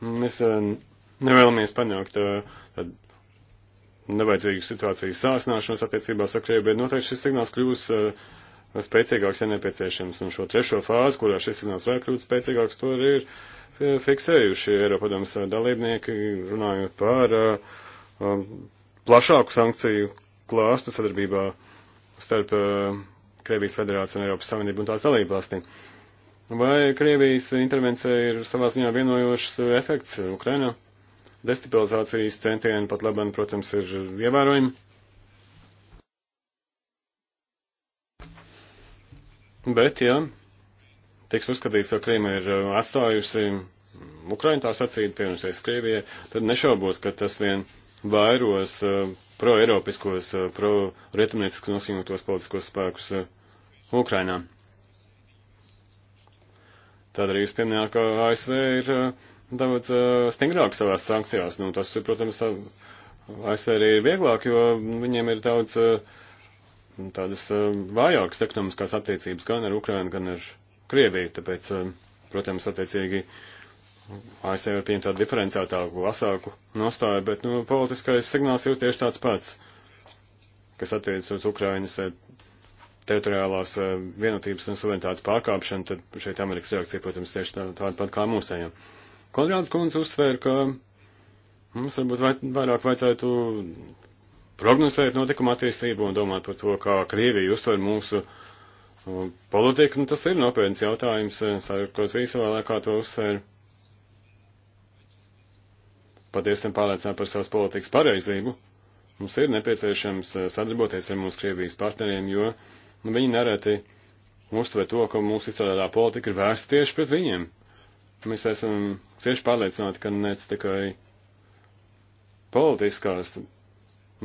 Speaker 1: Mēs nevēlamies panākt tādu nevajadzīgu situāciju sāsināšanos attiecībās ar Krieviju, bet noteikti šis signāls kļūs spēcīgāks, ja nepieciešams. Un šo trešo fāzi, kurā šis signāls var kļūt spēcīgāks, to arī ir e, fiksējuši Eiropadomas dalībnieki, runājot par um, plašāku sankciju klāstu sadarbībā starp uh, Krievijas federāciju un Eiropas Savienību un tās dalību valstīm. Vai Krievijas intervencija ir savā ziņā vienojošs efekts Ukrainā? Destabilizācijas centieni pat labam, protams, ir ievērojami Bet, ja tiks uzskatīts, ka Krīma ir uh, atstājusi Ukraina tā sacīja, pievienosies Krievijai, tad nešaubos, ka tas vien vairos uh, pro-eiropiskos, uh, pro-rietumnieciskas noskaņotos politiskos spēkus uh, Ukrainā. Tad arī jūs pieminējāt, ka ASV ir uh, daudz uh, stingrāk savās sankcijās. Nu, tas, protams, ASV arī ir vieglāk, jo viņiem ir daudz uh, tādas e, vājākas ekonomiskās attiecības gan ar Ukrainu, gan ar Krieviju. Tāpēc, e, protams, attiecīgi ASV e var pieņemt tādu diferencētāku, asāku nostāju, bet nu, politiskais signāls ir tieši tāds pats, kas attiecas uz Ukrainas teritoriālās vienotības un suverenitātes pārkāpšanu, tad šeit Amerikas reakcija, protams, tieši tā, tāda pat kā mūsējiem. Konrāds Kunds uzsver, ka mums varbūt vairāk vajadzētu prognozēt notikuma attīstību un domāt par to, kā Krievija uztver mūsu politiku, nu tas ir nopietns jautājums, e, Sarkoz īsavēlē, kā to uzsver. Patiesi tam pārliecināt par savas politikas pareizību. Mums ir nepieciešams e, sadarboties ar mūsu Krievijas partneriem, jo nu, viņi nereti uztver to, ka mūsu izstrādātā politika ir vērsta tieši pret viņiem. Mēs esam cieši pārliecināti, ka nec tikai politiskās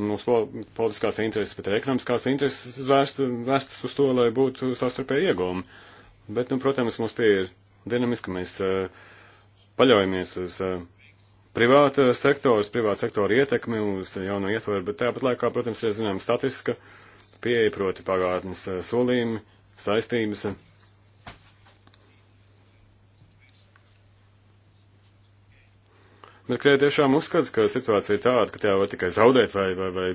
Speaker 1: mūsu politiskās intereses, bet arī ekonomiskās intereses vērsta, vērstas uz to, lai būtu savstarpēji iegūmi. Bet, nu, protams, mums tie ir dinamiski, mēs uh, paļaujamies uz uh, privāta sektora, uz privāta sektora ietekmi, uz jauno ietvaru, bet tāpat laikā, protams, ir, zinām, statiska pieeja, proti pagātnes uh, solījumi, saistības. Uh, Bet Krievija tiešām uzskata, ka situācija ir tāda, ka tajā var tikai zaudēt vai, vai, vai,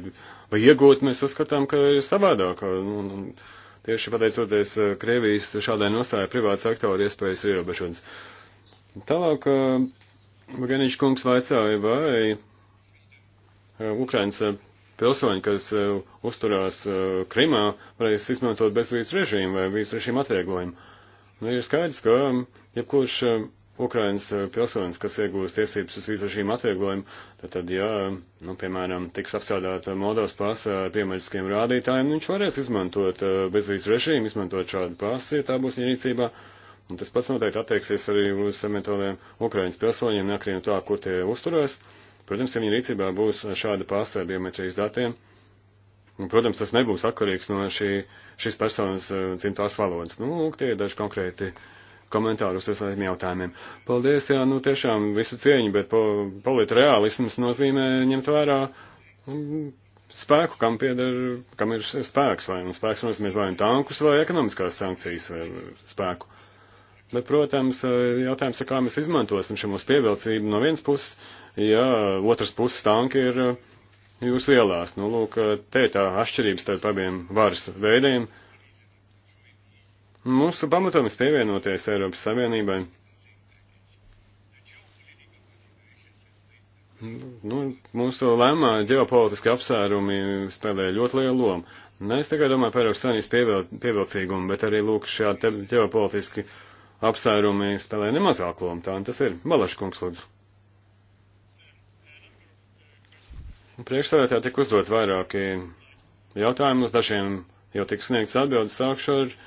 Speaker 1: vai iegūt. Mēs uzskatām, ka ir savādāk. Un, un tieši pateicoties eh, Krievijas šādai nostāja privāta sektora iespējas ierobežotas. Tālāk, eh, Vaganiņš kungs vaicāja, vai eh, Ukrainas pilsoņi, kas uzturās Krimā, varēs izmantot bezvīzu režīmu vai vīzu režīmu atvieglojumu. Nu, ir skaidrs, ka mm, jebkurš. Ja Ukrainas eh, pilsonis, kas iegūst tiesības uz vīzažīm atvieglojumu, tad, tad ja, nu, piemēram, tiks apsādāta Moldovas pasa ar eh, piemēriskiem rādītājiem, viņš varēs izmantot eh, bezvīzu režīmu, izmantot šādu pasu, ja tā būs viņa rīcībā. Un tas pats noteikti attieksies arī uz eventuāliem Ukrainas pilsoņiem, neatkarīgi no tā, kur tie uzturēs. Protams, ja viņa rīcībā būs šāda pasta ar biometrijas datiem, un, nu, protams, tas nebūs atkarīgs no šī, šīs personas dzimtās valodas. Nu, lūk, tie ir daži konkrēti uh, komentārus uz saviem jautājumiem. Paldies, jā, nu tiešām visu cieņu, bet po, politreālisms nozīmē ņemt vērā mm, spēku, kam pieder, kam ir spēks, vai nu spēks nozīmē vai nu tankus, vai ekonomiskās sankcijas, vai spēku. Bet, protams, jautājums ir, kā mēs izmantosim šo mūsu pievilcību no vienas puses, ja otras puses tanki ir eh, jūs vielās. Nu, lūk, te tā atšķirības starp abiem varas veidiem. Uh, Mūsu pamatojums pievienoties Eiropas Savienībai. Nu, mūsu lēmā ģeopolitiski apsērumi spēlē ļoti lielu lomu. Ne es tikai domāju par Eiropas Savienības pievilc pievilcīgumu, bet arī lūk šādi ģeopolitiski apsērumi spēlē nemazāk lomu. Tā un tas ir. Balaškungs, lūdzu. Priekšstādātā tika uzdot vairāki jautājumi, uz dažiem jau tika sniegts atbildes. Sākšu ar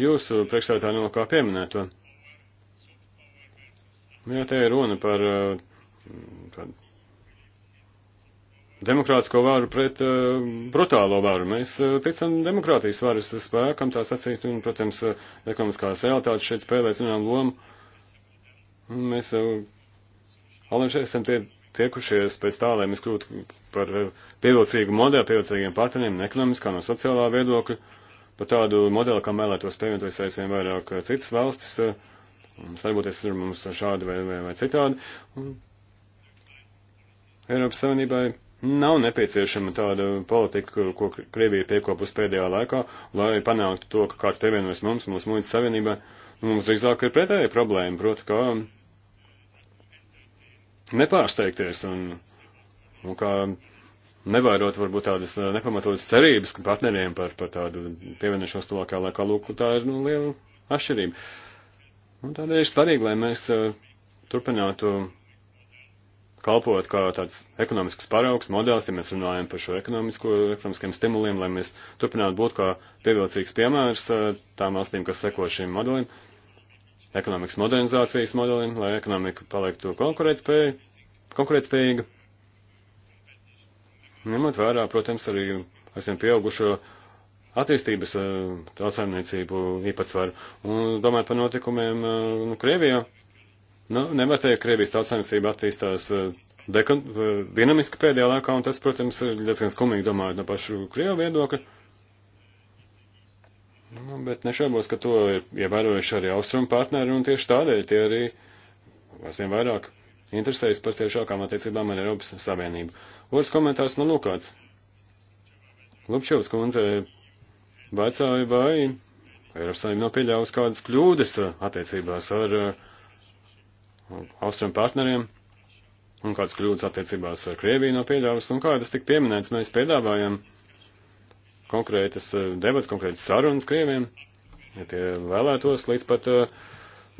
Speaker 1: jūsu priekšstādā no kā pieminēto. Jā, te ir runa par uh, tādu demokrātisko vāru pret uh, brutālo vāru. Mēs uh, ticam demokrātijas varas spēkam, tā sacīt, un, protams, uh, ekonomiskās realitātes šeit spēlē zinām lomu. Un mēs uh, Olimpiskajiem esam tie, tiekušies pēc tā, lai mēs kļūtu par uh, pievilcīgu modeli, pievilcīgiem partneriem, ne ekonomiskā, no sociālā viedokļa. Uh, par tādu modeli, kam vēlētos pievienoties aizvien vairāk eh, citas valstis, eh, sarboties ar mums šādi vai, vai, vai citādi. Un Eiropas Savienībai nav nepieciešama tāda politika, ko Krievija piekopus pēdējā laikā, lai panāktu to, ka kāds pievienojas mums, mūsu muitas savienībai. Nu, mums drīzāk ir pretēja problēma, proti, kā nepārsteigties un, un kā nevairot varbūt tādas eh, nepamatotas cerības partneriem par, par tādu pievienošanos tuvākā laikā, lūk, tā ir nu, liela atšķirība. Un tādēļ ir svarīgi, lai mēs uh, turpinātu kalpot kā tāds ekonomisks paraugs, modelis, ja mēs runājam par šo ekonomisko, ekonomiskiem stimuliem, lai mēs turpinātu būt kā pievilcīgs piemērs uh, tām valstīm, kas seko šim modelim, ekonomikas modernizācijas modelim, lai ekonomika paliktu konkurētspēja, konkurētspējīga Ņemot vērā, protams, arī esam pieaugušo attīstības eh, tautsēmniecību īpatsvaru. Un domājot par notikumiem eh, nu, Krievijā, nu, nevērtēja, ka Krievijas tautsēmniecība attīstās eh, dekon, dinamiski pēdējā laikā, un tas, protams, ir diezgan skumīgi domājot no pašu Krievu viedokļa. Nu, bet nešaubos, ka to ir ievērojuši arī austrumu partneri, un tieši tādēļ tie arī aizvien vairāk interesējas par ciešākām attiecībām ar Eiropas Savienību. Otrs komentārs man lūkāts. Lupčevs kundze vaicāja, vai Eiropas Savienība nav pieļāvusi kādas kļūdas uh, attiecībās ar uh, austrumu partneriem, un kādas kļūdas attiecībās ar Krieviju nav pieļāvusi, un kā tas tika pieminēts, mēs piedāvājam konkrētas uh, debats, konkrētas sarunas Krieviem, ja tie vēlētos līdz pat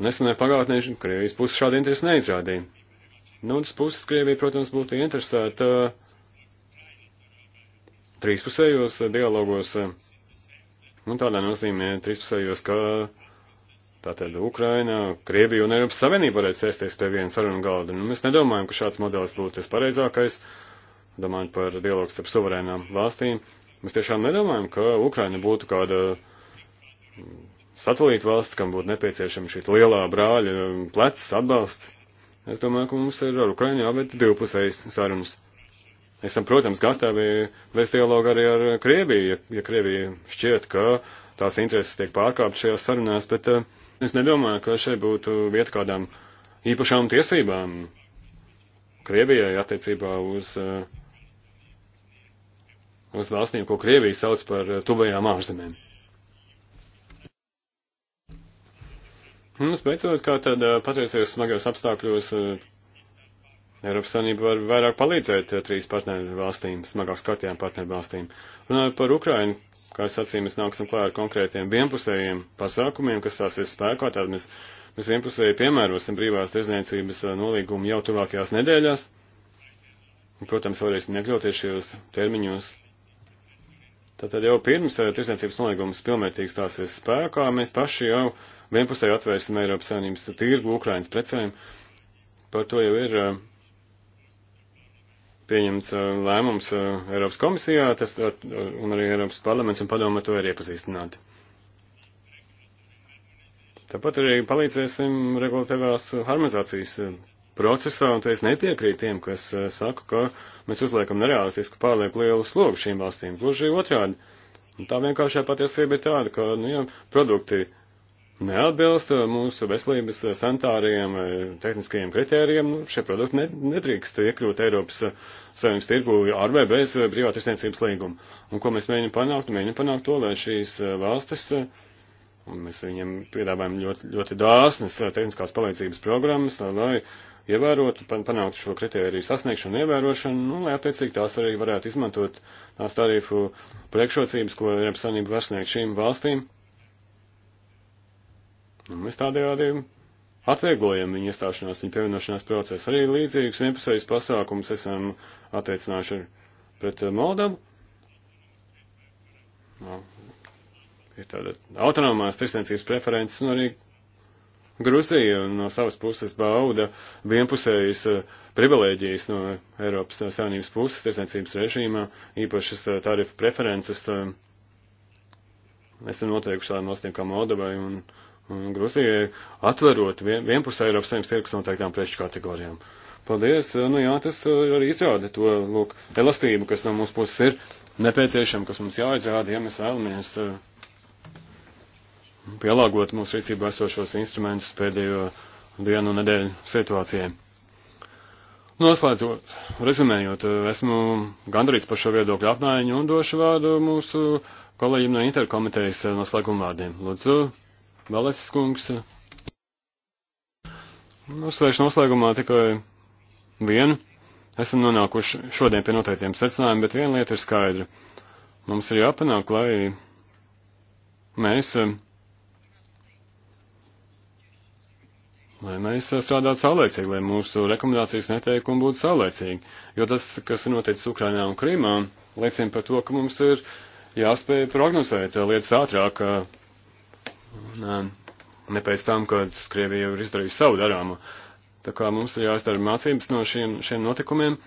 Speaker 1: nesenai pagātnē Krievijas puses šādu interesi neizrādīja. No otras puses, Krievija, protams, būtu interesēta trīspusējos dialogos, un nu, tādā nozīmē trīspusējos, ka tātad Ukraina, Krievija un Eiropas Savienība varētu sēsties pie viena saruna galda. Nu, mēs nedomājam, ka šāds modelis būtu tas pareizākais, domājot par dialogu starp suverēnām valstīm. Mēs tiešām nedomājam, ka Ukraina būtu kāda satelīta valsts, kam būtu nepieciešama šī lielā brāļa plecs atbalsts. Es domāju, ka mums ir ar Ukraiņu jāved divpusējas sarunas. Esam, protams, gatavi vēst dialogu arī ar Krieviju, ja, ja Krievija šķiet, ka tās intereses tiek pārkāptas šajās sarunās, bet uh, es nedomāju, ka šeit būtu vieta kādām īpašām tiesībām Krievijai attiecībā uz, uh, uz valstīm, ko Krievija sauc par eh, tuvajām ārzemēm. Un, nu, spēcot, kā tad patreizies smagajos apstākļos Eiropas Savienība var vairāk palīdzēt trīs partneru valstīm, smagāk skatījām partneru valstīm. Runājot par Ukrainu, kā es sacīju, mēs nāksim klāt ar konkrētiem vienpusējiem pasākumiem, kas stāsies spēkā, tad mēs, mēs vienpusēji piemērosim brīvās tirdzniecības nolīgumu jau tuvākajās nedēļās. Protams, varēsim iekļauties šajos termiņos. Tātad jau pirms tirdzniecības nolīgums pilnvērtīgi stāsies spēkā, mēs paši jau uh, vienpusēju atvērsim Eiropas saimnības tirgu Ukrainas precēm. Par to jau ir eh, pieņemts eh, lēmums eh, Eiropas komisijā, tas ar, un arī Eiropas parlaments un padoma to ir iepazīstināti. Tāpat arī palīdzēsim regulatīvās harmonizācijas procesā, un te es nepiekrītu tiem, kas saka, ka mēs uzliekam nereālistisku pārlieku lielu slogu šīm valstīm. Gluži otrādi. Un tā vienkāršā patiesība ir tāda, ka, nu jā, produkti neatbilst mūsu veselības santāriem vai eh, tehniskajiem kritērijiem, nu, šie produkti nedrīkst iekļūt Eiropas eh, savienības tirgu ar vai bez eh, privātiesniecības līguma. Un ko mēs mēģinām panākt? Mēģinām panākt to, lai šīs valstis, un mēs viņiem piedāvājam ļoti, ļoti dāsnas tehniskās palīdzības programmas, lai ievērotu, panāktu šo kritēriju sasniegšanu, ievērošanu, nu, lai attiecīgi tās arī varētu izmantot tās tarifu priekšrocības, ko Eiropas Savienība var sniegt šīm valstīm Un nu, mēs tādējādi atvieglojam viņu iestāšanās, viņu pievienošanās procesu. Arī līdzīgus vienpusējus pasākumus esam attiecinājuši pret uh, Moldavu. No, nu, ir tāda autonomās tirsniecības preferences un arī Gruzija no savas puses bauda vienpusējas uh, privilēģijas no Eiropas uh, Savienības puses tirsniecības režīmā, īpašas tarifu preferences. Esam noteikuši tādām valstīm kā Moldavai un, uh, Grūzijai atverot vien, vienpusē Eiropas saimnes tirgus noteiktām preču kategorijām. Paldies, nu jā, tas uh, arī izrāda to, lūk, elastību, kas no mūsu puses ir nepieciešama, kas mums jāizrāda, ja mēs vēlamies uh, pielāgot mūsu rīcībā esošos instrumentus pēdējo dienu un nedēļu situācijai. Noslēdzot, rezumējot, uh, esmu gandarīts par šo viedokļu apmaiņu un došu vārdu mūsu kolēģim no interkomitejas noslēguma vārdiem. Lūdzu. Valesas kungs. Uzsvēršu noslēgumā tikai vienu. Esam nonākuši šodien pie noteiktiem secinājumiem, bet viena lieta ir skaidra. Mums ir jāpanāk, lai mēs, lai mēs strādātu saulēcīgi, lai mūsu rekomendācijas neteikumi būtu saulēcīgi. Jo tas, kas ir noticis Ukrainā un Krīmā, liecina par to, ka mums ir jāspēj prognozēt lietas ātrāk, Un, um, ne pēc tam, kad Krievija ir izdarījusi savu darāmu. Tā kā mums ir jāizdara mācības no šiem, šiem notikumiem,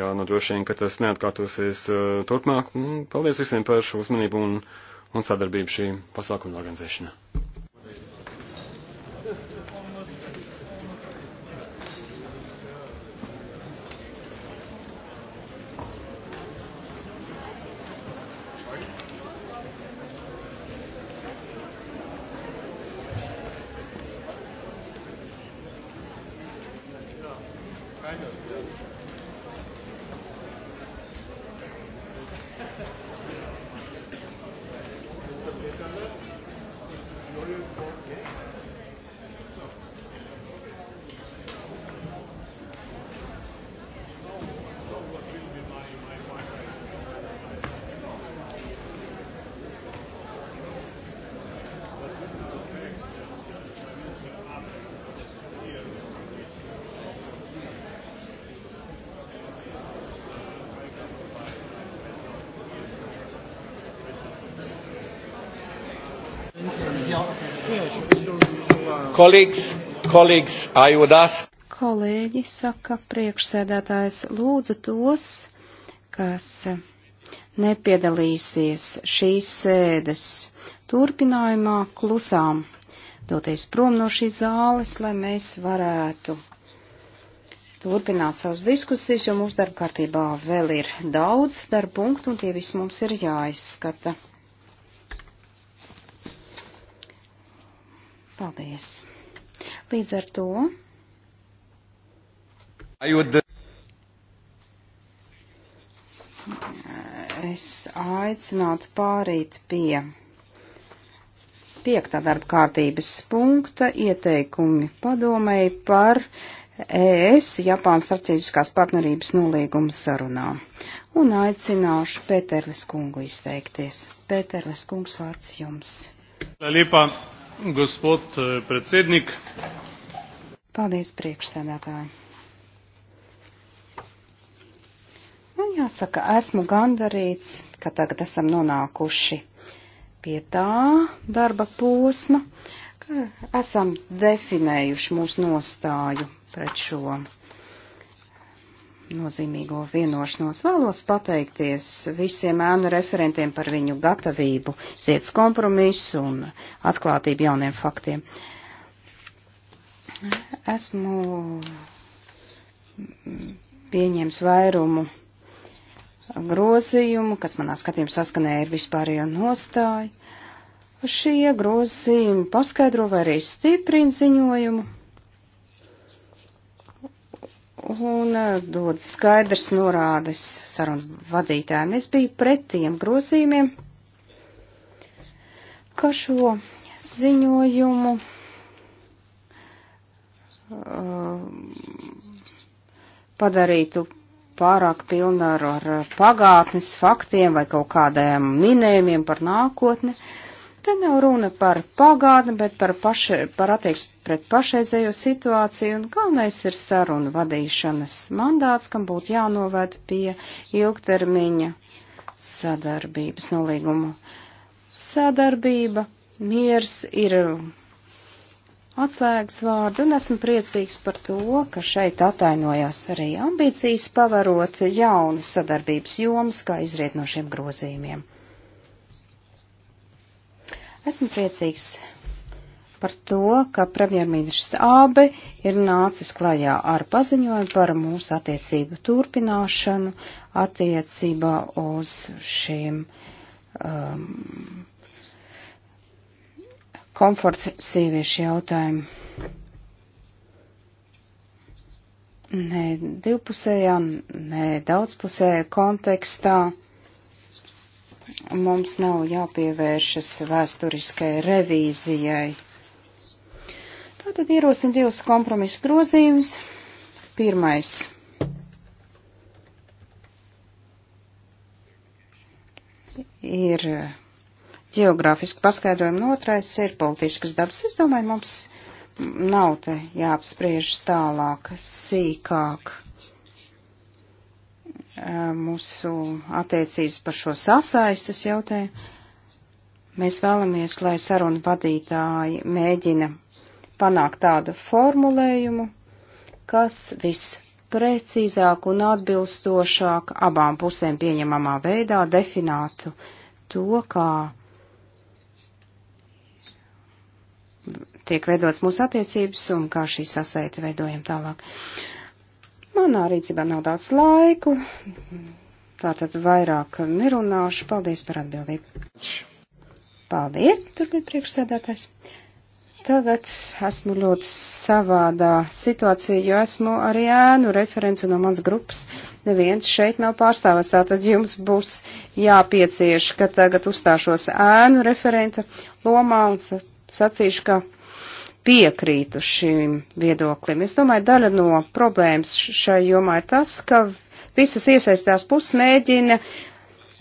Speaker 1: jā, nodrošina, ka tas neatkārtosies uh, turpmāk. Un, paldies visiem par uzmanību un, un sadarbību šī pasākuma organizēšanā. Colleagues, colleagues, I would ask.
Speaker 2: Kolēģi saka, priekšsēdētājs lūdzu tos, kas nepiedalīsies šīs sēdes turpinājumā klusām, doties prom no šīs zāles, lai mēs varētu turpināt savas diskusijas, jo mūsu darba kārtībā vēl ir daudz darba punktu, un tie visi mums ir jāizskata. Paldies! Līdz ar to. Ajod. Uh, es aicinātu pārīt pie piektā darba kārtības punkta ieteikumi padomēji par ES Japānas strateģiskās partnerības nolīgumu sarunā. Un aicināšu Pēterlis kungu izteikties. Pēterlis kungs vārds jums.
Speaker 1: Lipa, gospod eh, predsednik.
Speaker 2: Paldies, priekšsēdētāji. Man jāsaka, esmu gandarīts, ka tagad esam nonākuši pie tā darba posma, ka esam definējuši mūsu nostāju pret šo nozīmīgo vienošanos. Vēlos pateikties visiem ēnu referentiem par viņu gatavību ziet kompromisu un atklātību jauniem faktiem. Esmu pieņēmis vairumu grozījumu, kas manā skatījumā saskanēja ar vispārējo nostāju. Šie grozījumi paskaidro vai arī stiprina ziņojumu un eh, dod skaidrs norādes sarunu vadītājiem. Es biju pret tiem grozījumiem, ka šo ziņojumu uh, padarītu pārāk pilnu ar, ar pagātnes faktiem vai kaut kādiem minējumiem par nākotni. Uh, Te nav runa par pagātni, bet par, paše, par attieksmi pret pašreizējo situāciju, un galvenais ir sarunu vadīšanas mandāts, kam būtu jānovērt pie ilgtermiņa sadarbības nolīguma. Sadarbība, miers ir atslēgas vārdu, un esmu priecīgs par to, ka šeit atainojās arī ambīcijas pavarot jaunas sadarbības jomas, kā izriet no šiem grozījumiem. Esmu priecīgs par to, ka premjerministrs Ābe ir nācis klajā ar paziņojumu par mūsu attiecību turpināšanu attiecībā uz šiem um, komforta sieviešu jautājumu. Ne divpusējā, ne daudzpusējā kontekstā mums nav jāpievēršas vēsturiskai revīzijai. Tātad ierosim divus kompromisu grozījumus. Pirmais. Ir ģeogrāfiski paskaidrojumi, un otrais ir politiskas dabas. Es domāju, mums nav te jāapspriež tālāk, sīkāk Eh, mūsu attiecības par šo sasaistes jautājumu. Mēs vēlamies, lai sarunu vadītāji mēģina panākt tādu formulējumu, kas visprecīzāk un atbilstošāk abām pusēm pieņemamā veidā definētu to, kā tiek veidots mūsu attiecības un kā šī sasaita veidojam tālāk. Uh, Manā rīcībā nav daudz laiku, tātad vairāk nerunāšu. Paldies par atbildību. Paldies, turpina priekšsēdētājs. Tagad esmu ļoti savādā situācijā, jo esmu arī ēnu referenci no mans grupas. Neviens šeit nav pārstāvis, tātad jums būs jāpiecieš, ka tagad uzstāšos ēnu referenta lomā un sacīšu, ka piekrītu šīm viedoklim. Es domāju, daļa no problēmas šai jomā ir tas, ka visas iesaistās puses mēģina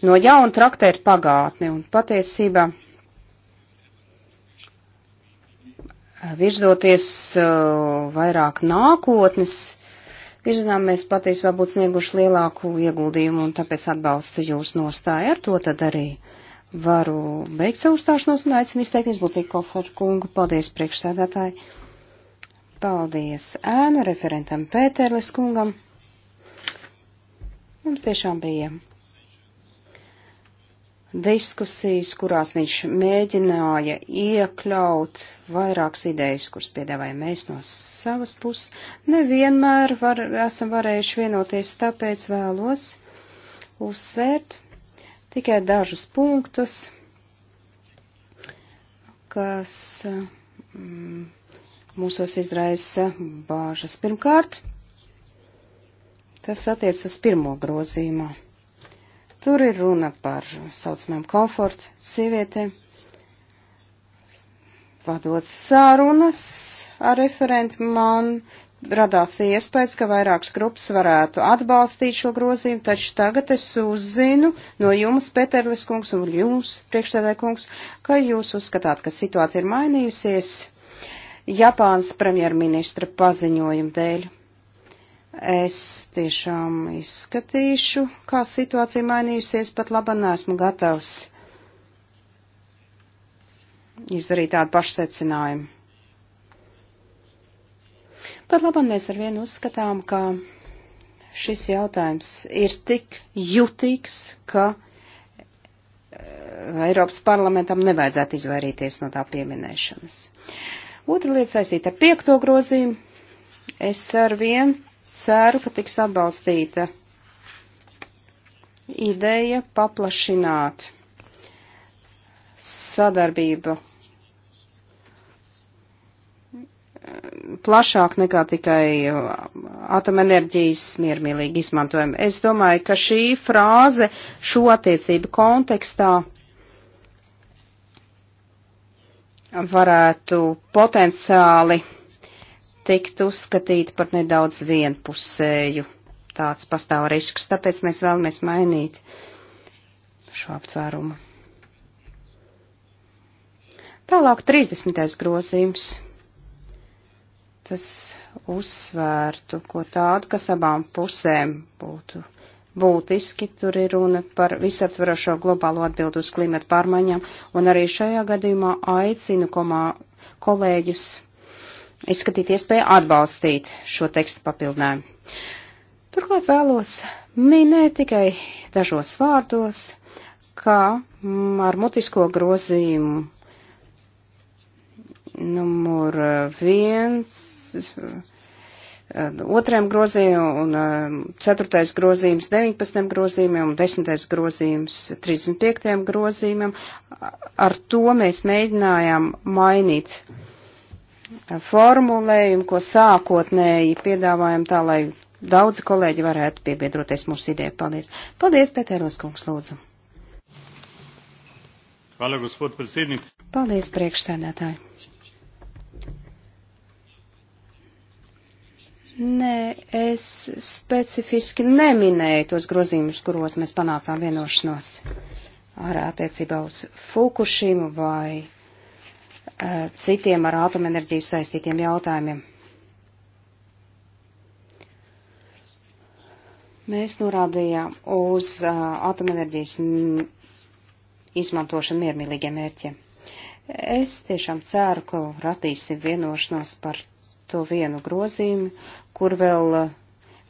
Speaker 2: no jauna traktēt pagātni un patiesībā virzoties uh, vairāk nākotnes virzienā, mēs patiesībā būtu snieguši lielāku ieguldījumu un tāpēc atbalstu jūs nostāju ar to tad arī varu beigt savu stāšanos un aicinu izteikties Butikoferu kungu. Paldies priekšsēdētāji. Paldies ēnu referentam Pēterles kungam. Mums tiešām bija diskusijas, kurās viņš mēģināja iekļaut vairākas idejas, kuras piedāvājam mēs no savas puses. Nevienmēr var, esam varējuši vienoties, tāpēc vēlos uzsvērt tikai dažus punktus, kas mm, mūsos izraisa bāžas. Pirmkārt, tas attiec uz pirmo grozījumu. Tur ir runa par saucamajām komfortu sievietēm. Vadot sārunas ar referentu man radās iespējas, ka vairākas grupas varētu atbalstīt šo grozījumu, taču tagad es uzzinu no jums, Peterlis kungs un jums, priekšstādē kungs, ka jūs uzskatāt, ka situācija ir mainījusies Japānas premjerministra paziņojuma dēļ. Es tiešām izskatīšu, kā situācija mainījusies, pat laba nesmu gatavs izdarīt tādu pašu secinājumu. Pat labam mēs ar vienu uzskatām, ka šis jautājums ir tik jutīgs, ka eh, Eiropas parlamentam nevajadzētu izvairīties no tā pieminēšanas. Otra lieta saistīta ar piekto grozījumu. Es ar vienu ceru, ka tiks atbalstīta ideja paplašināt sadarbību plašāk nekā tikai uh, atomenerģijas miermīlīgi izmantojumu. Es domāju, ka šī frāze šo attiecību kontekstā varētu potenciāli tikt uzskatīt par nedaudz vienpusēju. Tāds pastāv risks, tāpēc mēs vēlamies mainīt šo aptvērumu. Tālāk 30. grozījums tas uzsvērtu, ko tādu, kas abām pusēm būtu būtiski. Tur ir runa par visaptverošo globālo atbildu uz klimatu pārmaiņām, un arī šajā gadījumā aicinu komā kolēģus izskatīt iespēju atbalstīt šo tekstu papildinājumu. Turklāt vēlos minēt tikai dažos vārdos, kā ar mutisko grozījumu numur uh, viens, uh, otrajam grozījumam un um, ceturtais grozījums 19. grozījumam un desmitais grozījums 35. grozījumam. Ar to mēs mēģinājām mainīt uh, formulējumu, ko sākotnēji piedāvājam tā, lai daudzi kolēģi varētu piebiedroties mūsu idejai. Paldies. Paldies, Pēterlis kungs, lūdzu.
Speaker 1: Hvala, gospod predsednik.
Speaker 2: Paldies, priekšsēdētāji. Nē, es specifiski neminēju tos grozījumus, kuros mēs panācām vienošanos ar attiecībā uz Fukušimu vai uh, citiem ar atomenerģiju saistītiem jautājumiem. Mēs norādījām uz uh, atomenerģijas izmantošanu miermīlīgiem mērķiem. Es tiešām ceru, ka ratīsim vienošanos par iesniegtu vienu grozījumu, kur vēl eh,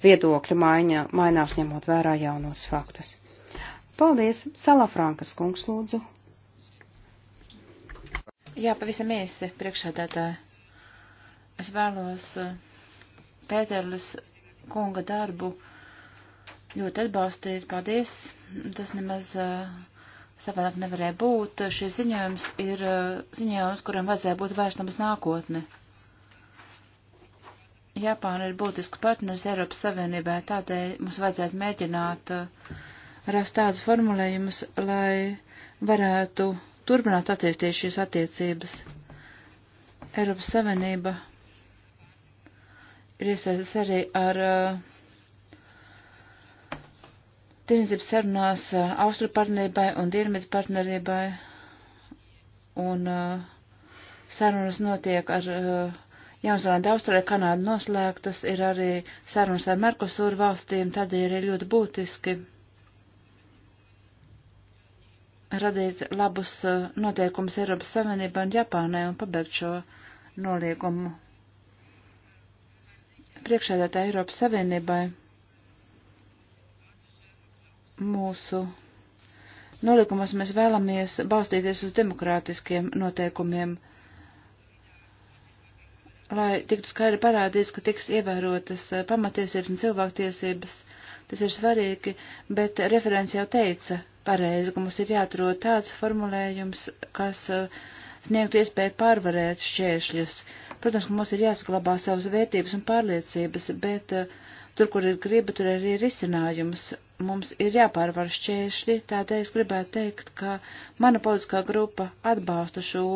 Speaker 2: viedokļu maiņa, mainās ņemot vērā jaunos faktus. Paldies! Salafrankas kungs lūdzu.
Speaker 3: Jā, pavisam īsi priekšādātāji. Es vēlos eh, Pēterlis kunga darbu ļoti atbalstīt. Paldies! Tas nemaz uh, savādāk nevarēja būt. Šis ziņojums ir uh, ziņojums, kuram vajadzēja būt vērstam uz nākotni. Japāna ir būtiska partners Eiropas Savienībai, tādēļ mums vajadzētu mēģināt uh, rast tādus formulējumus, lai varētu turpināt attīstīt šīs attiecības. Eiropas Savienība ir iesaistīts arī ar uh, tirdzniecības sarunās uh, austru partnerībai un dienvidu partnerībai, un uh, sarunas notiek ar uh, Jaunzēlanda, Austrālija, Kanāda noslēgtas, ir arī sarunas ar Merkosūru valstīm, tad ir ļoti būtiski radīt labus uh, noteikumus Eiropas Savienībā un Japānai un pabeigt šo noliegumu. Priekšēdētā Eiropas Savienībai mūsu nolikumos mēs vēlamies balstīties uz demokrātiskiem noteikumiem lai tiktu skaidri parādīts, ka tiks ievērotas eh, pamatiesības un cilvēktiesības. Tas ir svarīgi, bet referents jau teica pareizi, ka mums ir jāatrod tāds formulējums, kas eh, sniegtu iespēju pārvarēt šķēršļus. Protams, ka mums ir jāsaglabā savas vērtības un pārliecības, bet eh, tur, kur ir griba, tur arī ir risinājums. Mums ir jāpārvar šķēršļi, tādēļ es gribētu teikt, ka mana politiskā grupa atbalsta šo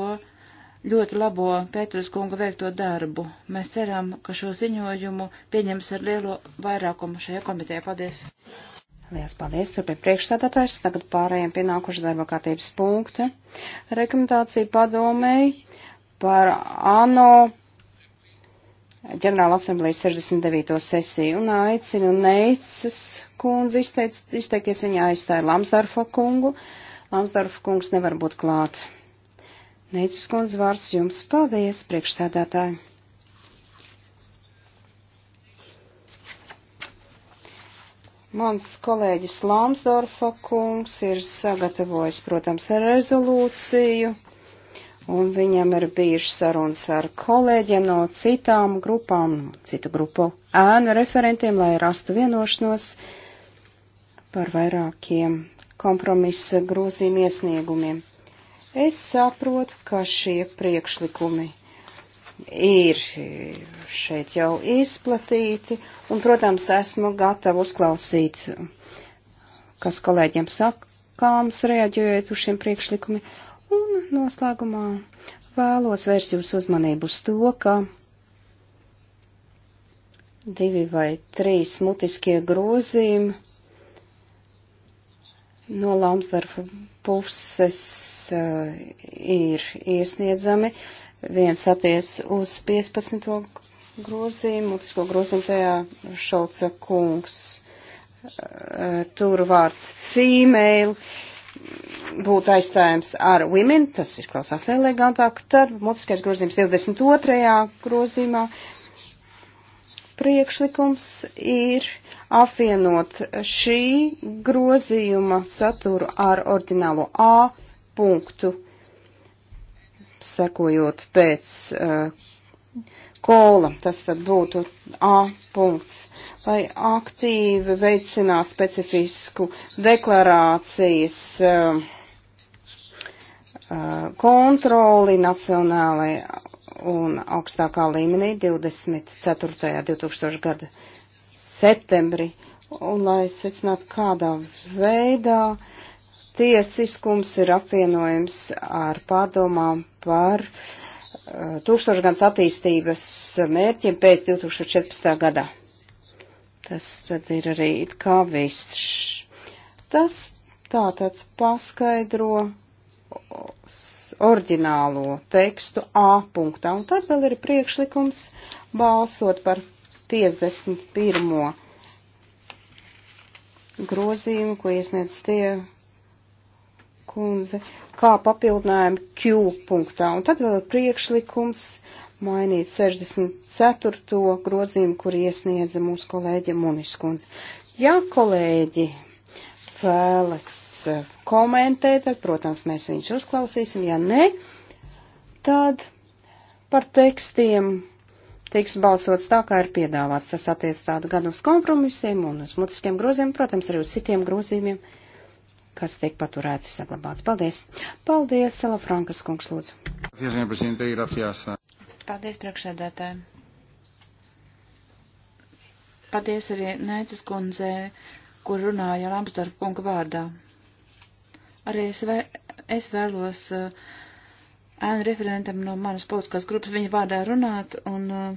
Speaker 3: ļoti labo Pētras kunga veikto darbu. Mēs ceram, ka šo ziņojumu pieņems ar lielo vairākumu šajā komitejā. Paldies!
Speaker 2: Lielas paldies, turpin priekšsādātājs. Tagad pārējiem pienākuši darba kārtības punkti. Rekomendācija padomēji par ANO ģenerāla asamblējas 69. sesiju un aicinu Neicas kundzi izteic, izteikties, viņa aizstāja Lamsdorfa kungu. Lamsdorfa kungs nevar būt klāt. Neicis kundze vārds jums. Paldies, priekšsēdētāji. Mans kolēģis Lamsdorfa kungs ir sagatavojis, protams, rezolūciju, un viņam ir bijušas sarunas ar kolēģiem no citām grupām, citu grupu ēnu referentiem, lai rastu vienošanos par vairākiem kompromisa grūzīm iesniegumiem. Es saprotu, ka šie priekšlikumi ir šeit jau izplatīti, un, protams, esmu gatava uzklausīt, kas kolēģiem sakāms, reaģējot uz šiem priekšlikumiem, un noslēgumā vēlos vērst jūs uzmanību uz to, ka divi vai trīs mutiskie grozījumi no Lamsdorfa puses uh, ir iesniedzami. Viens attiec uz 15. grozījumu, mutisko grozījumu tajā šauca kungs. Uh, tur vārds female būtu aizstājams ar women, tas izklausās elegantāk, tad mutiskais grozījums 22. grozījumā priekšlikums ir apvienot šī grozījuma saturu ar orģinālo A punktu, sekojot pēc uh, kola, tas tad būtu A punkts, lai aktīvi veicinātu specifisku deklarācijas uh, uh, kontroli nacionālajai un augstākā līmenī 24. 2000 gada septembrī, un lai secinātu, kādā veidā tiesiskums ir apvienojams ar pārdomām par uh, eh, tūkstošgads attīstības mērķiem pēc 2014. gadā. Tas tad ir arī it kā viss. Tas tātad paskaidro oriģinālo tekstu A punktā, un tad vēl ir priekšlikums balsot par 51. grozījumu, ko iesniedz tie kundze, kā papildinājumu Q punktā. Un tad vēl ir priekšlikums mainīt 64. grozījumu, kur iesniedza mūsu kolēģe Munis kundze. Ja kolēģi vēlas eh, komentēt, tad, protams, mēs viņus uzklausīsim, ja ne, tad par tekstiem tiks balsots tā, kā ir piedāvāts. Tas attiec tādu gan uz kompromisiem un uz mutiskiem grozījumiem, protams, arī uz citiem grozījumiem, kas tiek paturēti saglabāti. Paldies! Paldies, Sela Frankas kungs, lūdzu!
Speaker 3: Paldies, priekšsēdētājiem! Paldies arī Nēcas kundzē, kur runāja Lambsdorfa kunga vārdā. Arī es, vē, es vēlos uh, ēnu referentam no manas politiskās grupas viņa vārdā runāt, un uh,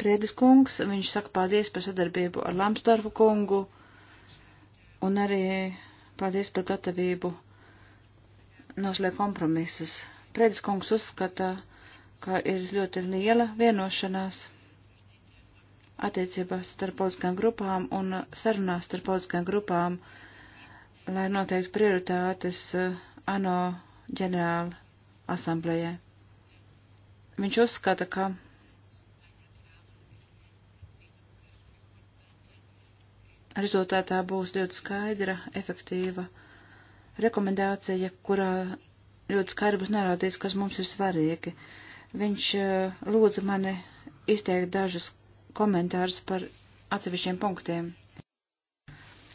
Speaker 3: Priedis kungs, viņš saka paldies par sadarbību ar Lamstarfu kungu, un arī paldies par gatavību noslēgt kompromisus. Priedis kungs uzskata, ka ir ļoti liela vienošanās attiecībās starp politiskām grupām un sarunās starp politiskām grupām, lai noteikti prioritātes uh, ANO ģenerāla asamblējai. Viņš uzskata, ka rezultātā būs ļoti skaidra, efektīva rekomendācija, kurā ļoti skaidri būs norādīts, kas mums ir svarīgi. Viņš eh, lūdza mani izteikt dažus komentārus par atsevišķiem punktiem.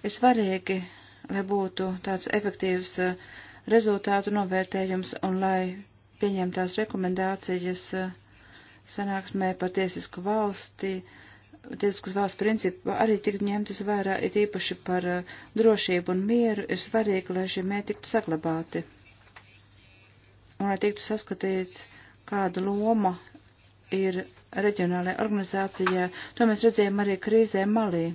Speaker 3: Ir svarīgi, lai būtu tāds efektīvs uh, rezultātu novērtējums un lai pieņemtās rekomendācijas eh, sanāksmē par tiesisku valsti, tiesiskas valsts principu arī tik ņemtas vērā, it īpaši par eh, drošību un mieru, ir svarīgi, lai šie mērķi tiktu saglabāti. Un lai tiktu saskatīts, kāda loma ir reģionālajai organizācijai, to mēs redzējām arī krīzē Malī.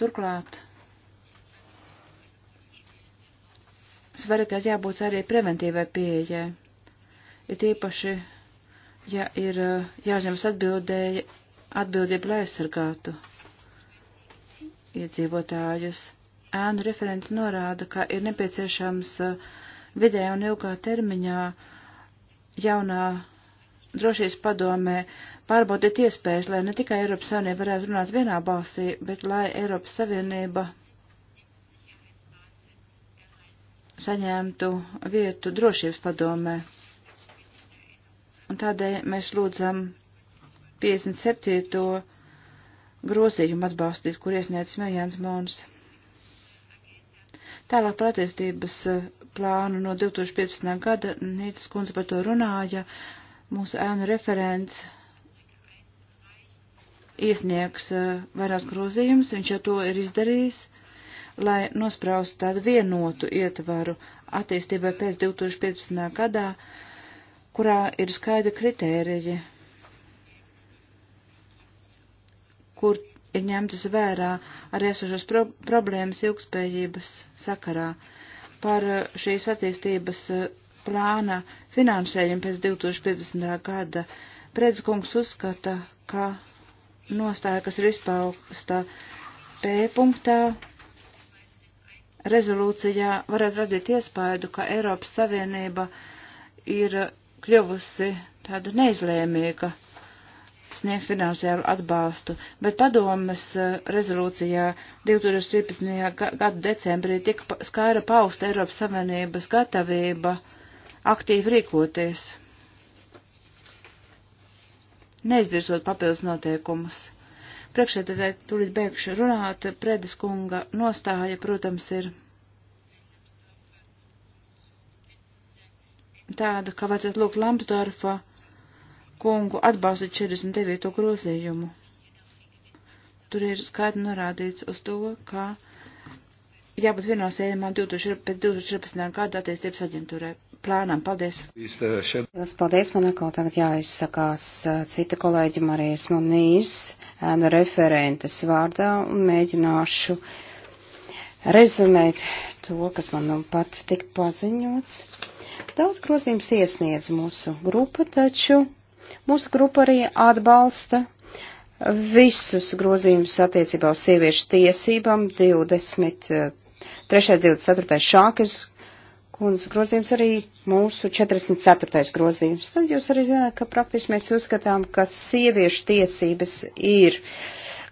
Speaker 3: Turklāt svarīgi ir jābūt arī preventīvai pieejai. Ir tīpaši, ja ir eh, jāuzņemas atbildēja, atbildība, lai aizsargātu iedzīvotājus. Ēnu referents norāda, ka ir nepieciešams eh, vidējā un ilgā termiņā jaunā drošības padomē pārbaudīt iespējas, lai ne tikai Eiropas Savienība varētu runāt vienā balsī, bet lai Eiropas Savienība saņemtu vietu drošības padomē. Un tādēļ mēs lūdzam 57. grozījumu atbalstīt, kur iesniedz Mējāns Mons. Tālāk par attīstības eh, plānu no 2015. gada Nīcas kundze par to runāja. Mūsu ēnu referents iesniegs eh, vairās grozījumus, viņš jau to ir izdarījis lai nospraustu tādu vienotu ietvaru attīstībai pēc 2015. gadā, kurā ir skaida kritērija, kur ir ņemtas vērā arī esošas pro problēmas ilgspējības sakarā par eh, šīs attīstības eh, plāna finansējumu pēc 2050. gada. Predzkungs uzskata, ka nostāja, kas ir izpausta P punktā, rezolūcijā varētu radīt iespēju, ka Eiropas Savienība ir kļuvusi tāda neizlēmīga sniegt finansiālu atbalstu, bet padomas eh, rezolūcijā 2013. gada decembrī tika skaira pausta Eiropas Savienības gatavība aktīvi rīkoties, neizvirzot papildus noteikumus. Priekšsēdētāji, tūlīt beigšu runāt, Predes kunga nostāja, protams, ir tāda, ka vajadzētu lūgt Lambsdorfa kungu atbalstīt 49. grozījumu. Tur ir skaidri norādīts uz to, ka jābūt vienā sējumā 2014. gada attīstības aģentūrai plēnām. Paldies!
Speaker 1: Lielas
Speaker 2: paldies, man atkal tagad jāizsakās cita kolēģa Marijas Munīs, ēna referentes vārdā, un mēģināšu rezumēt to, kas man nu pat tik paziņots. Daudz grozījums iesniedz mūsu grupa, taču mūsu grupa arī atbalsta visus grozījumus attiecībā uz sieviešu tiesībām 23. 24. šākas kundzes grozījums arī mūsu 44. grozījums. Tad jūs arī zināt, ka praktiski mēs uzskatām, ka sieviešu tiesības ir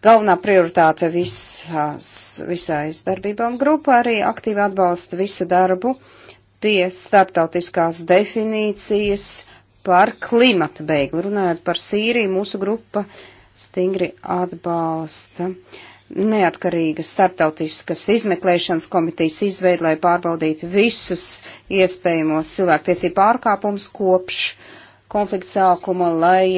Speaker 2: galvenā prioritāte visās, visais darbībām. Grupa arī aktīvi atbalsta visu darbu pie starptautiskās definīcijas par klimata beiglu. Runājot par Sīriju, mūsu grupa stingri atbalsta. Uh, neatkarīgas starptautiskas izmeklēšanas komitejas izveidu, lai pārbaudītu visus iespējamos cilvēktiesību pārkāpumus kopš konflikta sākuma, lai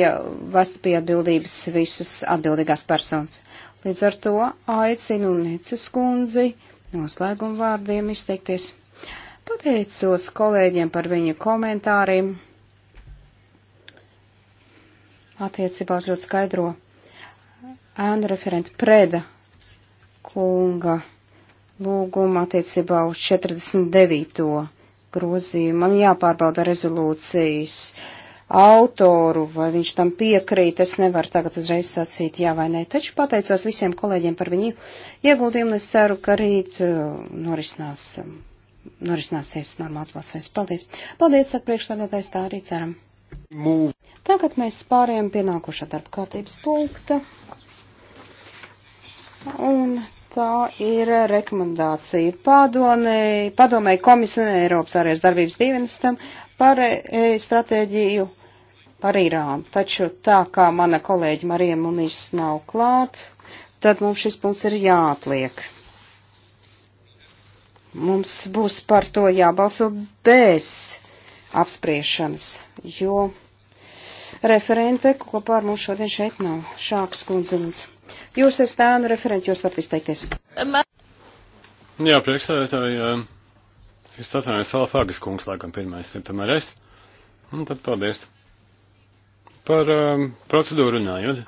Speaker 2: vestu pie atbildības visus atbildīgās personas. Līdz ar to aicinu Neces kundzi noslēguma vārdiem izteikties. Pateicos kolēģiem par viņu komentāriem attiecībā uz ļoti skaidro ēnu referentu preda kunga lūgumu attiecībā uz 49. grozījumu. Man jāpārbauda rezolūcijas autoru, vai viņš tam piekrīt. Es nevaru tagad uzreiz sacīt jā vai nē, taču pateicos visiem kolēģiem par viņu ieguldījumu. Es ceru, ka rīt uh, norisinās, um, norisināsies normāls balsojums. Paldies! Paldies, saka priekšstādātājs, tā arī ceram. Move. Tagad mēs pārējām pie nākošā darba kārtības punkta. Un tā ir rekomendācija padomēji, padomēji komisijai Eiropas ārējās darbības dienestam par e, stratēģiju par Irānu. Taču tā kā mana kolēģa Marija Munīs nav klāt, tad mums šis punkts ir jāatliek. Mums būs par to jābalso bez apspriešanas, jo referente kopā ar mums šodien šeit nav. Šāks kundze lūdzu. Jūs esat ēnu referenti, jūs varat izteikties.
Speaker 1: Jā, priekšstādētāji, es atvainojos Alfāgas kungs, laikam pirmais, ir tomēr es. Un tad paldies. Par um, procedūru runājot.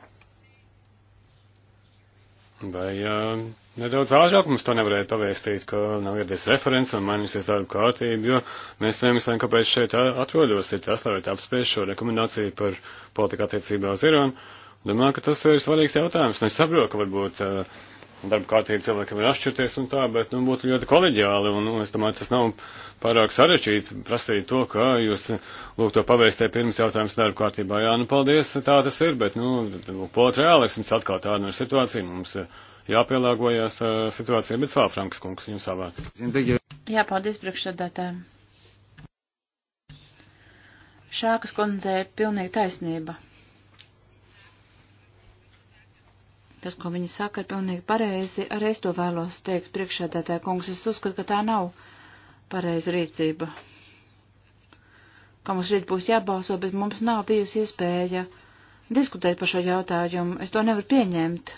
Speaker 1: Vai uh, nedaudz ātrāk mums to nevarēja pavēstīt, ka nav ieradies referents un mainīsies darba kārtība, jo mēs nemeslēm, kāpēc šeit atrodos, ir tas, lai apspriež šo rekomendāciju par politiku attiecībā uz Irānu Domāju, ka tas ir svarīgs jautājums. Nu, es saprotu, ka varbūt uh, darba kārtība cilvēkiem ir atšķirties un tā, bet nu, būtu ļoti koleģiāli, un, un nu, es domāju, tas nav pārāk sarežģīti prasīt to, ka jūs lūk to paveistē pirms jautājums darba kārtībā. Jā, nu paldies, tā tas ir, bet, nu, polot reāliks, mums atkal tāda nu ir situācija, mums jāpielāgojas uh, situācijai, bet vēl Frankas kungs, jums savāds. Jā,
Speaker 3: paldies priekšsēdētājiem. Šākas kundzei pilnīgi taisnība. Tas, ko viņi saka, ir pilnīgi pareizi. Arī es to vēlos teikt priekšādātāja kungs. Es uzskatu, ka tā nav pareiza rīcība. Ka mums rīt būs jābalso, bet mums nav bijusi iespēja diskutēt par šo jautājumu. Es to nevaru pieņemt.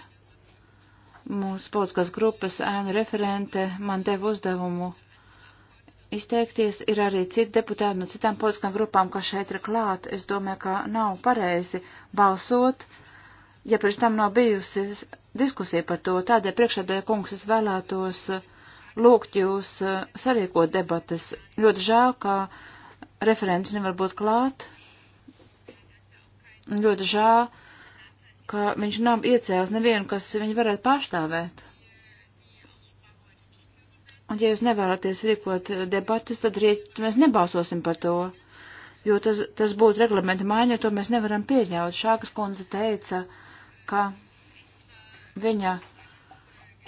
Speaker 3: Mūsu politiskās grupas ēnu referente man deva uzdevumu izteikties. Ir arī citi deputāti no citām politiskām grupām, kas šeit ir klāt. Es domāju, ka nav pareizi balsot ja pirms tam nav bijusi diskusija par to. Tādēļ priekšādē kungs es vēlētos uh, lūgt jūs uh, sarīkot debates. Ļoti žēl, ka referents nevar būt klāt. Ļoti žēl, ka viņš nav iecēlis nevienu, kas viņu varētu pārstāvēt. Un ja jūs nevēlaties rīkot uh, debatas, tad rīt mēs nebalsosim par to, jo tas, tas būtu reglamenta maiņa, to mēs nevaram pieļaut. Šākas kundze teica, uh, ka viņa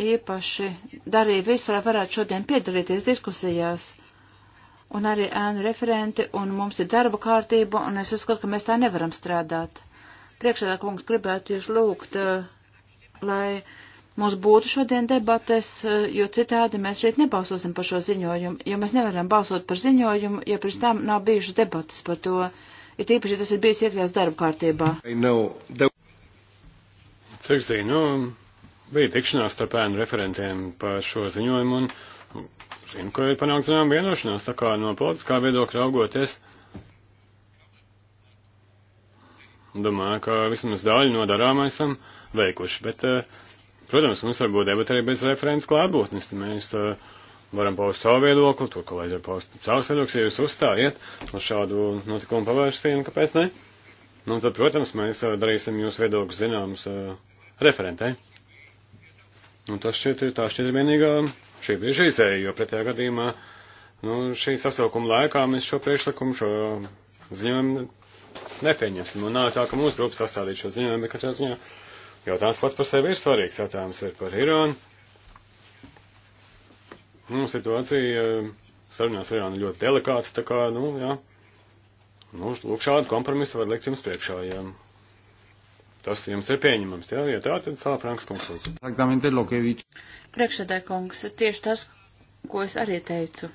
Speaker 3: īpaši darīja visu, lai varētu šodien piedalīties diskusijās. Un arī ēnu referenti, un mums ir darba kārtība, un es uzskatu, ka mēs tā nevaram strādāt. Priekšādā kungs gribētu jūs lūgt, eh, lai mums būtu šodien debates, eh, jo citādi mēs rīt nebalsosim par šo ziņojumu, jo mēs nevaram balsot par ziņojumu, ja pirms tam nav bijušas debates par to, ir ja tīpaši tas ir bijis iekļauts darba kārtībā.
Speaker 1: Cik zinu, bija tikšanās starp ēnu referentiem par šo ziņojumu un zinu, ka ir panākt zinām vienošanās, tā kā no politiskā viedokļa augoties. Domāju, ka vismaz daļu no darāmā esam veikuši, bet, eh, protams, mums var būt debat arī bez referents klātbūtnes. Mēs eh, varam paust savu viedokli, tur kolēģi var paust savus viedokļus, ja jūs uzstājiet uz šādu notikumu pavērstienu, kāpēc ne? Nu, tad, protams, mēs eh, darīsim jūsu viedokļus zināmus. Uh, referentei. Un tas šķiet, tā šķiet ir vienīgā šī bieži izēja, jo pretējā gadījumā nu, šī sasaukuma laikā mēs šo priekšlikumu, šo ziņojumu nepieņemsim. Un nav tā, ka mūsu grupa sastādīja šo ziņojumu, bet katrā ziņā jautājums pats par sevi ir svarīgs. Jautājums ir par Irānu. Nu, situācija eh, sarunās Irāna ļoti delikāta, tā kā, nu, jā. Nu, lūk, šādu kompromisu var likt jums priekšā, jā. Ja tas jums ir pieņemams. Jā, ja tā, tad sāla Franks kungs.
Speaker 3: Priekšsēdē kungs, tieši tas, ko es arī teicu.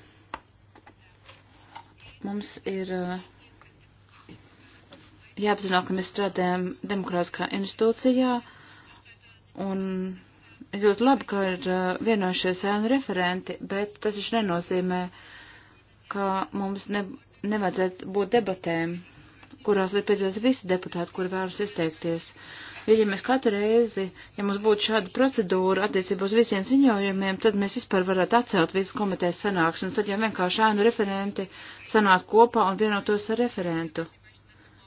Speaker 3: Mums ir eh, jāapzinā, ka mēs strādājam demokrātiskā institūcijā, un ļoti labi, ka ir eh, vienojušies ēnu referenti, bet tas taču nenozīmē, ka mums ne, nevajadzētu būt debatēm kurās ir piedalīts visi deputāti, kuri vēlas izteikties. Jo, ja mēs katru reizi, ja mums būtu šāda procedūra attiecībā uz visiem ziņojumiem, tad mēs vispār varētu atcelt visas komitejas sanāksmes, tad jau vienkārši ēnu referenti sanāk kopā un vienotos ar referentu.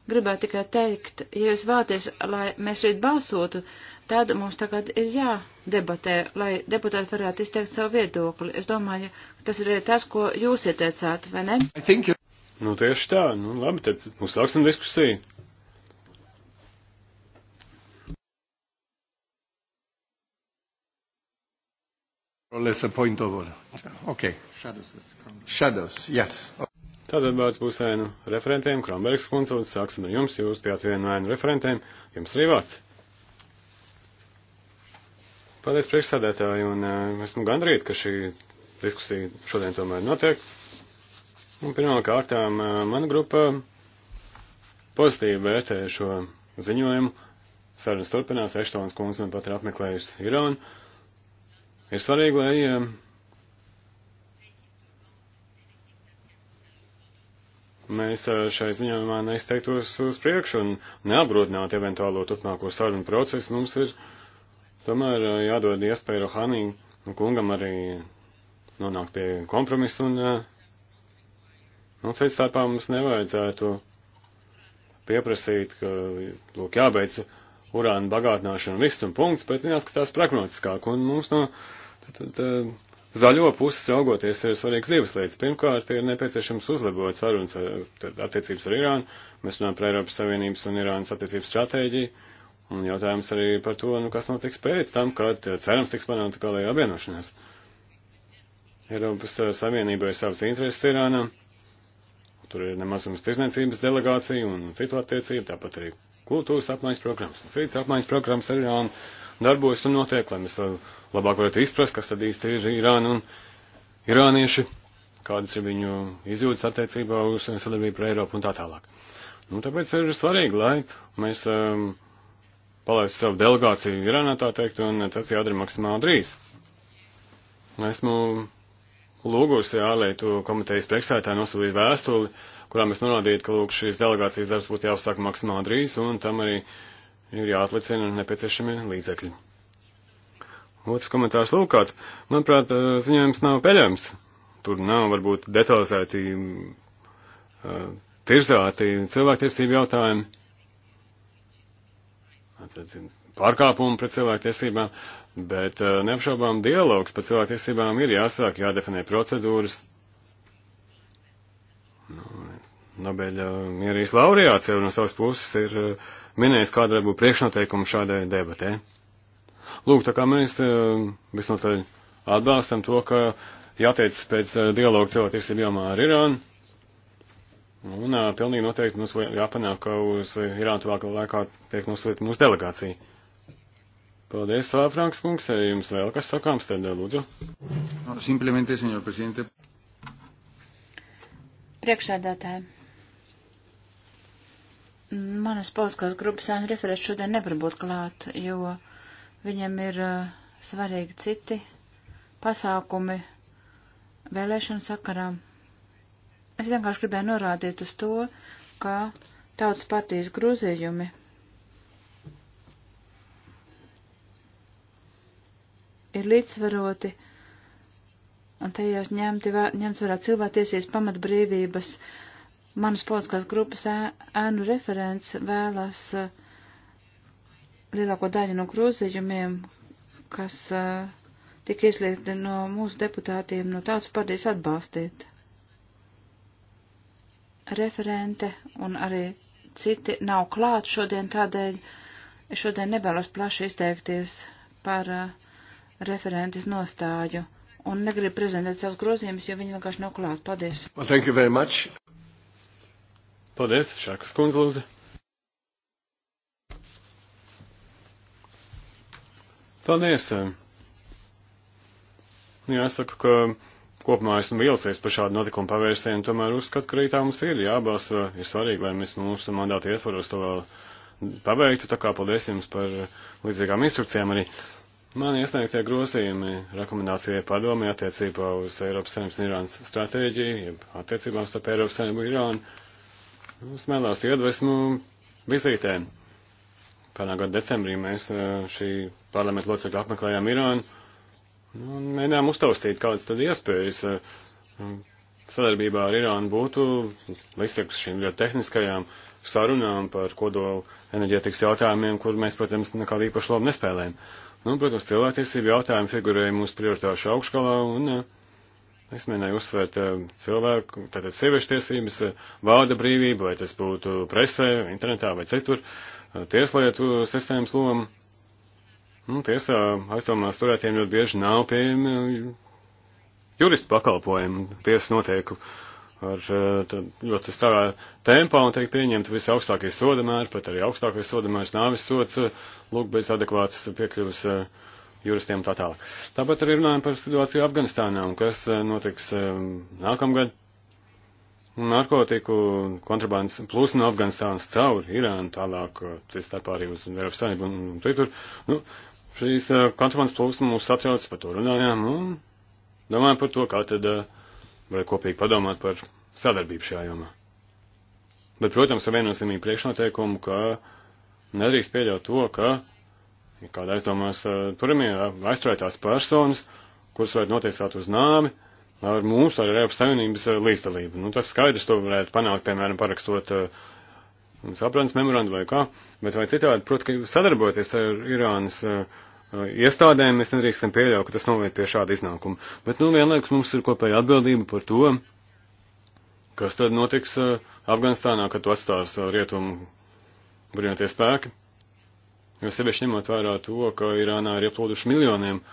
Speaker 3: Gribētu tikai teikt, ja jūs vēlaties, lai mēs rīt balsotu, tad mums tagad ir jādebatē, lai deputāti varētu izteikt savu viedokli. Es domāju, tas ir arī tas, ko jūs ieteicāt, vai ne?
Speaker 1: Nu, tieši tā. Nu, labi, tad uzsāksim diskusiju. Less a point of order. Okay. Shadows. Shadows, yes. Tātad vārds būs ēnu referentiem, Krambergs kundze, un sāksim ar jums, jūs bijāt vienu ēnu referentiem, jums arī vārds. Paldies priekšstādētāji, un uh, esmu gandrīt, ka šī diskusija šodien tomēr notiek. Un nu, pirmā kārtām mana grupa pozitīvi vērtē šo ziņojumu. Sarunas turpinās, Eštons kundze man pat ir apmeklējusi Irānu. Ir svarīgi, lai mēs šai ziņojumā neizteiktos uz priekšu un neapgrūtinātu eventuālo turpmāko sarunu procesu. Mums ir tomēr jādod iespēju Rohanī kungam arī nonākt pie kompromisa un uh, Un nu, cits starpā mums nevajadzētu pieprasīt, ka, lūk, jābeidz urāna bagātināšana viss un punkts, bet jāskatās pragmatiskāk. Un mums no tad, tad, zaļo puses raugoties ir svarīgs divas lietas. Pirmkārt, ir nepieciešams uzlabot sarunas attiecības ar Irānu. Mēs runājam par Eiropas Savienības un Irānas attiecības stratēģiju. Un jautājums arī par to, nu, kas notiks pēc tam, kad cerams tiks panākta kā lai apvienošanās. Eiropas Savienībai savas intereses Irānam. Ir Tur ir nemazums tirzniecības delegācija un citu attiecību, tāpat arī kultūras apmaiņas programmas un citas apmaiņas programmas arī un darbojas un notiek, lai mēs labāk varētu izprast, kas tad īsti ir Irāna un irānieši, kādas ir viņu izjūtas attiecībā uz sadarbību ar Eiropu un tā tālāk. Nu, tāpēc ir svarīgi, lai mēs um, palaistu savu delegāciju Irānā, tā teikt, un tas jādara maksimāli drīz. Esmu lūgusi ārlietu komitejas priekšstādātāju nosūtīt vēstuli, kurā mēs norādījām, ka lūk, šīs delegācijas darbs būtu jāuzsāk maksimāli drīz, un tam arī ir jāatlicina nepieciešami līdzekļi. Otrs komentārs lūk kāds. Manuprāt, eh, ziņojums nav peļams. Tur nav varbūt detalizēti uh, tirzāti cilvēktiesību jautājumi. Tad pārkāpumu pret cilvēktiesībām, bet eh, neapšaubām dialogs par cilvēktiesībām ir jāsāk, jādefinē procedūras. Nu, Nobeļa mierīs laureāts jau no savas puses ir eh, minējis, kāda būtu priekšnoteikuma šādai debatē. Lūk, tā kā mēs eh, visnotaļ atbalstam to, ka jātiec pēc dialogu cilvēktiesību jomā ar Irānu. Un pilnīgi noteikti mums jāpanāk, ka uz Irānu tuvākā laikā tiek nosūtīta mūsu delegācija. Paldies, Lā, Franks kungs, arī jums vēl kas sakāms, tad eh, lūdzu. No, simplemente, senjor prezidente.
Speaker 3: Priekšsēdētāji. Manas pauskās grupas ēnu referēts šodien nevar būt klāt, jo viņam ir uh, svarīgi citi pasākumi vēlēšanu sakarā. Es vienkārši gribēju norādīt uz to, ka tautas partijas grozījumi ir līdzsvaroti un tajās ņemti, ņemts vērā cilvēktiesīs pamatbrīvības. Manas politiskās grupas ēnu referents vēlas lielāko daļu no grozījumiem, kas tika iesliegti no mūsu deputātiem no tautas partijas atbalstīt. Referente un arī citi nav klāt šodien, tādēļ es šodien nevēlos plaši izteikties par uh, referentes nostāju un negrib prezentēt savus grozījumus, jo viņi vienkārši nav klāt. Paldies.
Speaker 1: Well, thank you very much. Paldies, Šākas kundze, lūdzu. Paldies. Um, jāsaka, ka kopumā esmu vīlusies par šādu notikumu pavērsienu, tomēr uzskatu, ka arī tā mums ir jābalsta. Ir svarīgi, lai mēs mūsu mandātu ietvaros to vēl pabeigtu, tā kā paldies jums par līdzīgām instrukcijām arī. Uh, Man iesniegtie grozījumi rekomendācijai padomē attiecībā uz Eiropas Savienības un Irānas stratēģiju, jeb attiecībām starp Eiropas Savienību un Irānu nu, smēlās iedvesmu vizītēm. Pērnā gada decembrī mēs šī parlamenta locekļa apmeklējām Irānu nu, un mēģinājām uztaustīt, kādas tad iespējas sadarbībā ar Irānu būtu, līdztekus šīm ļoti tehniskajām sarunām par kodolu enerģētikas jautājumiem, kur mēs, protams, nekādu īpašu lomu nespēlējam. Nu, protams, cilvēktiesība jautājumi figurēja mūsu prioritāšu augškalā, un eh, es mēģināju uzsvērt eh, cilvēku, tātad sieviešu tiesības, eh, vārda brīvību, vai tas būtu presē, internetā vai citur, tieslietu sistēmas loma. Nu, tiesā aizdomās turētiem ļoti bieži nav pieejami juristu pakalpojumi tiesas noteikumu ar eh, ļoti stāvā tempā un tiek pieņemti visi augstākie sodamēri, pat arī augstākais sodamērs nāvis sots, eh, lūk, bez adekvātas piekļuvas eh, juristiem tā tālāk. Tāpat arī runājam par situāciju Afganistānā un kas notiks nākamgad. Narkotiku kontrabandas plūs no Afganistānas cauri Irānu, tālāk, cits starpā arī uz Eiropas Savienību un, un citur. Nu, šīs kontrabandas plūsmas mūs satrauc, par to runājām un domājam par to, kā tad uh, vai kopīgi padomāt par sadarbību šajā jomā. Bet, protams, ar viennozīmīgu priekšnoteikumu, ka nedrīkst pieļaut to, ka kāda aizdomās eh, turamie aizturētās personas, kuras varētu notiesāt uz nāmi, ar mūsu, ar Eiropas Savienības eh, līdzdalību. Nu, tas skaidrs, to varētu panākt, piemēram, parakstot uh, saprāts memorandu vai kā, bet vai citādi, protams, ka sadarboties ar Irānas uh, Uh, iestādēm, mēs nedrīkstam pieļaut, ka tas noved pie šāda iznākuma. Bet, nu, vienlaikus mums ir kopēja atbildība par to, kas tad notiks uh, Afganistānā, kad to atstās rietumu bruņoties spēki. Jo sevišķi ņemot vērā to, ka Irānā ir ieplūduši miljoniem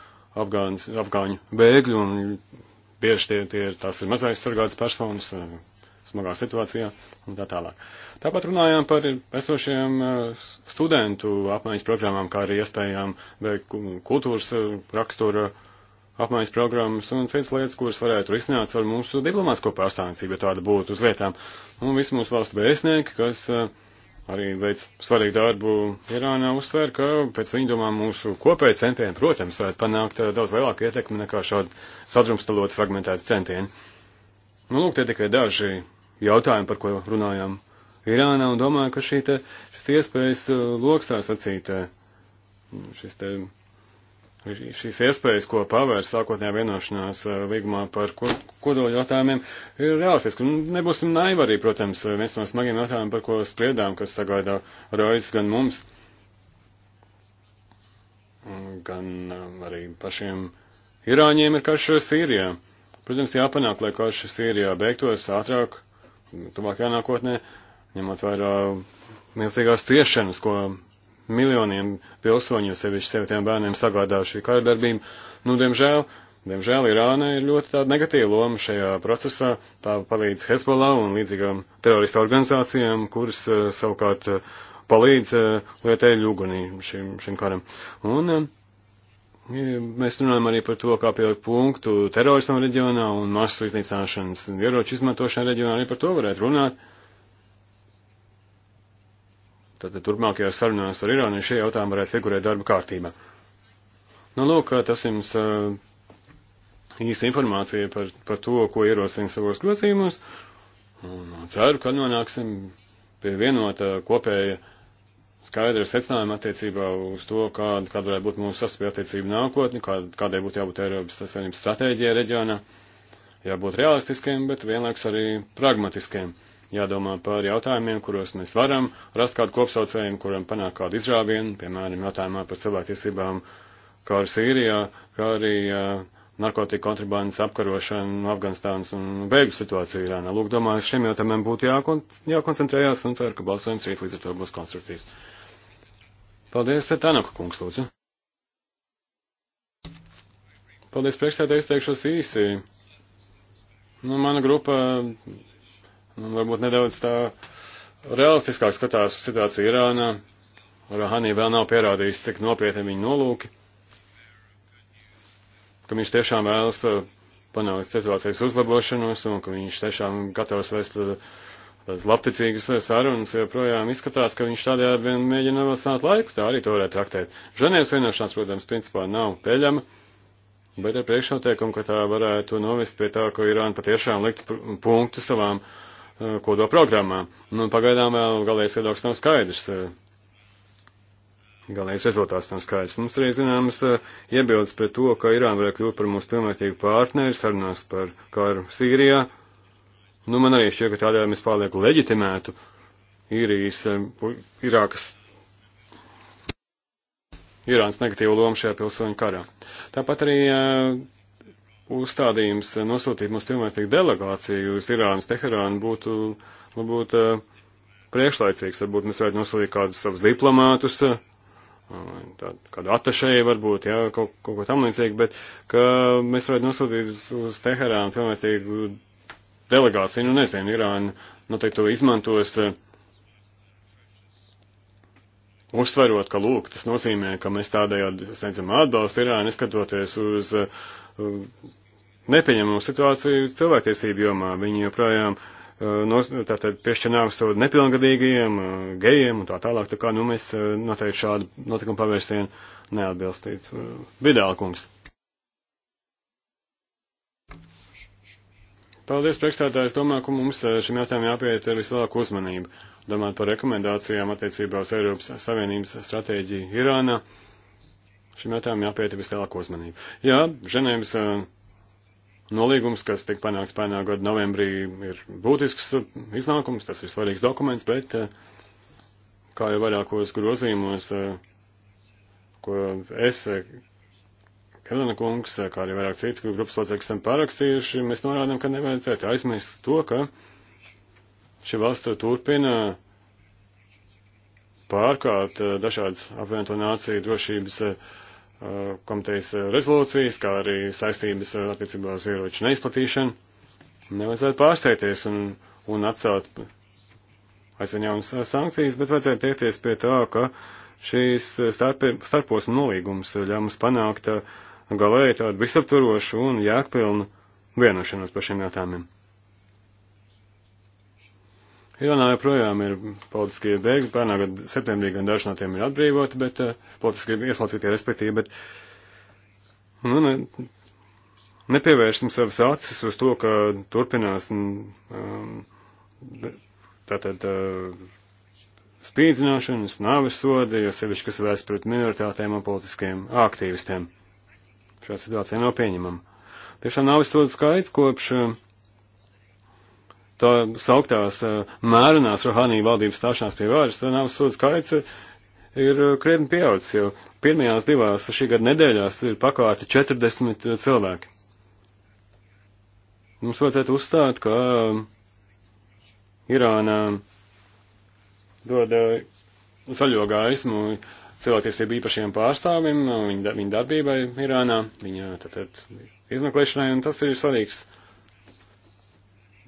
Speaker 1: Afgāns, afgāņu bēgļu, un bieži tie, tie ir, tās ir mazais sargātas personas, uh, smagā situācijā un tā tālāk. Tāpat runājām par esošiem eh, studentu apmaiņas programmām, kā arī iespējām veikt kultūras eh, rakstura apmaiņas programmas un citas lietas, kuras varētu risināt ar mūsu diplomātsko pārstāvniecību, ja tāda būtu uz vietām. Un visi mūsu valstu vēstnieki, kas eh, arī veic svarīgu darbu Irānā, uzsver, ka pēc viņa domām mūsu kopēja centieni, protams, varētu panākt daudz lielāku ietekmi nekā šādi sadrumstalot fragmentēti centieni. Nu, lūk, tie tikai daži jautājumu, par ko runājām Irānā, un domāju, ka šī te, šis iespējas uh, loks tā sacīt, uh, šis te, šīs iespējas, ko pavērs sākotnējā vienošanās uh, līgumā par kodolu jautājumiem, ir realistiski. Nu, nebūsim naivi arī, protams, viens no smagiem jautājumiem, par ko spriedām, kas sagaidā rojas gan mums, gan arī pašiem Irāņiem ir karš Sīrijā. Protams, jāpanāk, lai karš Sīrijā beigtos ātrāk tuvākajā nākotnē, ņemot vērā milzīgās ciešanas, ko miljoniem pilsoņu, sevišķi sievietēm bērniem sagādā šī kārdarbība. Nu, diemžēl, diemžēl Irāna ir ļoti tāda negatīva loma šajā procesā. Tā palīdz Hezbollah un līdzīgām terorista organizācijām, kuras eh, savukārt eh, palīdz eh, lietēļu ugunī šim, šim karam. Un, Mēs runājam arī par to, kā pielikt punktu terorismam reģionā un masu iznīcināšanas ieroču izmantošanā reģionā, arī par to varētu runāt. Tātad turpmākajās sarunās ar Irānu šie jautājumi varētu figurēt darba kārtībā. Nu, lūk, tas jums īsta informācija par, par to, ko ierosim savos grozījumos. Un ceru, ka nonāksim pie vienota kopēja skaidra secinājuma attiecībā uz to, kāda, kāda varētu būt mūsu sastāvja attiecība nākotni, kāda, kādai būtu jābūt Eiropas Savienības stratēģijai reģionā, jābūt realistiskiem, bet vienlaikus arī pragmatiskiem. Jādomā par jautājumiem, kuros mēs varam rast kādu kopsaucējumu, kuram panāk kādu izrāvienu, piemēram, jautājumā par cilvēktiesībām, kā arī Sīrijā, kā arī uh, narkotika kontrabandas apkarošanu, Afganistānas un bēgļu situāciju Irānā. Lūk, domāju, šiem jautājumiem būtu jākon, jākoncentrējās un ceru, ka balsojums rīt līdz ar to būs konstruktīvs. Paldies, Tanaka kungs, lūdzu. Paldies, priekšstādā izteikšos īsi. Nu, mana grupa nu, varbūt nedaudz tā realistiskāk skatās uz situāciju Irānā. Rahani vēl nav pierādījis, cik nopietni viņa nolūki ka viņš tiešām vēlas uh, panākt situācijas uzlabošanos un ka viņš tiešām gatavs vēst uh, tādas labticīgas sarunas, joprojām izskatās, ka viņš tādējādi vien mēģina novacināt laiku, tā arī to varētu traktēt. Ženēvas vienošanās, protams, principā nav peļama, bet ar priekšnoteikumu, ka tā varētu novest pie tā, ka Irāna patiešām likt punktu savām uh, kodoprogramām. Nu, pagaidām vēl galējais viedoklis nav skaidrs. Uh, galīgais rezultāts nav skaidrs. Mums arī zināmas eh, iebildes pret to, ka Irāna varētu kļūt par mūsu pilnvērtīgu partneri sarunās par karu Sīrijā. Nu, man arī šķiet, ka tādēļ mēs pārlieku leģitimētu īrijas, eh, Irākas, Irānas negatīvu lomu šajā pilsoņu karā. Tāpat arī uh, uzstādījums nosūtīt mūsu pilnvērtīgu delegāciju uz Irānas Teherānu būtu, varbūt, uh, priekšlaicīgs. Varbūt mēs varētu nosūtīt kādus savus diplomātus, uh, kādu atašēju varbūt, jā, kaut, kaut ko tam līdzīgu, bet ka mēs varētu nosūtīt uz, uz Teherānu pilnvērtīgu delegāciju, nu nezinu, Irāna noteikti to izmantos, eh, uztverot, ka lūk, tas nozīmē, ka mēs tādējādi sniedzam atbalstu Irānu, neskatoties uz eh, nepieņemamu situāciju cilvēktiesību jomā. Viņi joprojām uh, Eh, tātad piešķir nāves sodu nepilngadīgajiem, eh, gejiem un tā tālāk, tā kā, nu, mēs eh, noteikti šādu notikumu pavērsienu neatbilstīt. Vidāla kungs. Paldies, priekšstādājs. Domāju, ka mums šim jautājumam jāpieiet ar vislielāku uzmanību. Domājot par rekomendācijām attiecībā uz Eiropas Savienības stratēģiju Irānā, šim jautājumam jāpieiet ar vislielāku uzmanību. Jā, Ženēvis uh, Nolīgums, kas tika panāks pērnā gada novembrī, ir būtisks iznākums, tas ir svarīgs dokuments, bet, eh, kā jau vairākos grozījumos, eh, ko es, eh, Helena kungs, kā arī vairāk citu grupas locekļi esam pārakstījuši, mēs norādām, ka nevajadzētu aizmirst to, ka šī valsts turpina pārkārt dažādas apvienoto nāciju drošības uh, Uh, komitejas uh, rezolūcijas, kā arī saistības uh, attiecībā uz ieroču neizplatīšanu, nevajadzētu pārsteigties un, un atcelt aizvien jaunas sankcijas, bet vajadzētu tiekties pie tā, ka šīs starp, starposmu nolīgums ļauj mums panākt galēji tādu visaptvarošu un jēgpilnu vienošanos par šiem jautājumiem. Irānā joprojām ir politiskie bēgļi, pērnā gada septembrī gan daži no tiem ir atbrīvoti, bet uh, politiskie ieslaucītie respektīvi, bet nu, ne, nepievērsim savas acis uz to, ka turpinās mm, um, tātad uh, spīdzināšanas, nāves sodi, jo sevišķi, kas vērsts pret minoritātēm un politiskiem aktīvistiem. Šā situācija nav pieņemama. Tiešām nāves sodu skaits kopš uh, tā sauktās mērenās Rohanī valdības stāšanās pie varas, nāves sodu skaits ir krietni pieaudzis, jo pirmajās divās šī gada nedēļās ir pakārti 40 cilvēki. Mums vajadzētu uzstāt, ka Irāna dod zaļo gaismu cilvēktiesību īpašiem pārstāvim, viņa, viņa darbībai Irānā, viņa tad, tad, izmeklēšanai, un tas ir svarīgs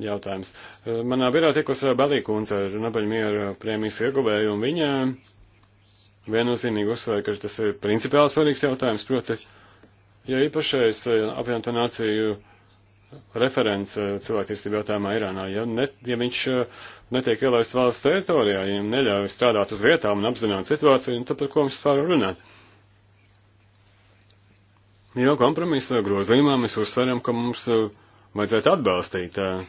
Speaker 1: jautājums. Eh, manā birā tikos eh, Belīkūns ar Nabaļmiera prēmijas ieguvēju, un viņa viennozīmīgi uzsvēra, ka tas ir principiāli svarīgs jautājums, proti, ja īpašais eh, apvienoto nāciju referents cilvēktiesību jautājumā Irānā, ja, ne, ja viņš netiek ielaists valsts teritorijā, ja viņam neļauj strādāt uz vietām un apzināt situāciju, nu tad par ko mums vispār runāt? Jo kompromisa grozījumā mēs uzsveram, ka mums vajadzētu atbalstīt uh,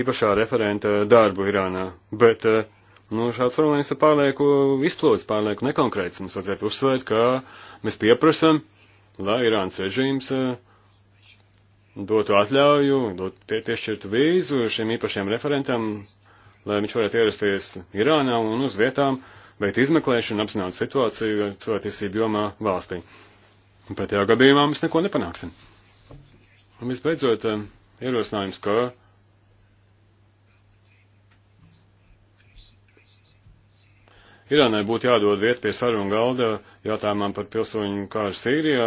Speaker 1: īpašā referenta darbu Irānā. Bet, eh, nu, šāds formulējums ir pārlieku izplots, pārlieku nekonkrēts. Mums vajadzētu uzsvērt, ka mēs pieprasam, lai Irānas režīms eh, dotu atļauju, dot piešķirtu vīzu šim īpašajam referentam, lai viņš varētu ierasties Irānā un uz vietām veikt izmeklēšanu, apzināt situāciju cilvēktiesību jomā valstī. Un pretējā gadījumā mēs neko nepanāksim. Un visbeidzot, eh, ierosinājums, ka Irānai būtu jādod vieta pie sarunu galda jautājumam par pilsoņu kāru Sīrijā.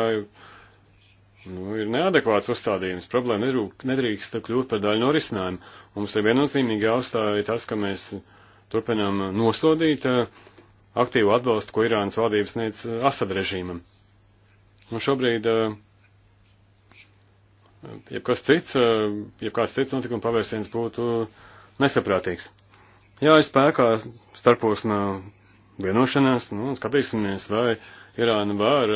Speaker 1: Nu, ir neadekvāts uzstādījums. Problēma nedrīkst kļūt par daļu no risinājuma. Mums ir viennozīmīgi jāuzstāja tas, ka mēs turpinām nosodīt eh, aktīvu atbalstu, ko Irānas valdības sniedz eh, Asad režīmam. Un šobrīd eh, jebkas cits, jebkāds cits notikuma pavērsiens būtu nesaprātīgs. Jā, ir spēkā starposma vienošanās, nu, un skatīsimies, vai Irāna var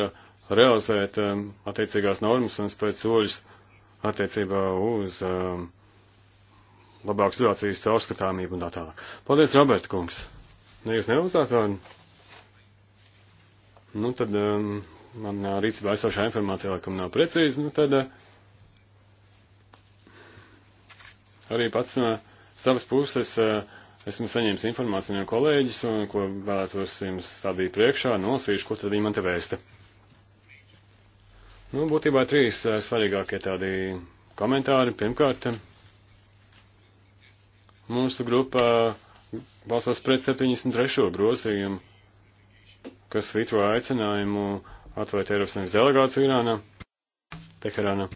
Speaker 1: realizēt um, attiecīgās normas un spēc soļus attiecībā uz um, labāku situācijas caurskatāmību un tā tālāk. Paldies, Roberta kungs! Nu, jūs neuzdāt vārdu? Nu, tad um, man uh, rīcībā esošā informācija laikam nav precīza, nu, tad uh, arī pats no savas puses uh, Esmu saņēmis informāciju no kolēģis, un ko vēlētos jums stādīt priekšā, nolasīšu, ko tad viņi man te vēsta. Nu, būtībā trīs eh, svarīgākie tādi komentāri. Pirmkārt, mūsu grupā balsos pret 73. grozījumu, kas vitro aicinājumu atvērt Eiropas Savienības delegāciju Irānā, Teherānā.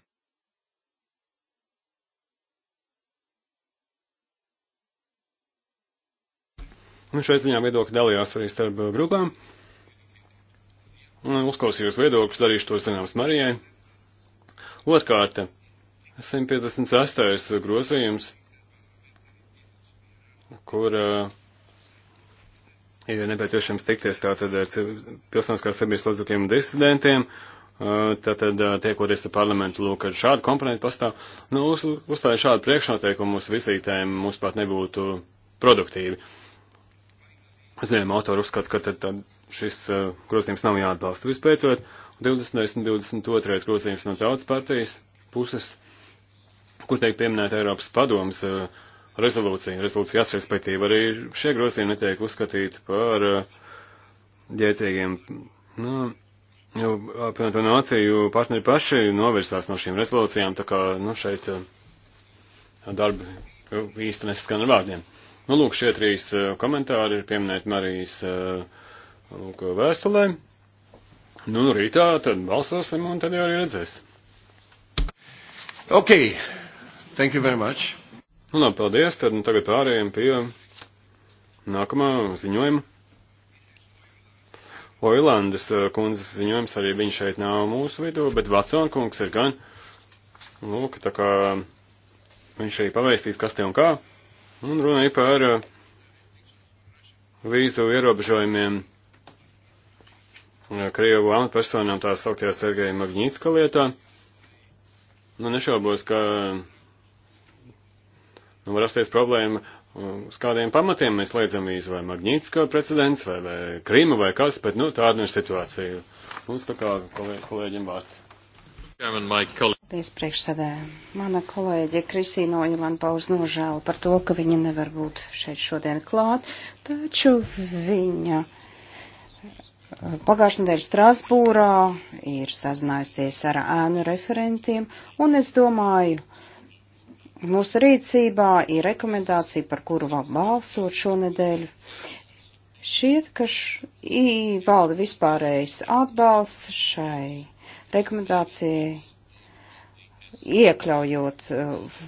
Speaker 1: Nu, šai ziņā viedokļi dalījās arī starp uh, grupām. Un uzklausījos viedokļus, darīšu to zināms Marijai. Otkārt, 156. grozījums, kur uh, ir nepieciešams tikties tātad ar pilsoniskās sabiedrības locekļiem un disidentiem, uh, tātad uh, tiekoties ar parlamentu, lūk, ka šāda komponenta pastāv. Nu, uz, uzstāja šādu priekšnoteikumu mūsu visītēm, mums pat nebūtu produktīvi. Uh, Ziņojuma autori uzskata, ka tad, tad šis uh, grozījums nav jāatbalsta. Vispēcot, 20. un 22. grozījums no tautas partijas puses, kur teikt pieminēt Eiropas padomas uh, rezolūciju, rezolūciju atrespektīvi, arī šie grozījumi netiek uzskatīti par uh, ģēcīgiem. Nu, jo, apvienoto nāciju partneri paši novirsās no šīm rezolūcijām, tā kā, nu, šeit uh, darbi īsti nesaskan ar vārdiem. Uh, Nu, lūk, šie trīs eh, komentāri ir pieminēti Marijas eh, lūk, vēstulē. Nu, nu, rītā tad balsosim un tad jau arī redzēs. Ok, thank you very much. Nu, labi, paldies, tad nu, tagad pārējiem pie nākamā ziņojuma. Oilandes eh, kundzes ziņojums arī viņš šeit nav mūsu vidū, bet Vatsona kungs ir gan. Lūk, tā kā viņš arī pavēstīs, kas te un kā. Un runāja par uh, vīzu ierobežojumiem uh, Krievu amatpersonām tā sauktajā Sergeja Magnītska lietā. Nu, nešaubos, ka nu, var rasties problēma, uh, uz kādiem pamatiem mēs liedzam vīzu, vai Magnītska precedents, vai, vai Krīma, vai kas, bet, nu, tāda ir situācija. Lūdzu, tā kā kolēģiem vārds. Chairman, my colleague.
Speaker 2: Paldies priekšsēdē. Mana kolēģe Kristīna Oļilana pauz nožēlu par to, ka viņa nevar būt šeit šodien klāt, taču viņa eh, pagājušajā nedēļā Strasbūrā ir sazinājusties ar ēnu referentiem, un es domāju, mūsu rīcībā ir rekomendācija, par kuru vēl balsot šonedēļ. Šķiet, ka valda vispārējais atbalsts šai rekomendācijai iekļaujot uh,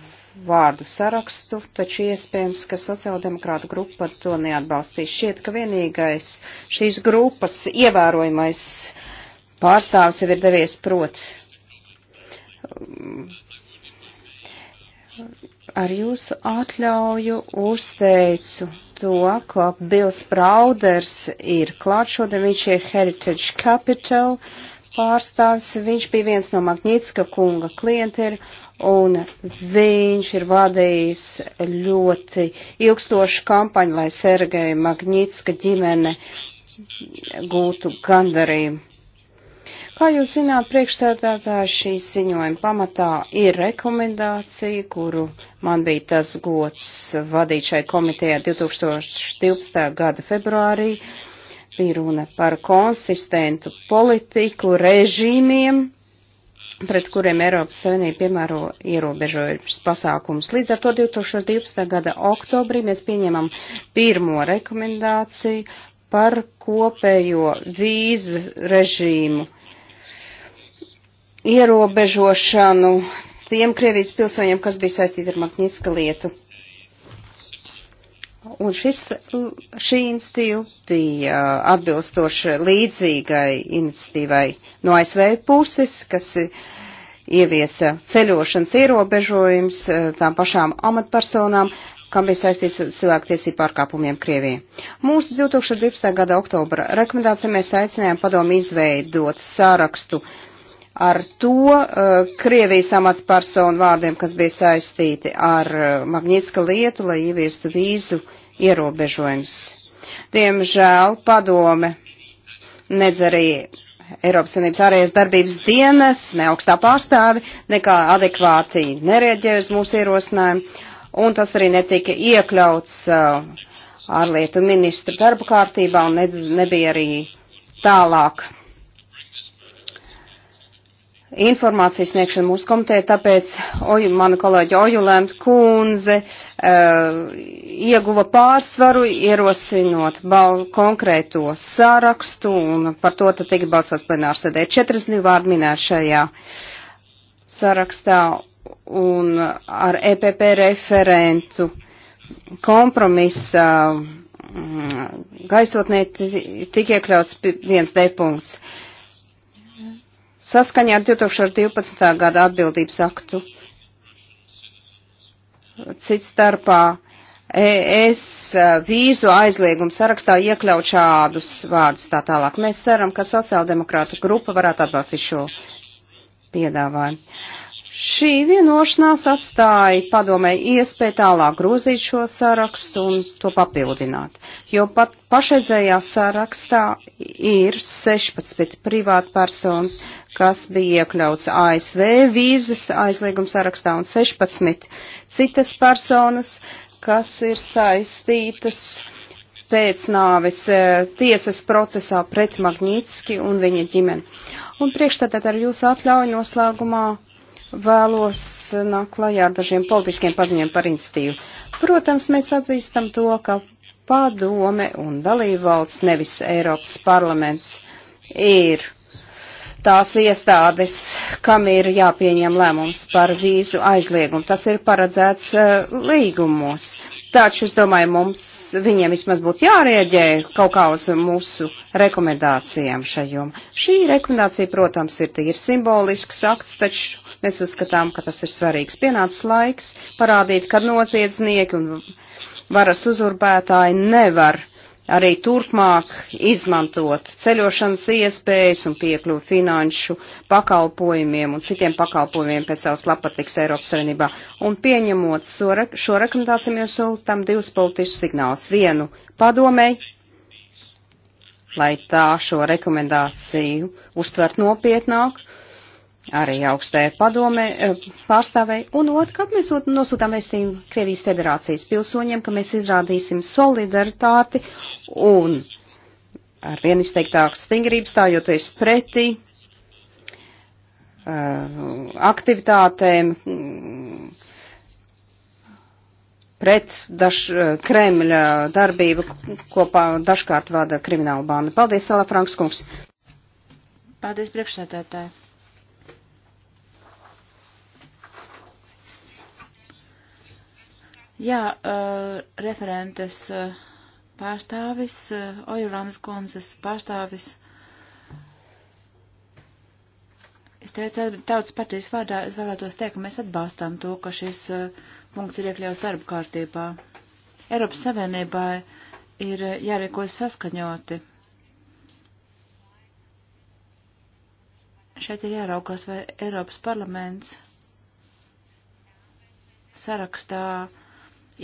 Speaker 2: vārdu sarakstu, taču iespējams, ka sociāldemokrāta grupa to neatbalstīs. Šķiet, ka vienīgais šīs grupas ievērojamais pārstāvs jau ir devies prot. Ar jūsu atļauju uzteicu to, ka Bills Brauders ir klāt šodien, viņš ir Heritage Capital. Uh, pārstāvis, viņš bija viens no Magnitska kunga klientiem, un viņš ir vadījis ļoti ilgstošu kampaņu, lai Sergeja Magnitska ģimene gūtu gandarījumu. Kā jūs zināt, priekšstādātāji šī ziņojuma pamatā ir rekomendācija, kuru man bija tas gods vadīt šai komitejā 2012. gada februārī. Uh, Bija runa par konsistentu politiku, režīmiem, pret kuriem Eiropas Savienība piemēro ierobežojumus pasākumus. Līdz ar to 2012. gada oktobrī mēs pieņemam pirmo rekomendāciju par kopējo vīzu režīmu ierobežošanu tiem Krievijas pilsoņiem, kas bija saistīti ar Magnitska lietu. Un šis, šī institīva bija atbilstoši līdzīgai institīvai no ASV puses, kas ieviesa ceļošanas ierobežojums eh, tām pašām amatpersonām, kam bija saistīts cilvēktiesību pārkāpumiem Krievijā. Mūsu 2012. gada oktobra rekomendācijā mēs aicinājām padomu izveidot sārakstu uh, ar to uh, Krievijas amatpersonu vārdiem, kas bija saistīti ar uh, Magnitska lietu, lai ieviestu vīzu ierobežojums. Diemžēl padome nedz arī Eiropas Savienības ārējās darbības dienas, ne augstā pārstāvi, nekā adekvāti nereaģēja uz mūsu ierosinājumu, un tas arī netika iekļauts uh, ārlietu ministra darba kārtībā, un nedz, nebija arī tālāk informācijas sniegšanu mūsu komitē, tāpēc oj, mana kolēģa Ojulēna kundze uh, ieguva pārsvaru, ierosinot bal, konkrēto sārakstu, un par to tad tika balsots plenārs sēdē. 40 vārdu minēt šajā sarakstā, un ar EPP referentu kompromisa uh, gaisotnē tika iekļauts viens D punkts. Uh, Saskaņā ar 2012. gada atbildības aktu cits starpā es eh, vīzu aizliegumu sarakstā iekļaut šādus vārdus tā tālāk. Mēs ceram, ka sociāldemokrāta grupa varētu atbalstīt šo piedāvājumu. Šī vienošanās atstāja padomē iespēju tālāk grozīt šo sarakstu un to papildināt, jo pat pašreizējā sarakstā ir 16 privātpersonas, kas bija iekļauts ASV vīzas aizliegums sarakstā un 16 citas personas, kas ir saistītas pēc nāves eh, tiesas procesā pret Magnītski un viņa ģimeni. Un priekšstādāt ar jūsu atļauju noslēgumā vēlos nākt klajā ar dažiem politiskiem paziņiem par institīvu. Protams, mēs atzīstam to, ka padome un dalībvalsts, nevis Eiropas parlaments, ir tās iestādes, kam ir jāpieņem lēmums par vīzu aizliegumu. Tas ir paredzēts uh, līgumos. Taču, es domāju, mums viņiem vismaz būtu jārēģē kaut kā uz mūsu rekomendācijām šajom. Šī rekomendācija, protams, ir tīri simbolisks akts, taču mēs uzskatām, ka tas ir svarīgs. Pienācis laiks parādīt, ka noziedznieki un varas uzurbētāji nevar uh, arī turpmāk izmantot ceļošanas iespējas un piekļuvu finanšu pakalpojumiem un citiem pakalpojumiem pēc savas labpatiks Eiropas Savienībā. Un pieņemot šo, re šo rekomendāciju, mēs sūtām divus politiskus signālus. Vienu padomēji, lai tā šo rekomendāciju uztvert nopietnāk, arī augstē padome eh, pārstāvei, un otrkārt mēs nosūtām vēstījumu Krievijas federācijas pilsoņiem, ka mēs izrādīsim solidaritāti un ar vien izteiktāk stingrību stājoties pretī uh, aktivitātēm mm, pret daž, eh, Kremļa darbību, kopā dažkārt vada krimināla banda. Paldies, Sala Frankskungs!
Speaker 3: Paldies, priekšsēdētāji! Jā, uh, referentes uh, pārstāvis, uh, eh, Ojulānas kundzes pārstāvis. Es teicu, tautas partijas vārdā es vēlētos teikt, ka mēs atbalstām to, ka šis uh, punkts ir iekļauts darba kārtībā. Eiropas Savienībai ir jārīkojas saskaņoti. Šeit ir jāraukās, vai Eiropas parlaments sarakstā uh,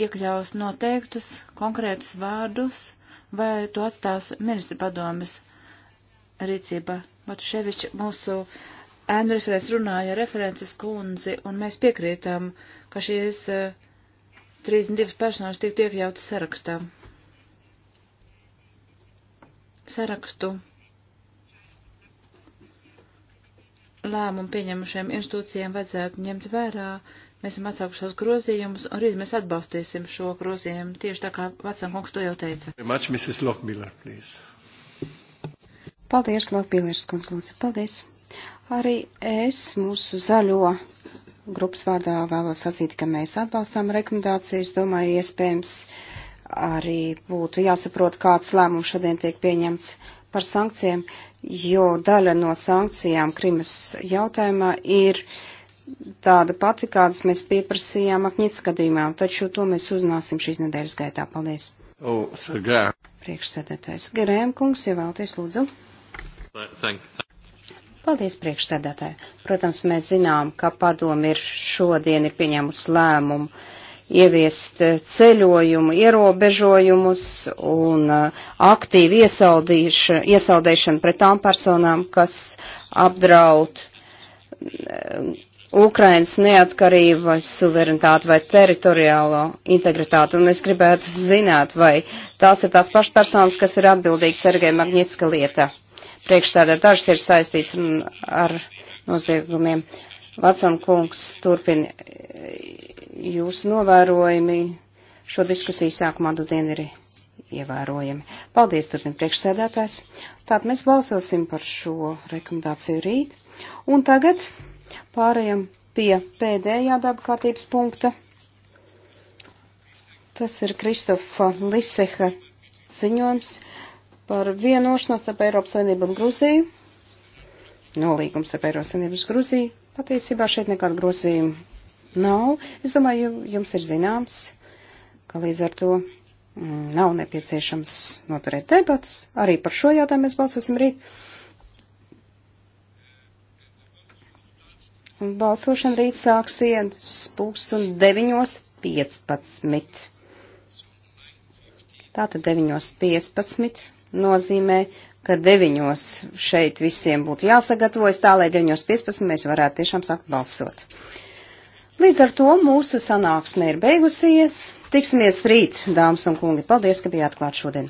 Speaker 3: iekļaus noteiktus konkrētus vārdus, vai to atstās ministra padomes rīcība. Matuševičs mūsu ēnu referents runāja references kundzi, un mēs piekrītam, ka šīs 32 eh, personas tiktu iekļautas sarakstā. Sarakstu lēmumu pieņemušiem institūcijiem vajadzētu ņemt vērā Mēs esam atsaukuši šos grozījumus, un rīt mēs atbalstīsim šo grozījumu, tieši tā kā Vatsankungs to jau teica.
Speaker 1: Much, Mrs. Lockmiller, please.
Speaker 2: Paldies, Lokbīlers konsulācija. Paldies. Arī es mūsu zaļo grupas vārdā vēlos atzīt, ka mēs atbalstām rekomendācijas. Domāju, iespējams, arī būtu jāsaprot, kāds lēmums šodien tiek pieņemts par sankcijiem, jo daļa no sankcijām Krimas jautājumā ir uh, tāda pati, kādas mēs pieprasījām Akņits gadījumā, taču to mēs uzzināsim šīs nedēļas gaitā. Paldies! Oh, Priekšsēdētājs Gerēm kungs, ja vēlties, lūdzu.
Speaker 1: Thank, thank.
Speaker 2: Paldies, priekšsēdētāji. Protams, mēs zinām, ka padomi ir šodien ir pieņēmusi lēmumu ieviest eh, ceļojumu ierobežojumus un eh, aktīvi iesaldēšanu pret tām personām, kas apdraud eh, Ukrainas neatkarību vai suverenitāti vai teritoriālo integritāti, un es gribētu zināt, vai tās ir tās pašas personas, kas ir atbildīgas Sergeja Magnitska lietā. Priekšstādā dažas ir saistīts ar noziegumiem. Vatsan kungs turpina jūsu novērojumi. Šo diskusiju sākumā dudien ir ievērojami. Paldies, turpina priekšsēdētājs. Tātad mēs balsosim par šo rekomendāciju rīt. Un tagad Pārējām pie pēdējā darba kārtības punkta. Tas ir Kristofa Liseha ziņojums par vienošanos starp Eiropas Savienību un Gruziju. Nolīgums starp Eiropas Savienību un Gruziju. Patiesībā šeit nekāda grozījuma nav. Es domāju, jums ir zināms, ka līdz ar to mm, nav nepieciešams noturēt debatas. Arī par šo jautājumu mēs balsosim rīt. Un balsošana rīt sāksies pūkstun 9.15. Tātad 9.15 nozīmē, ka 9.00 šeit visiem būtu jāsagatavojas tā, lai 9.15 mēs varētu tiešām sākt balsot. Līdz ar to mūsu sanāksme ir beigusies. Tiksimies rīt, dāmas un kungi. Paldies, ka bijāt klāt šodien.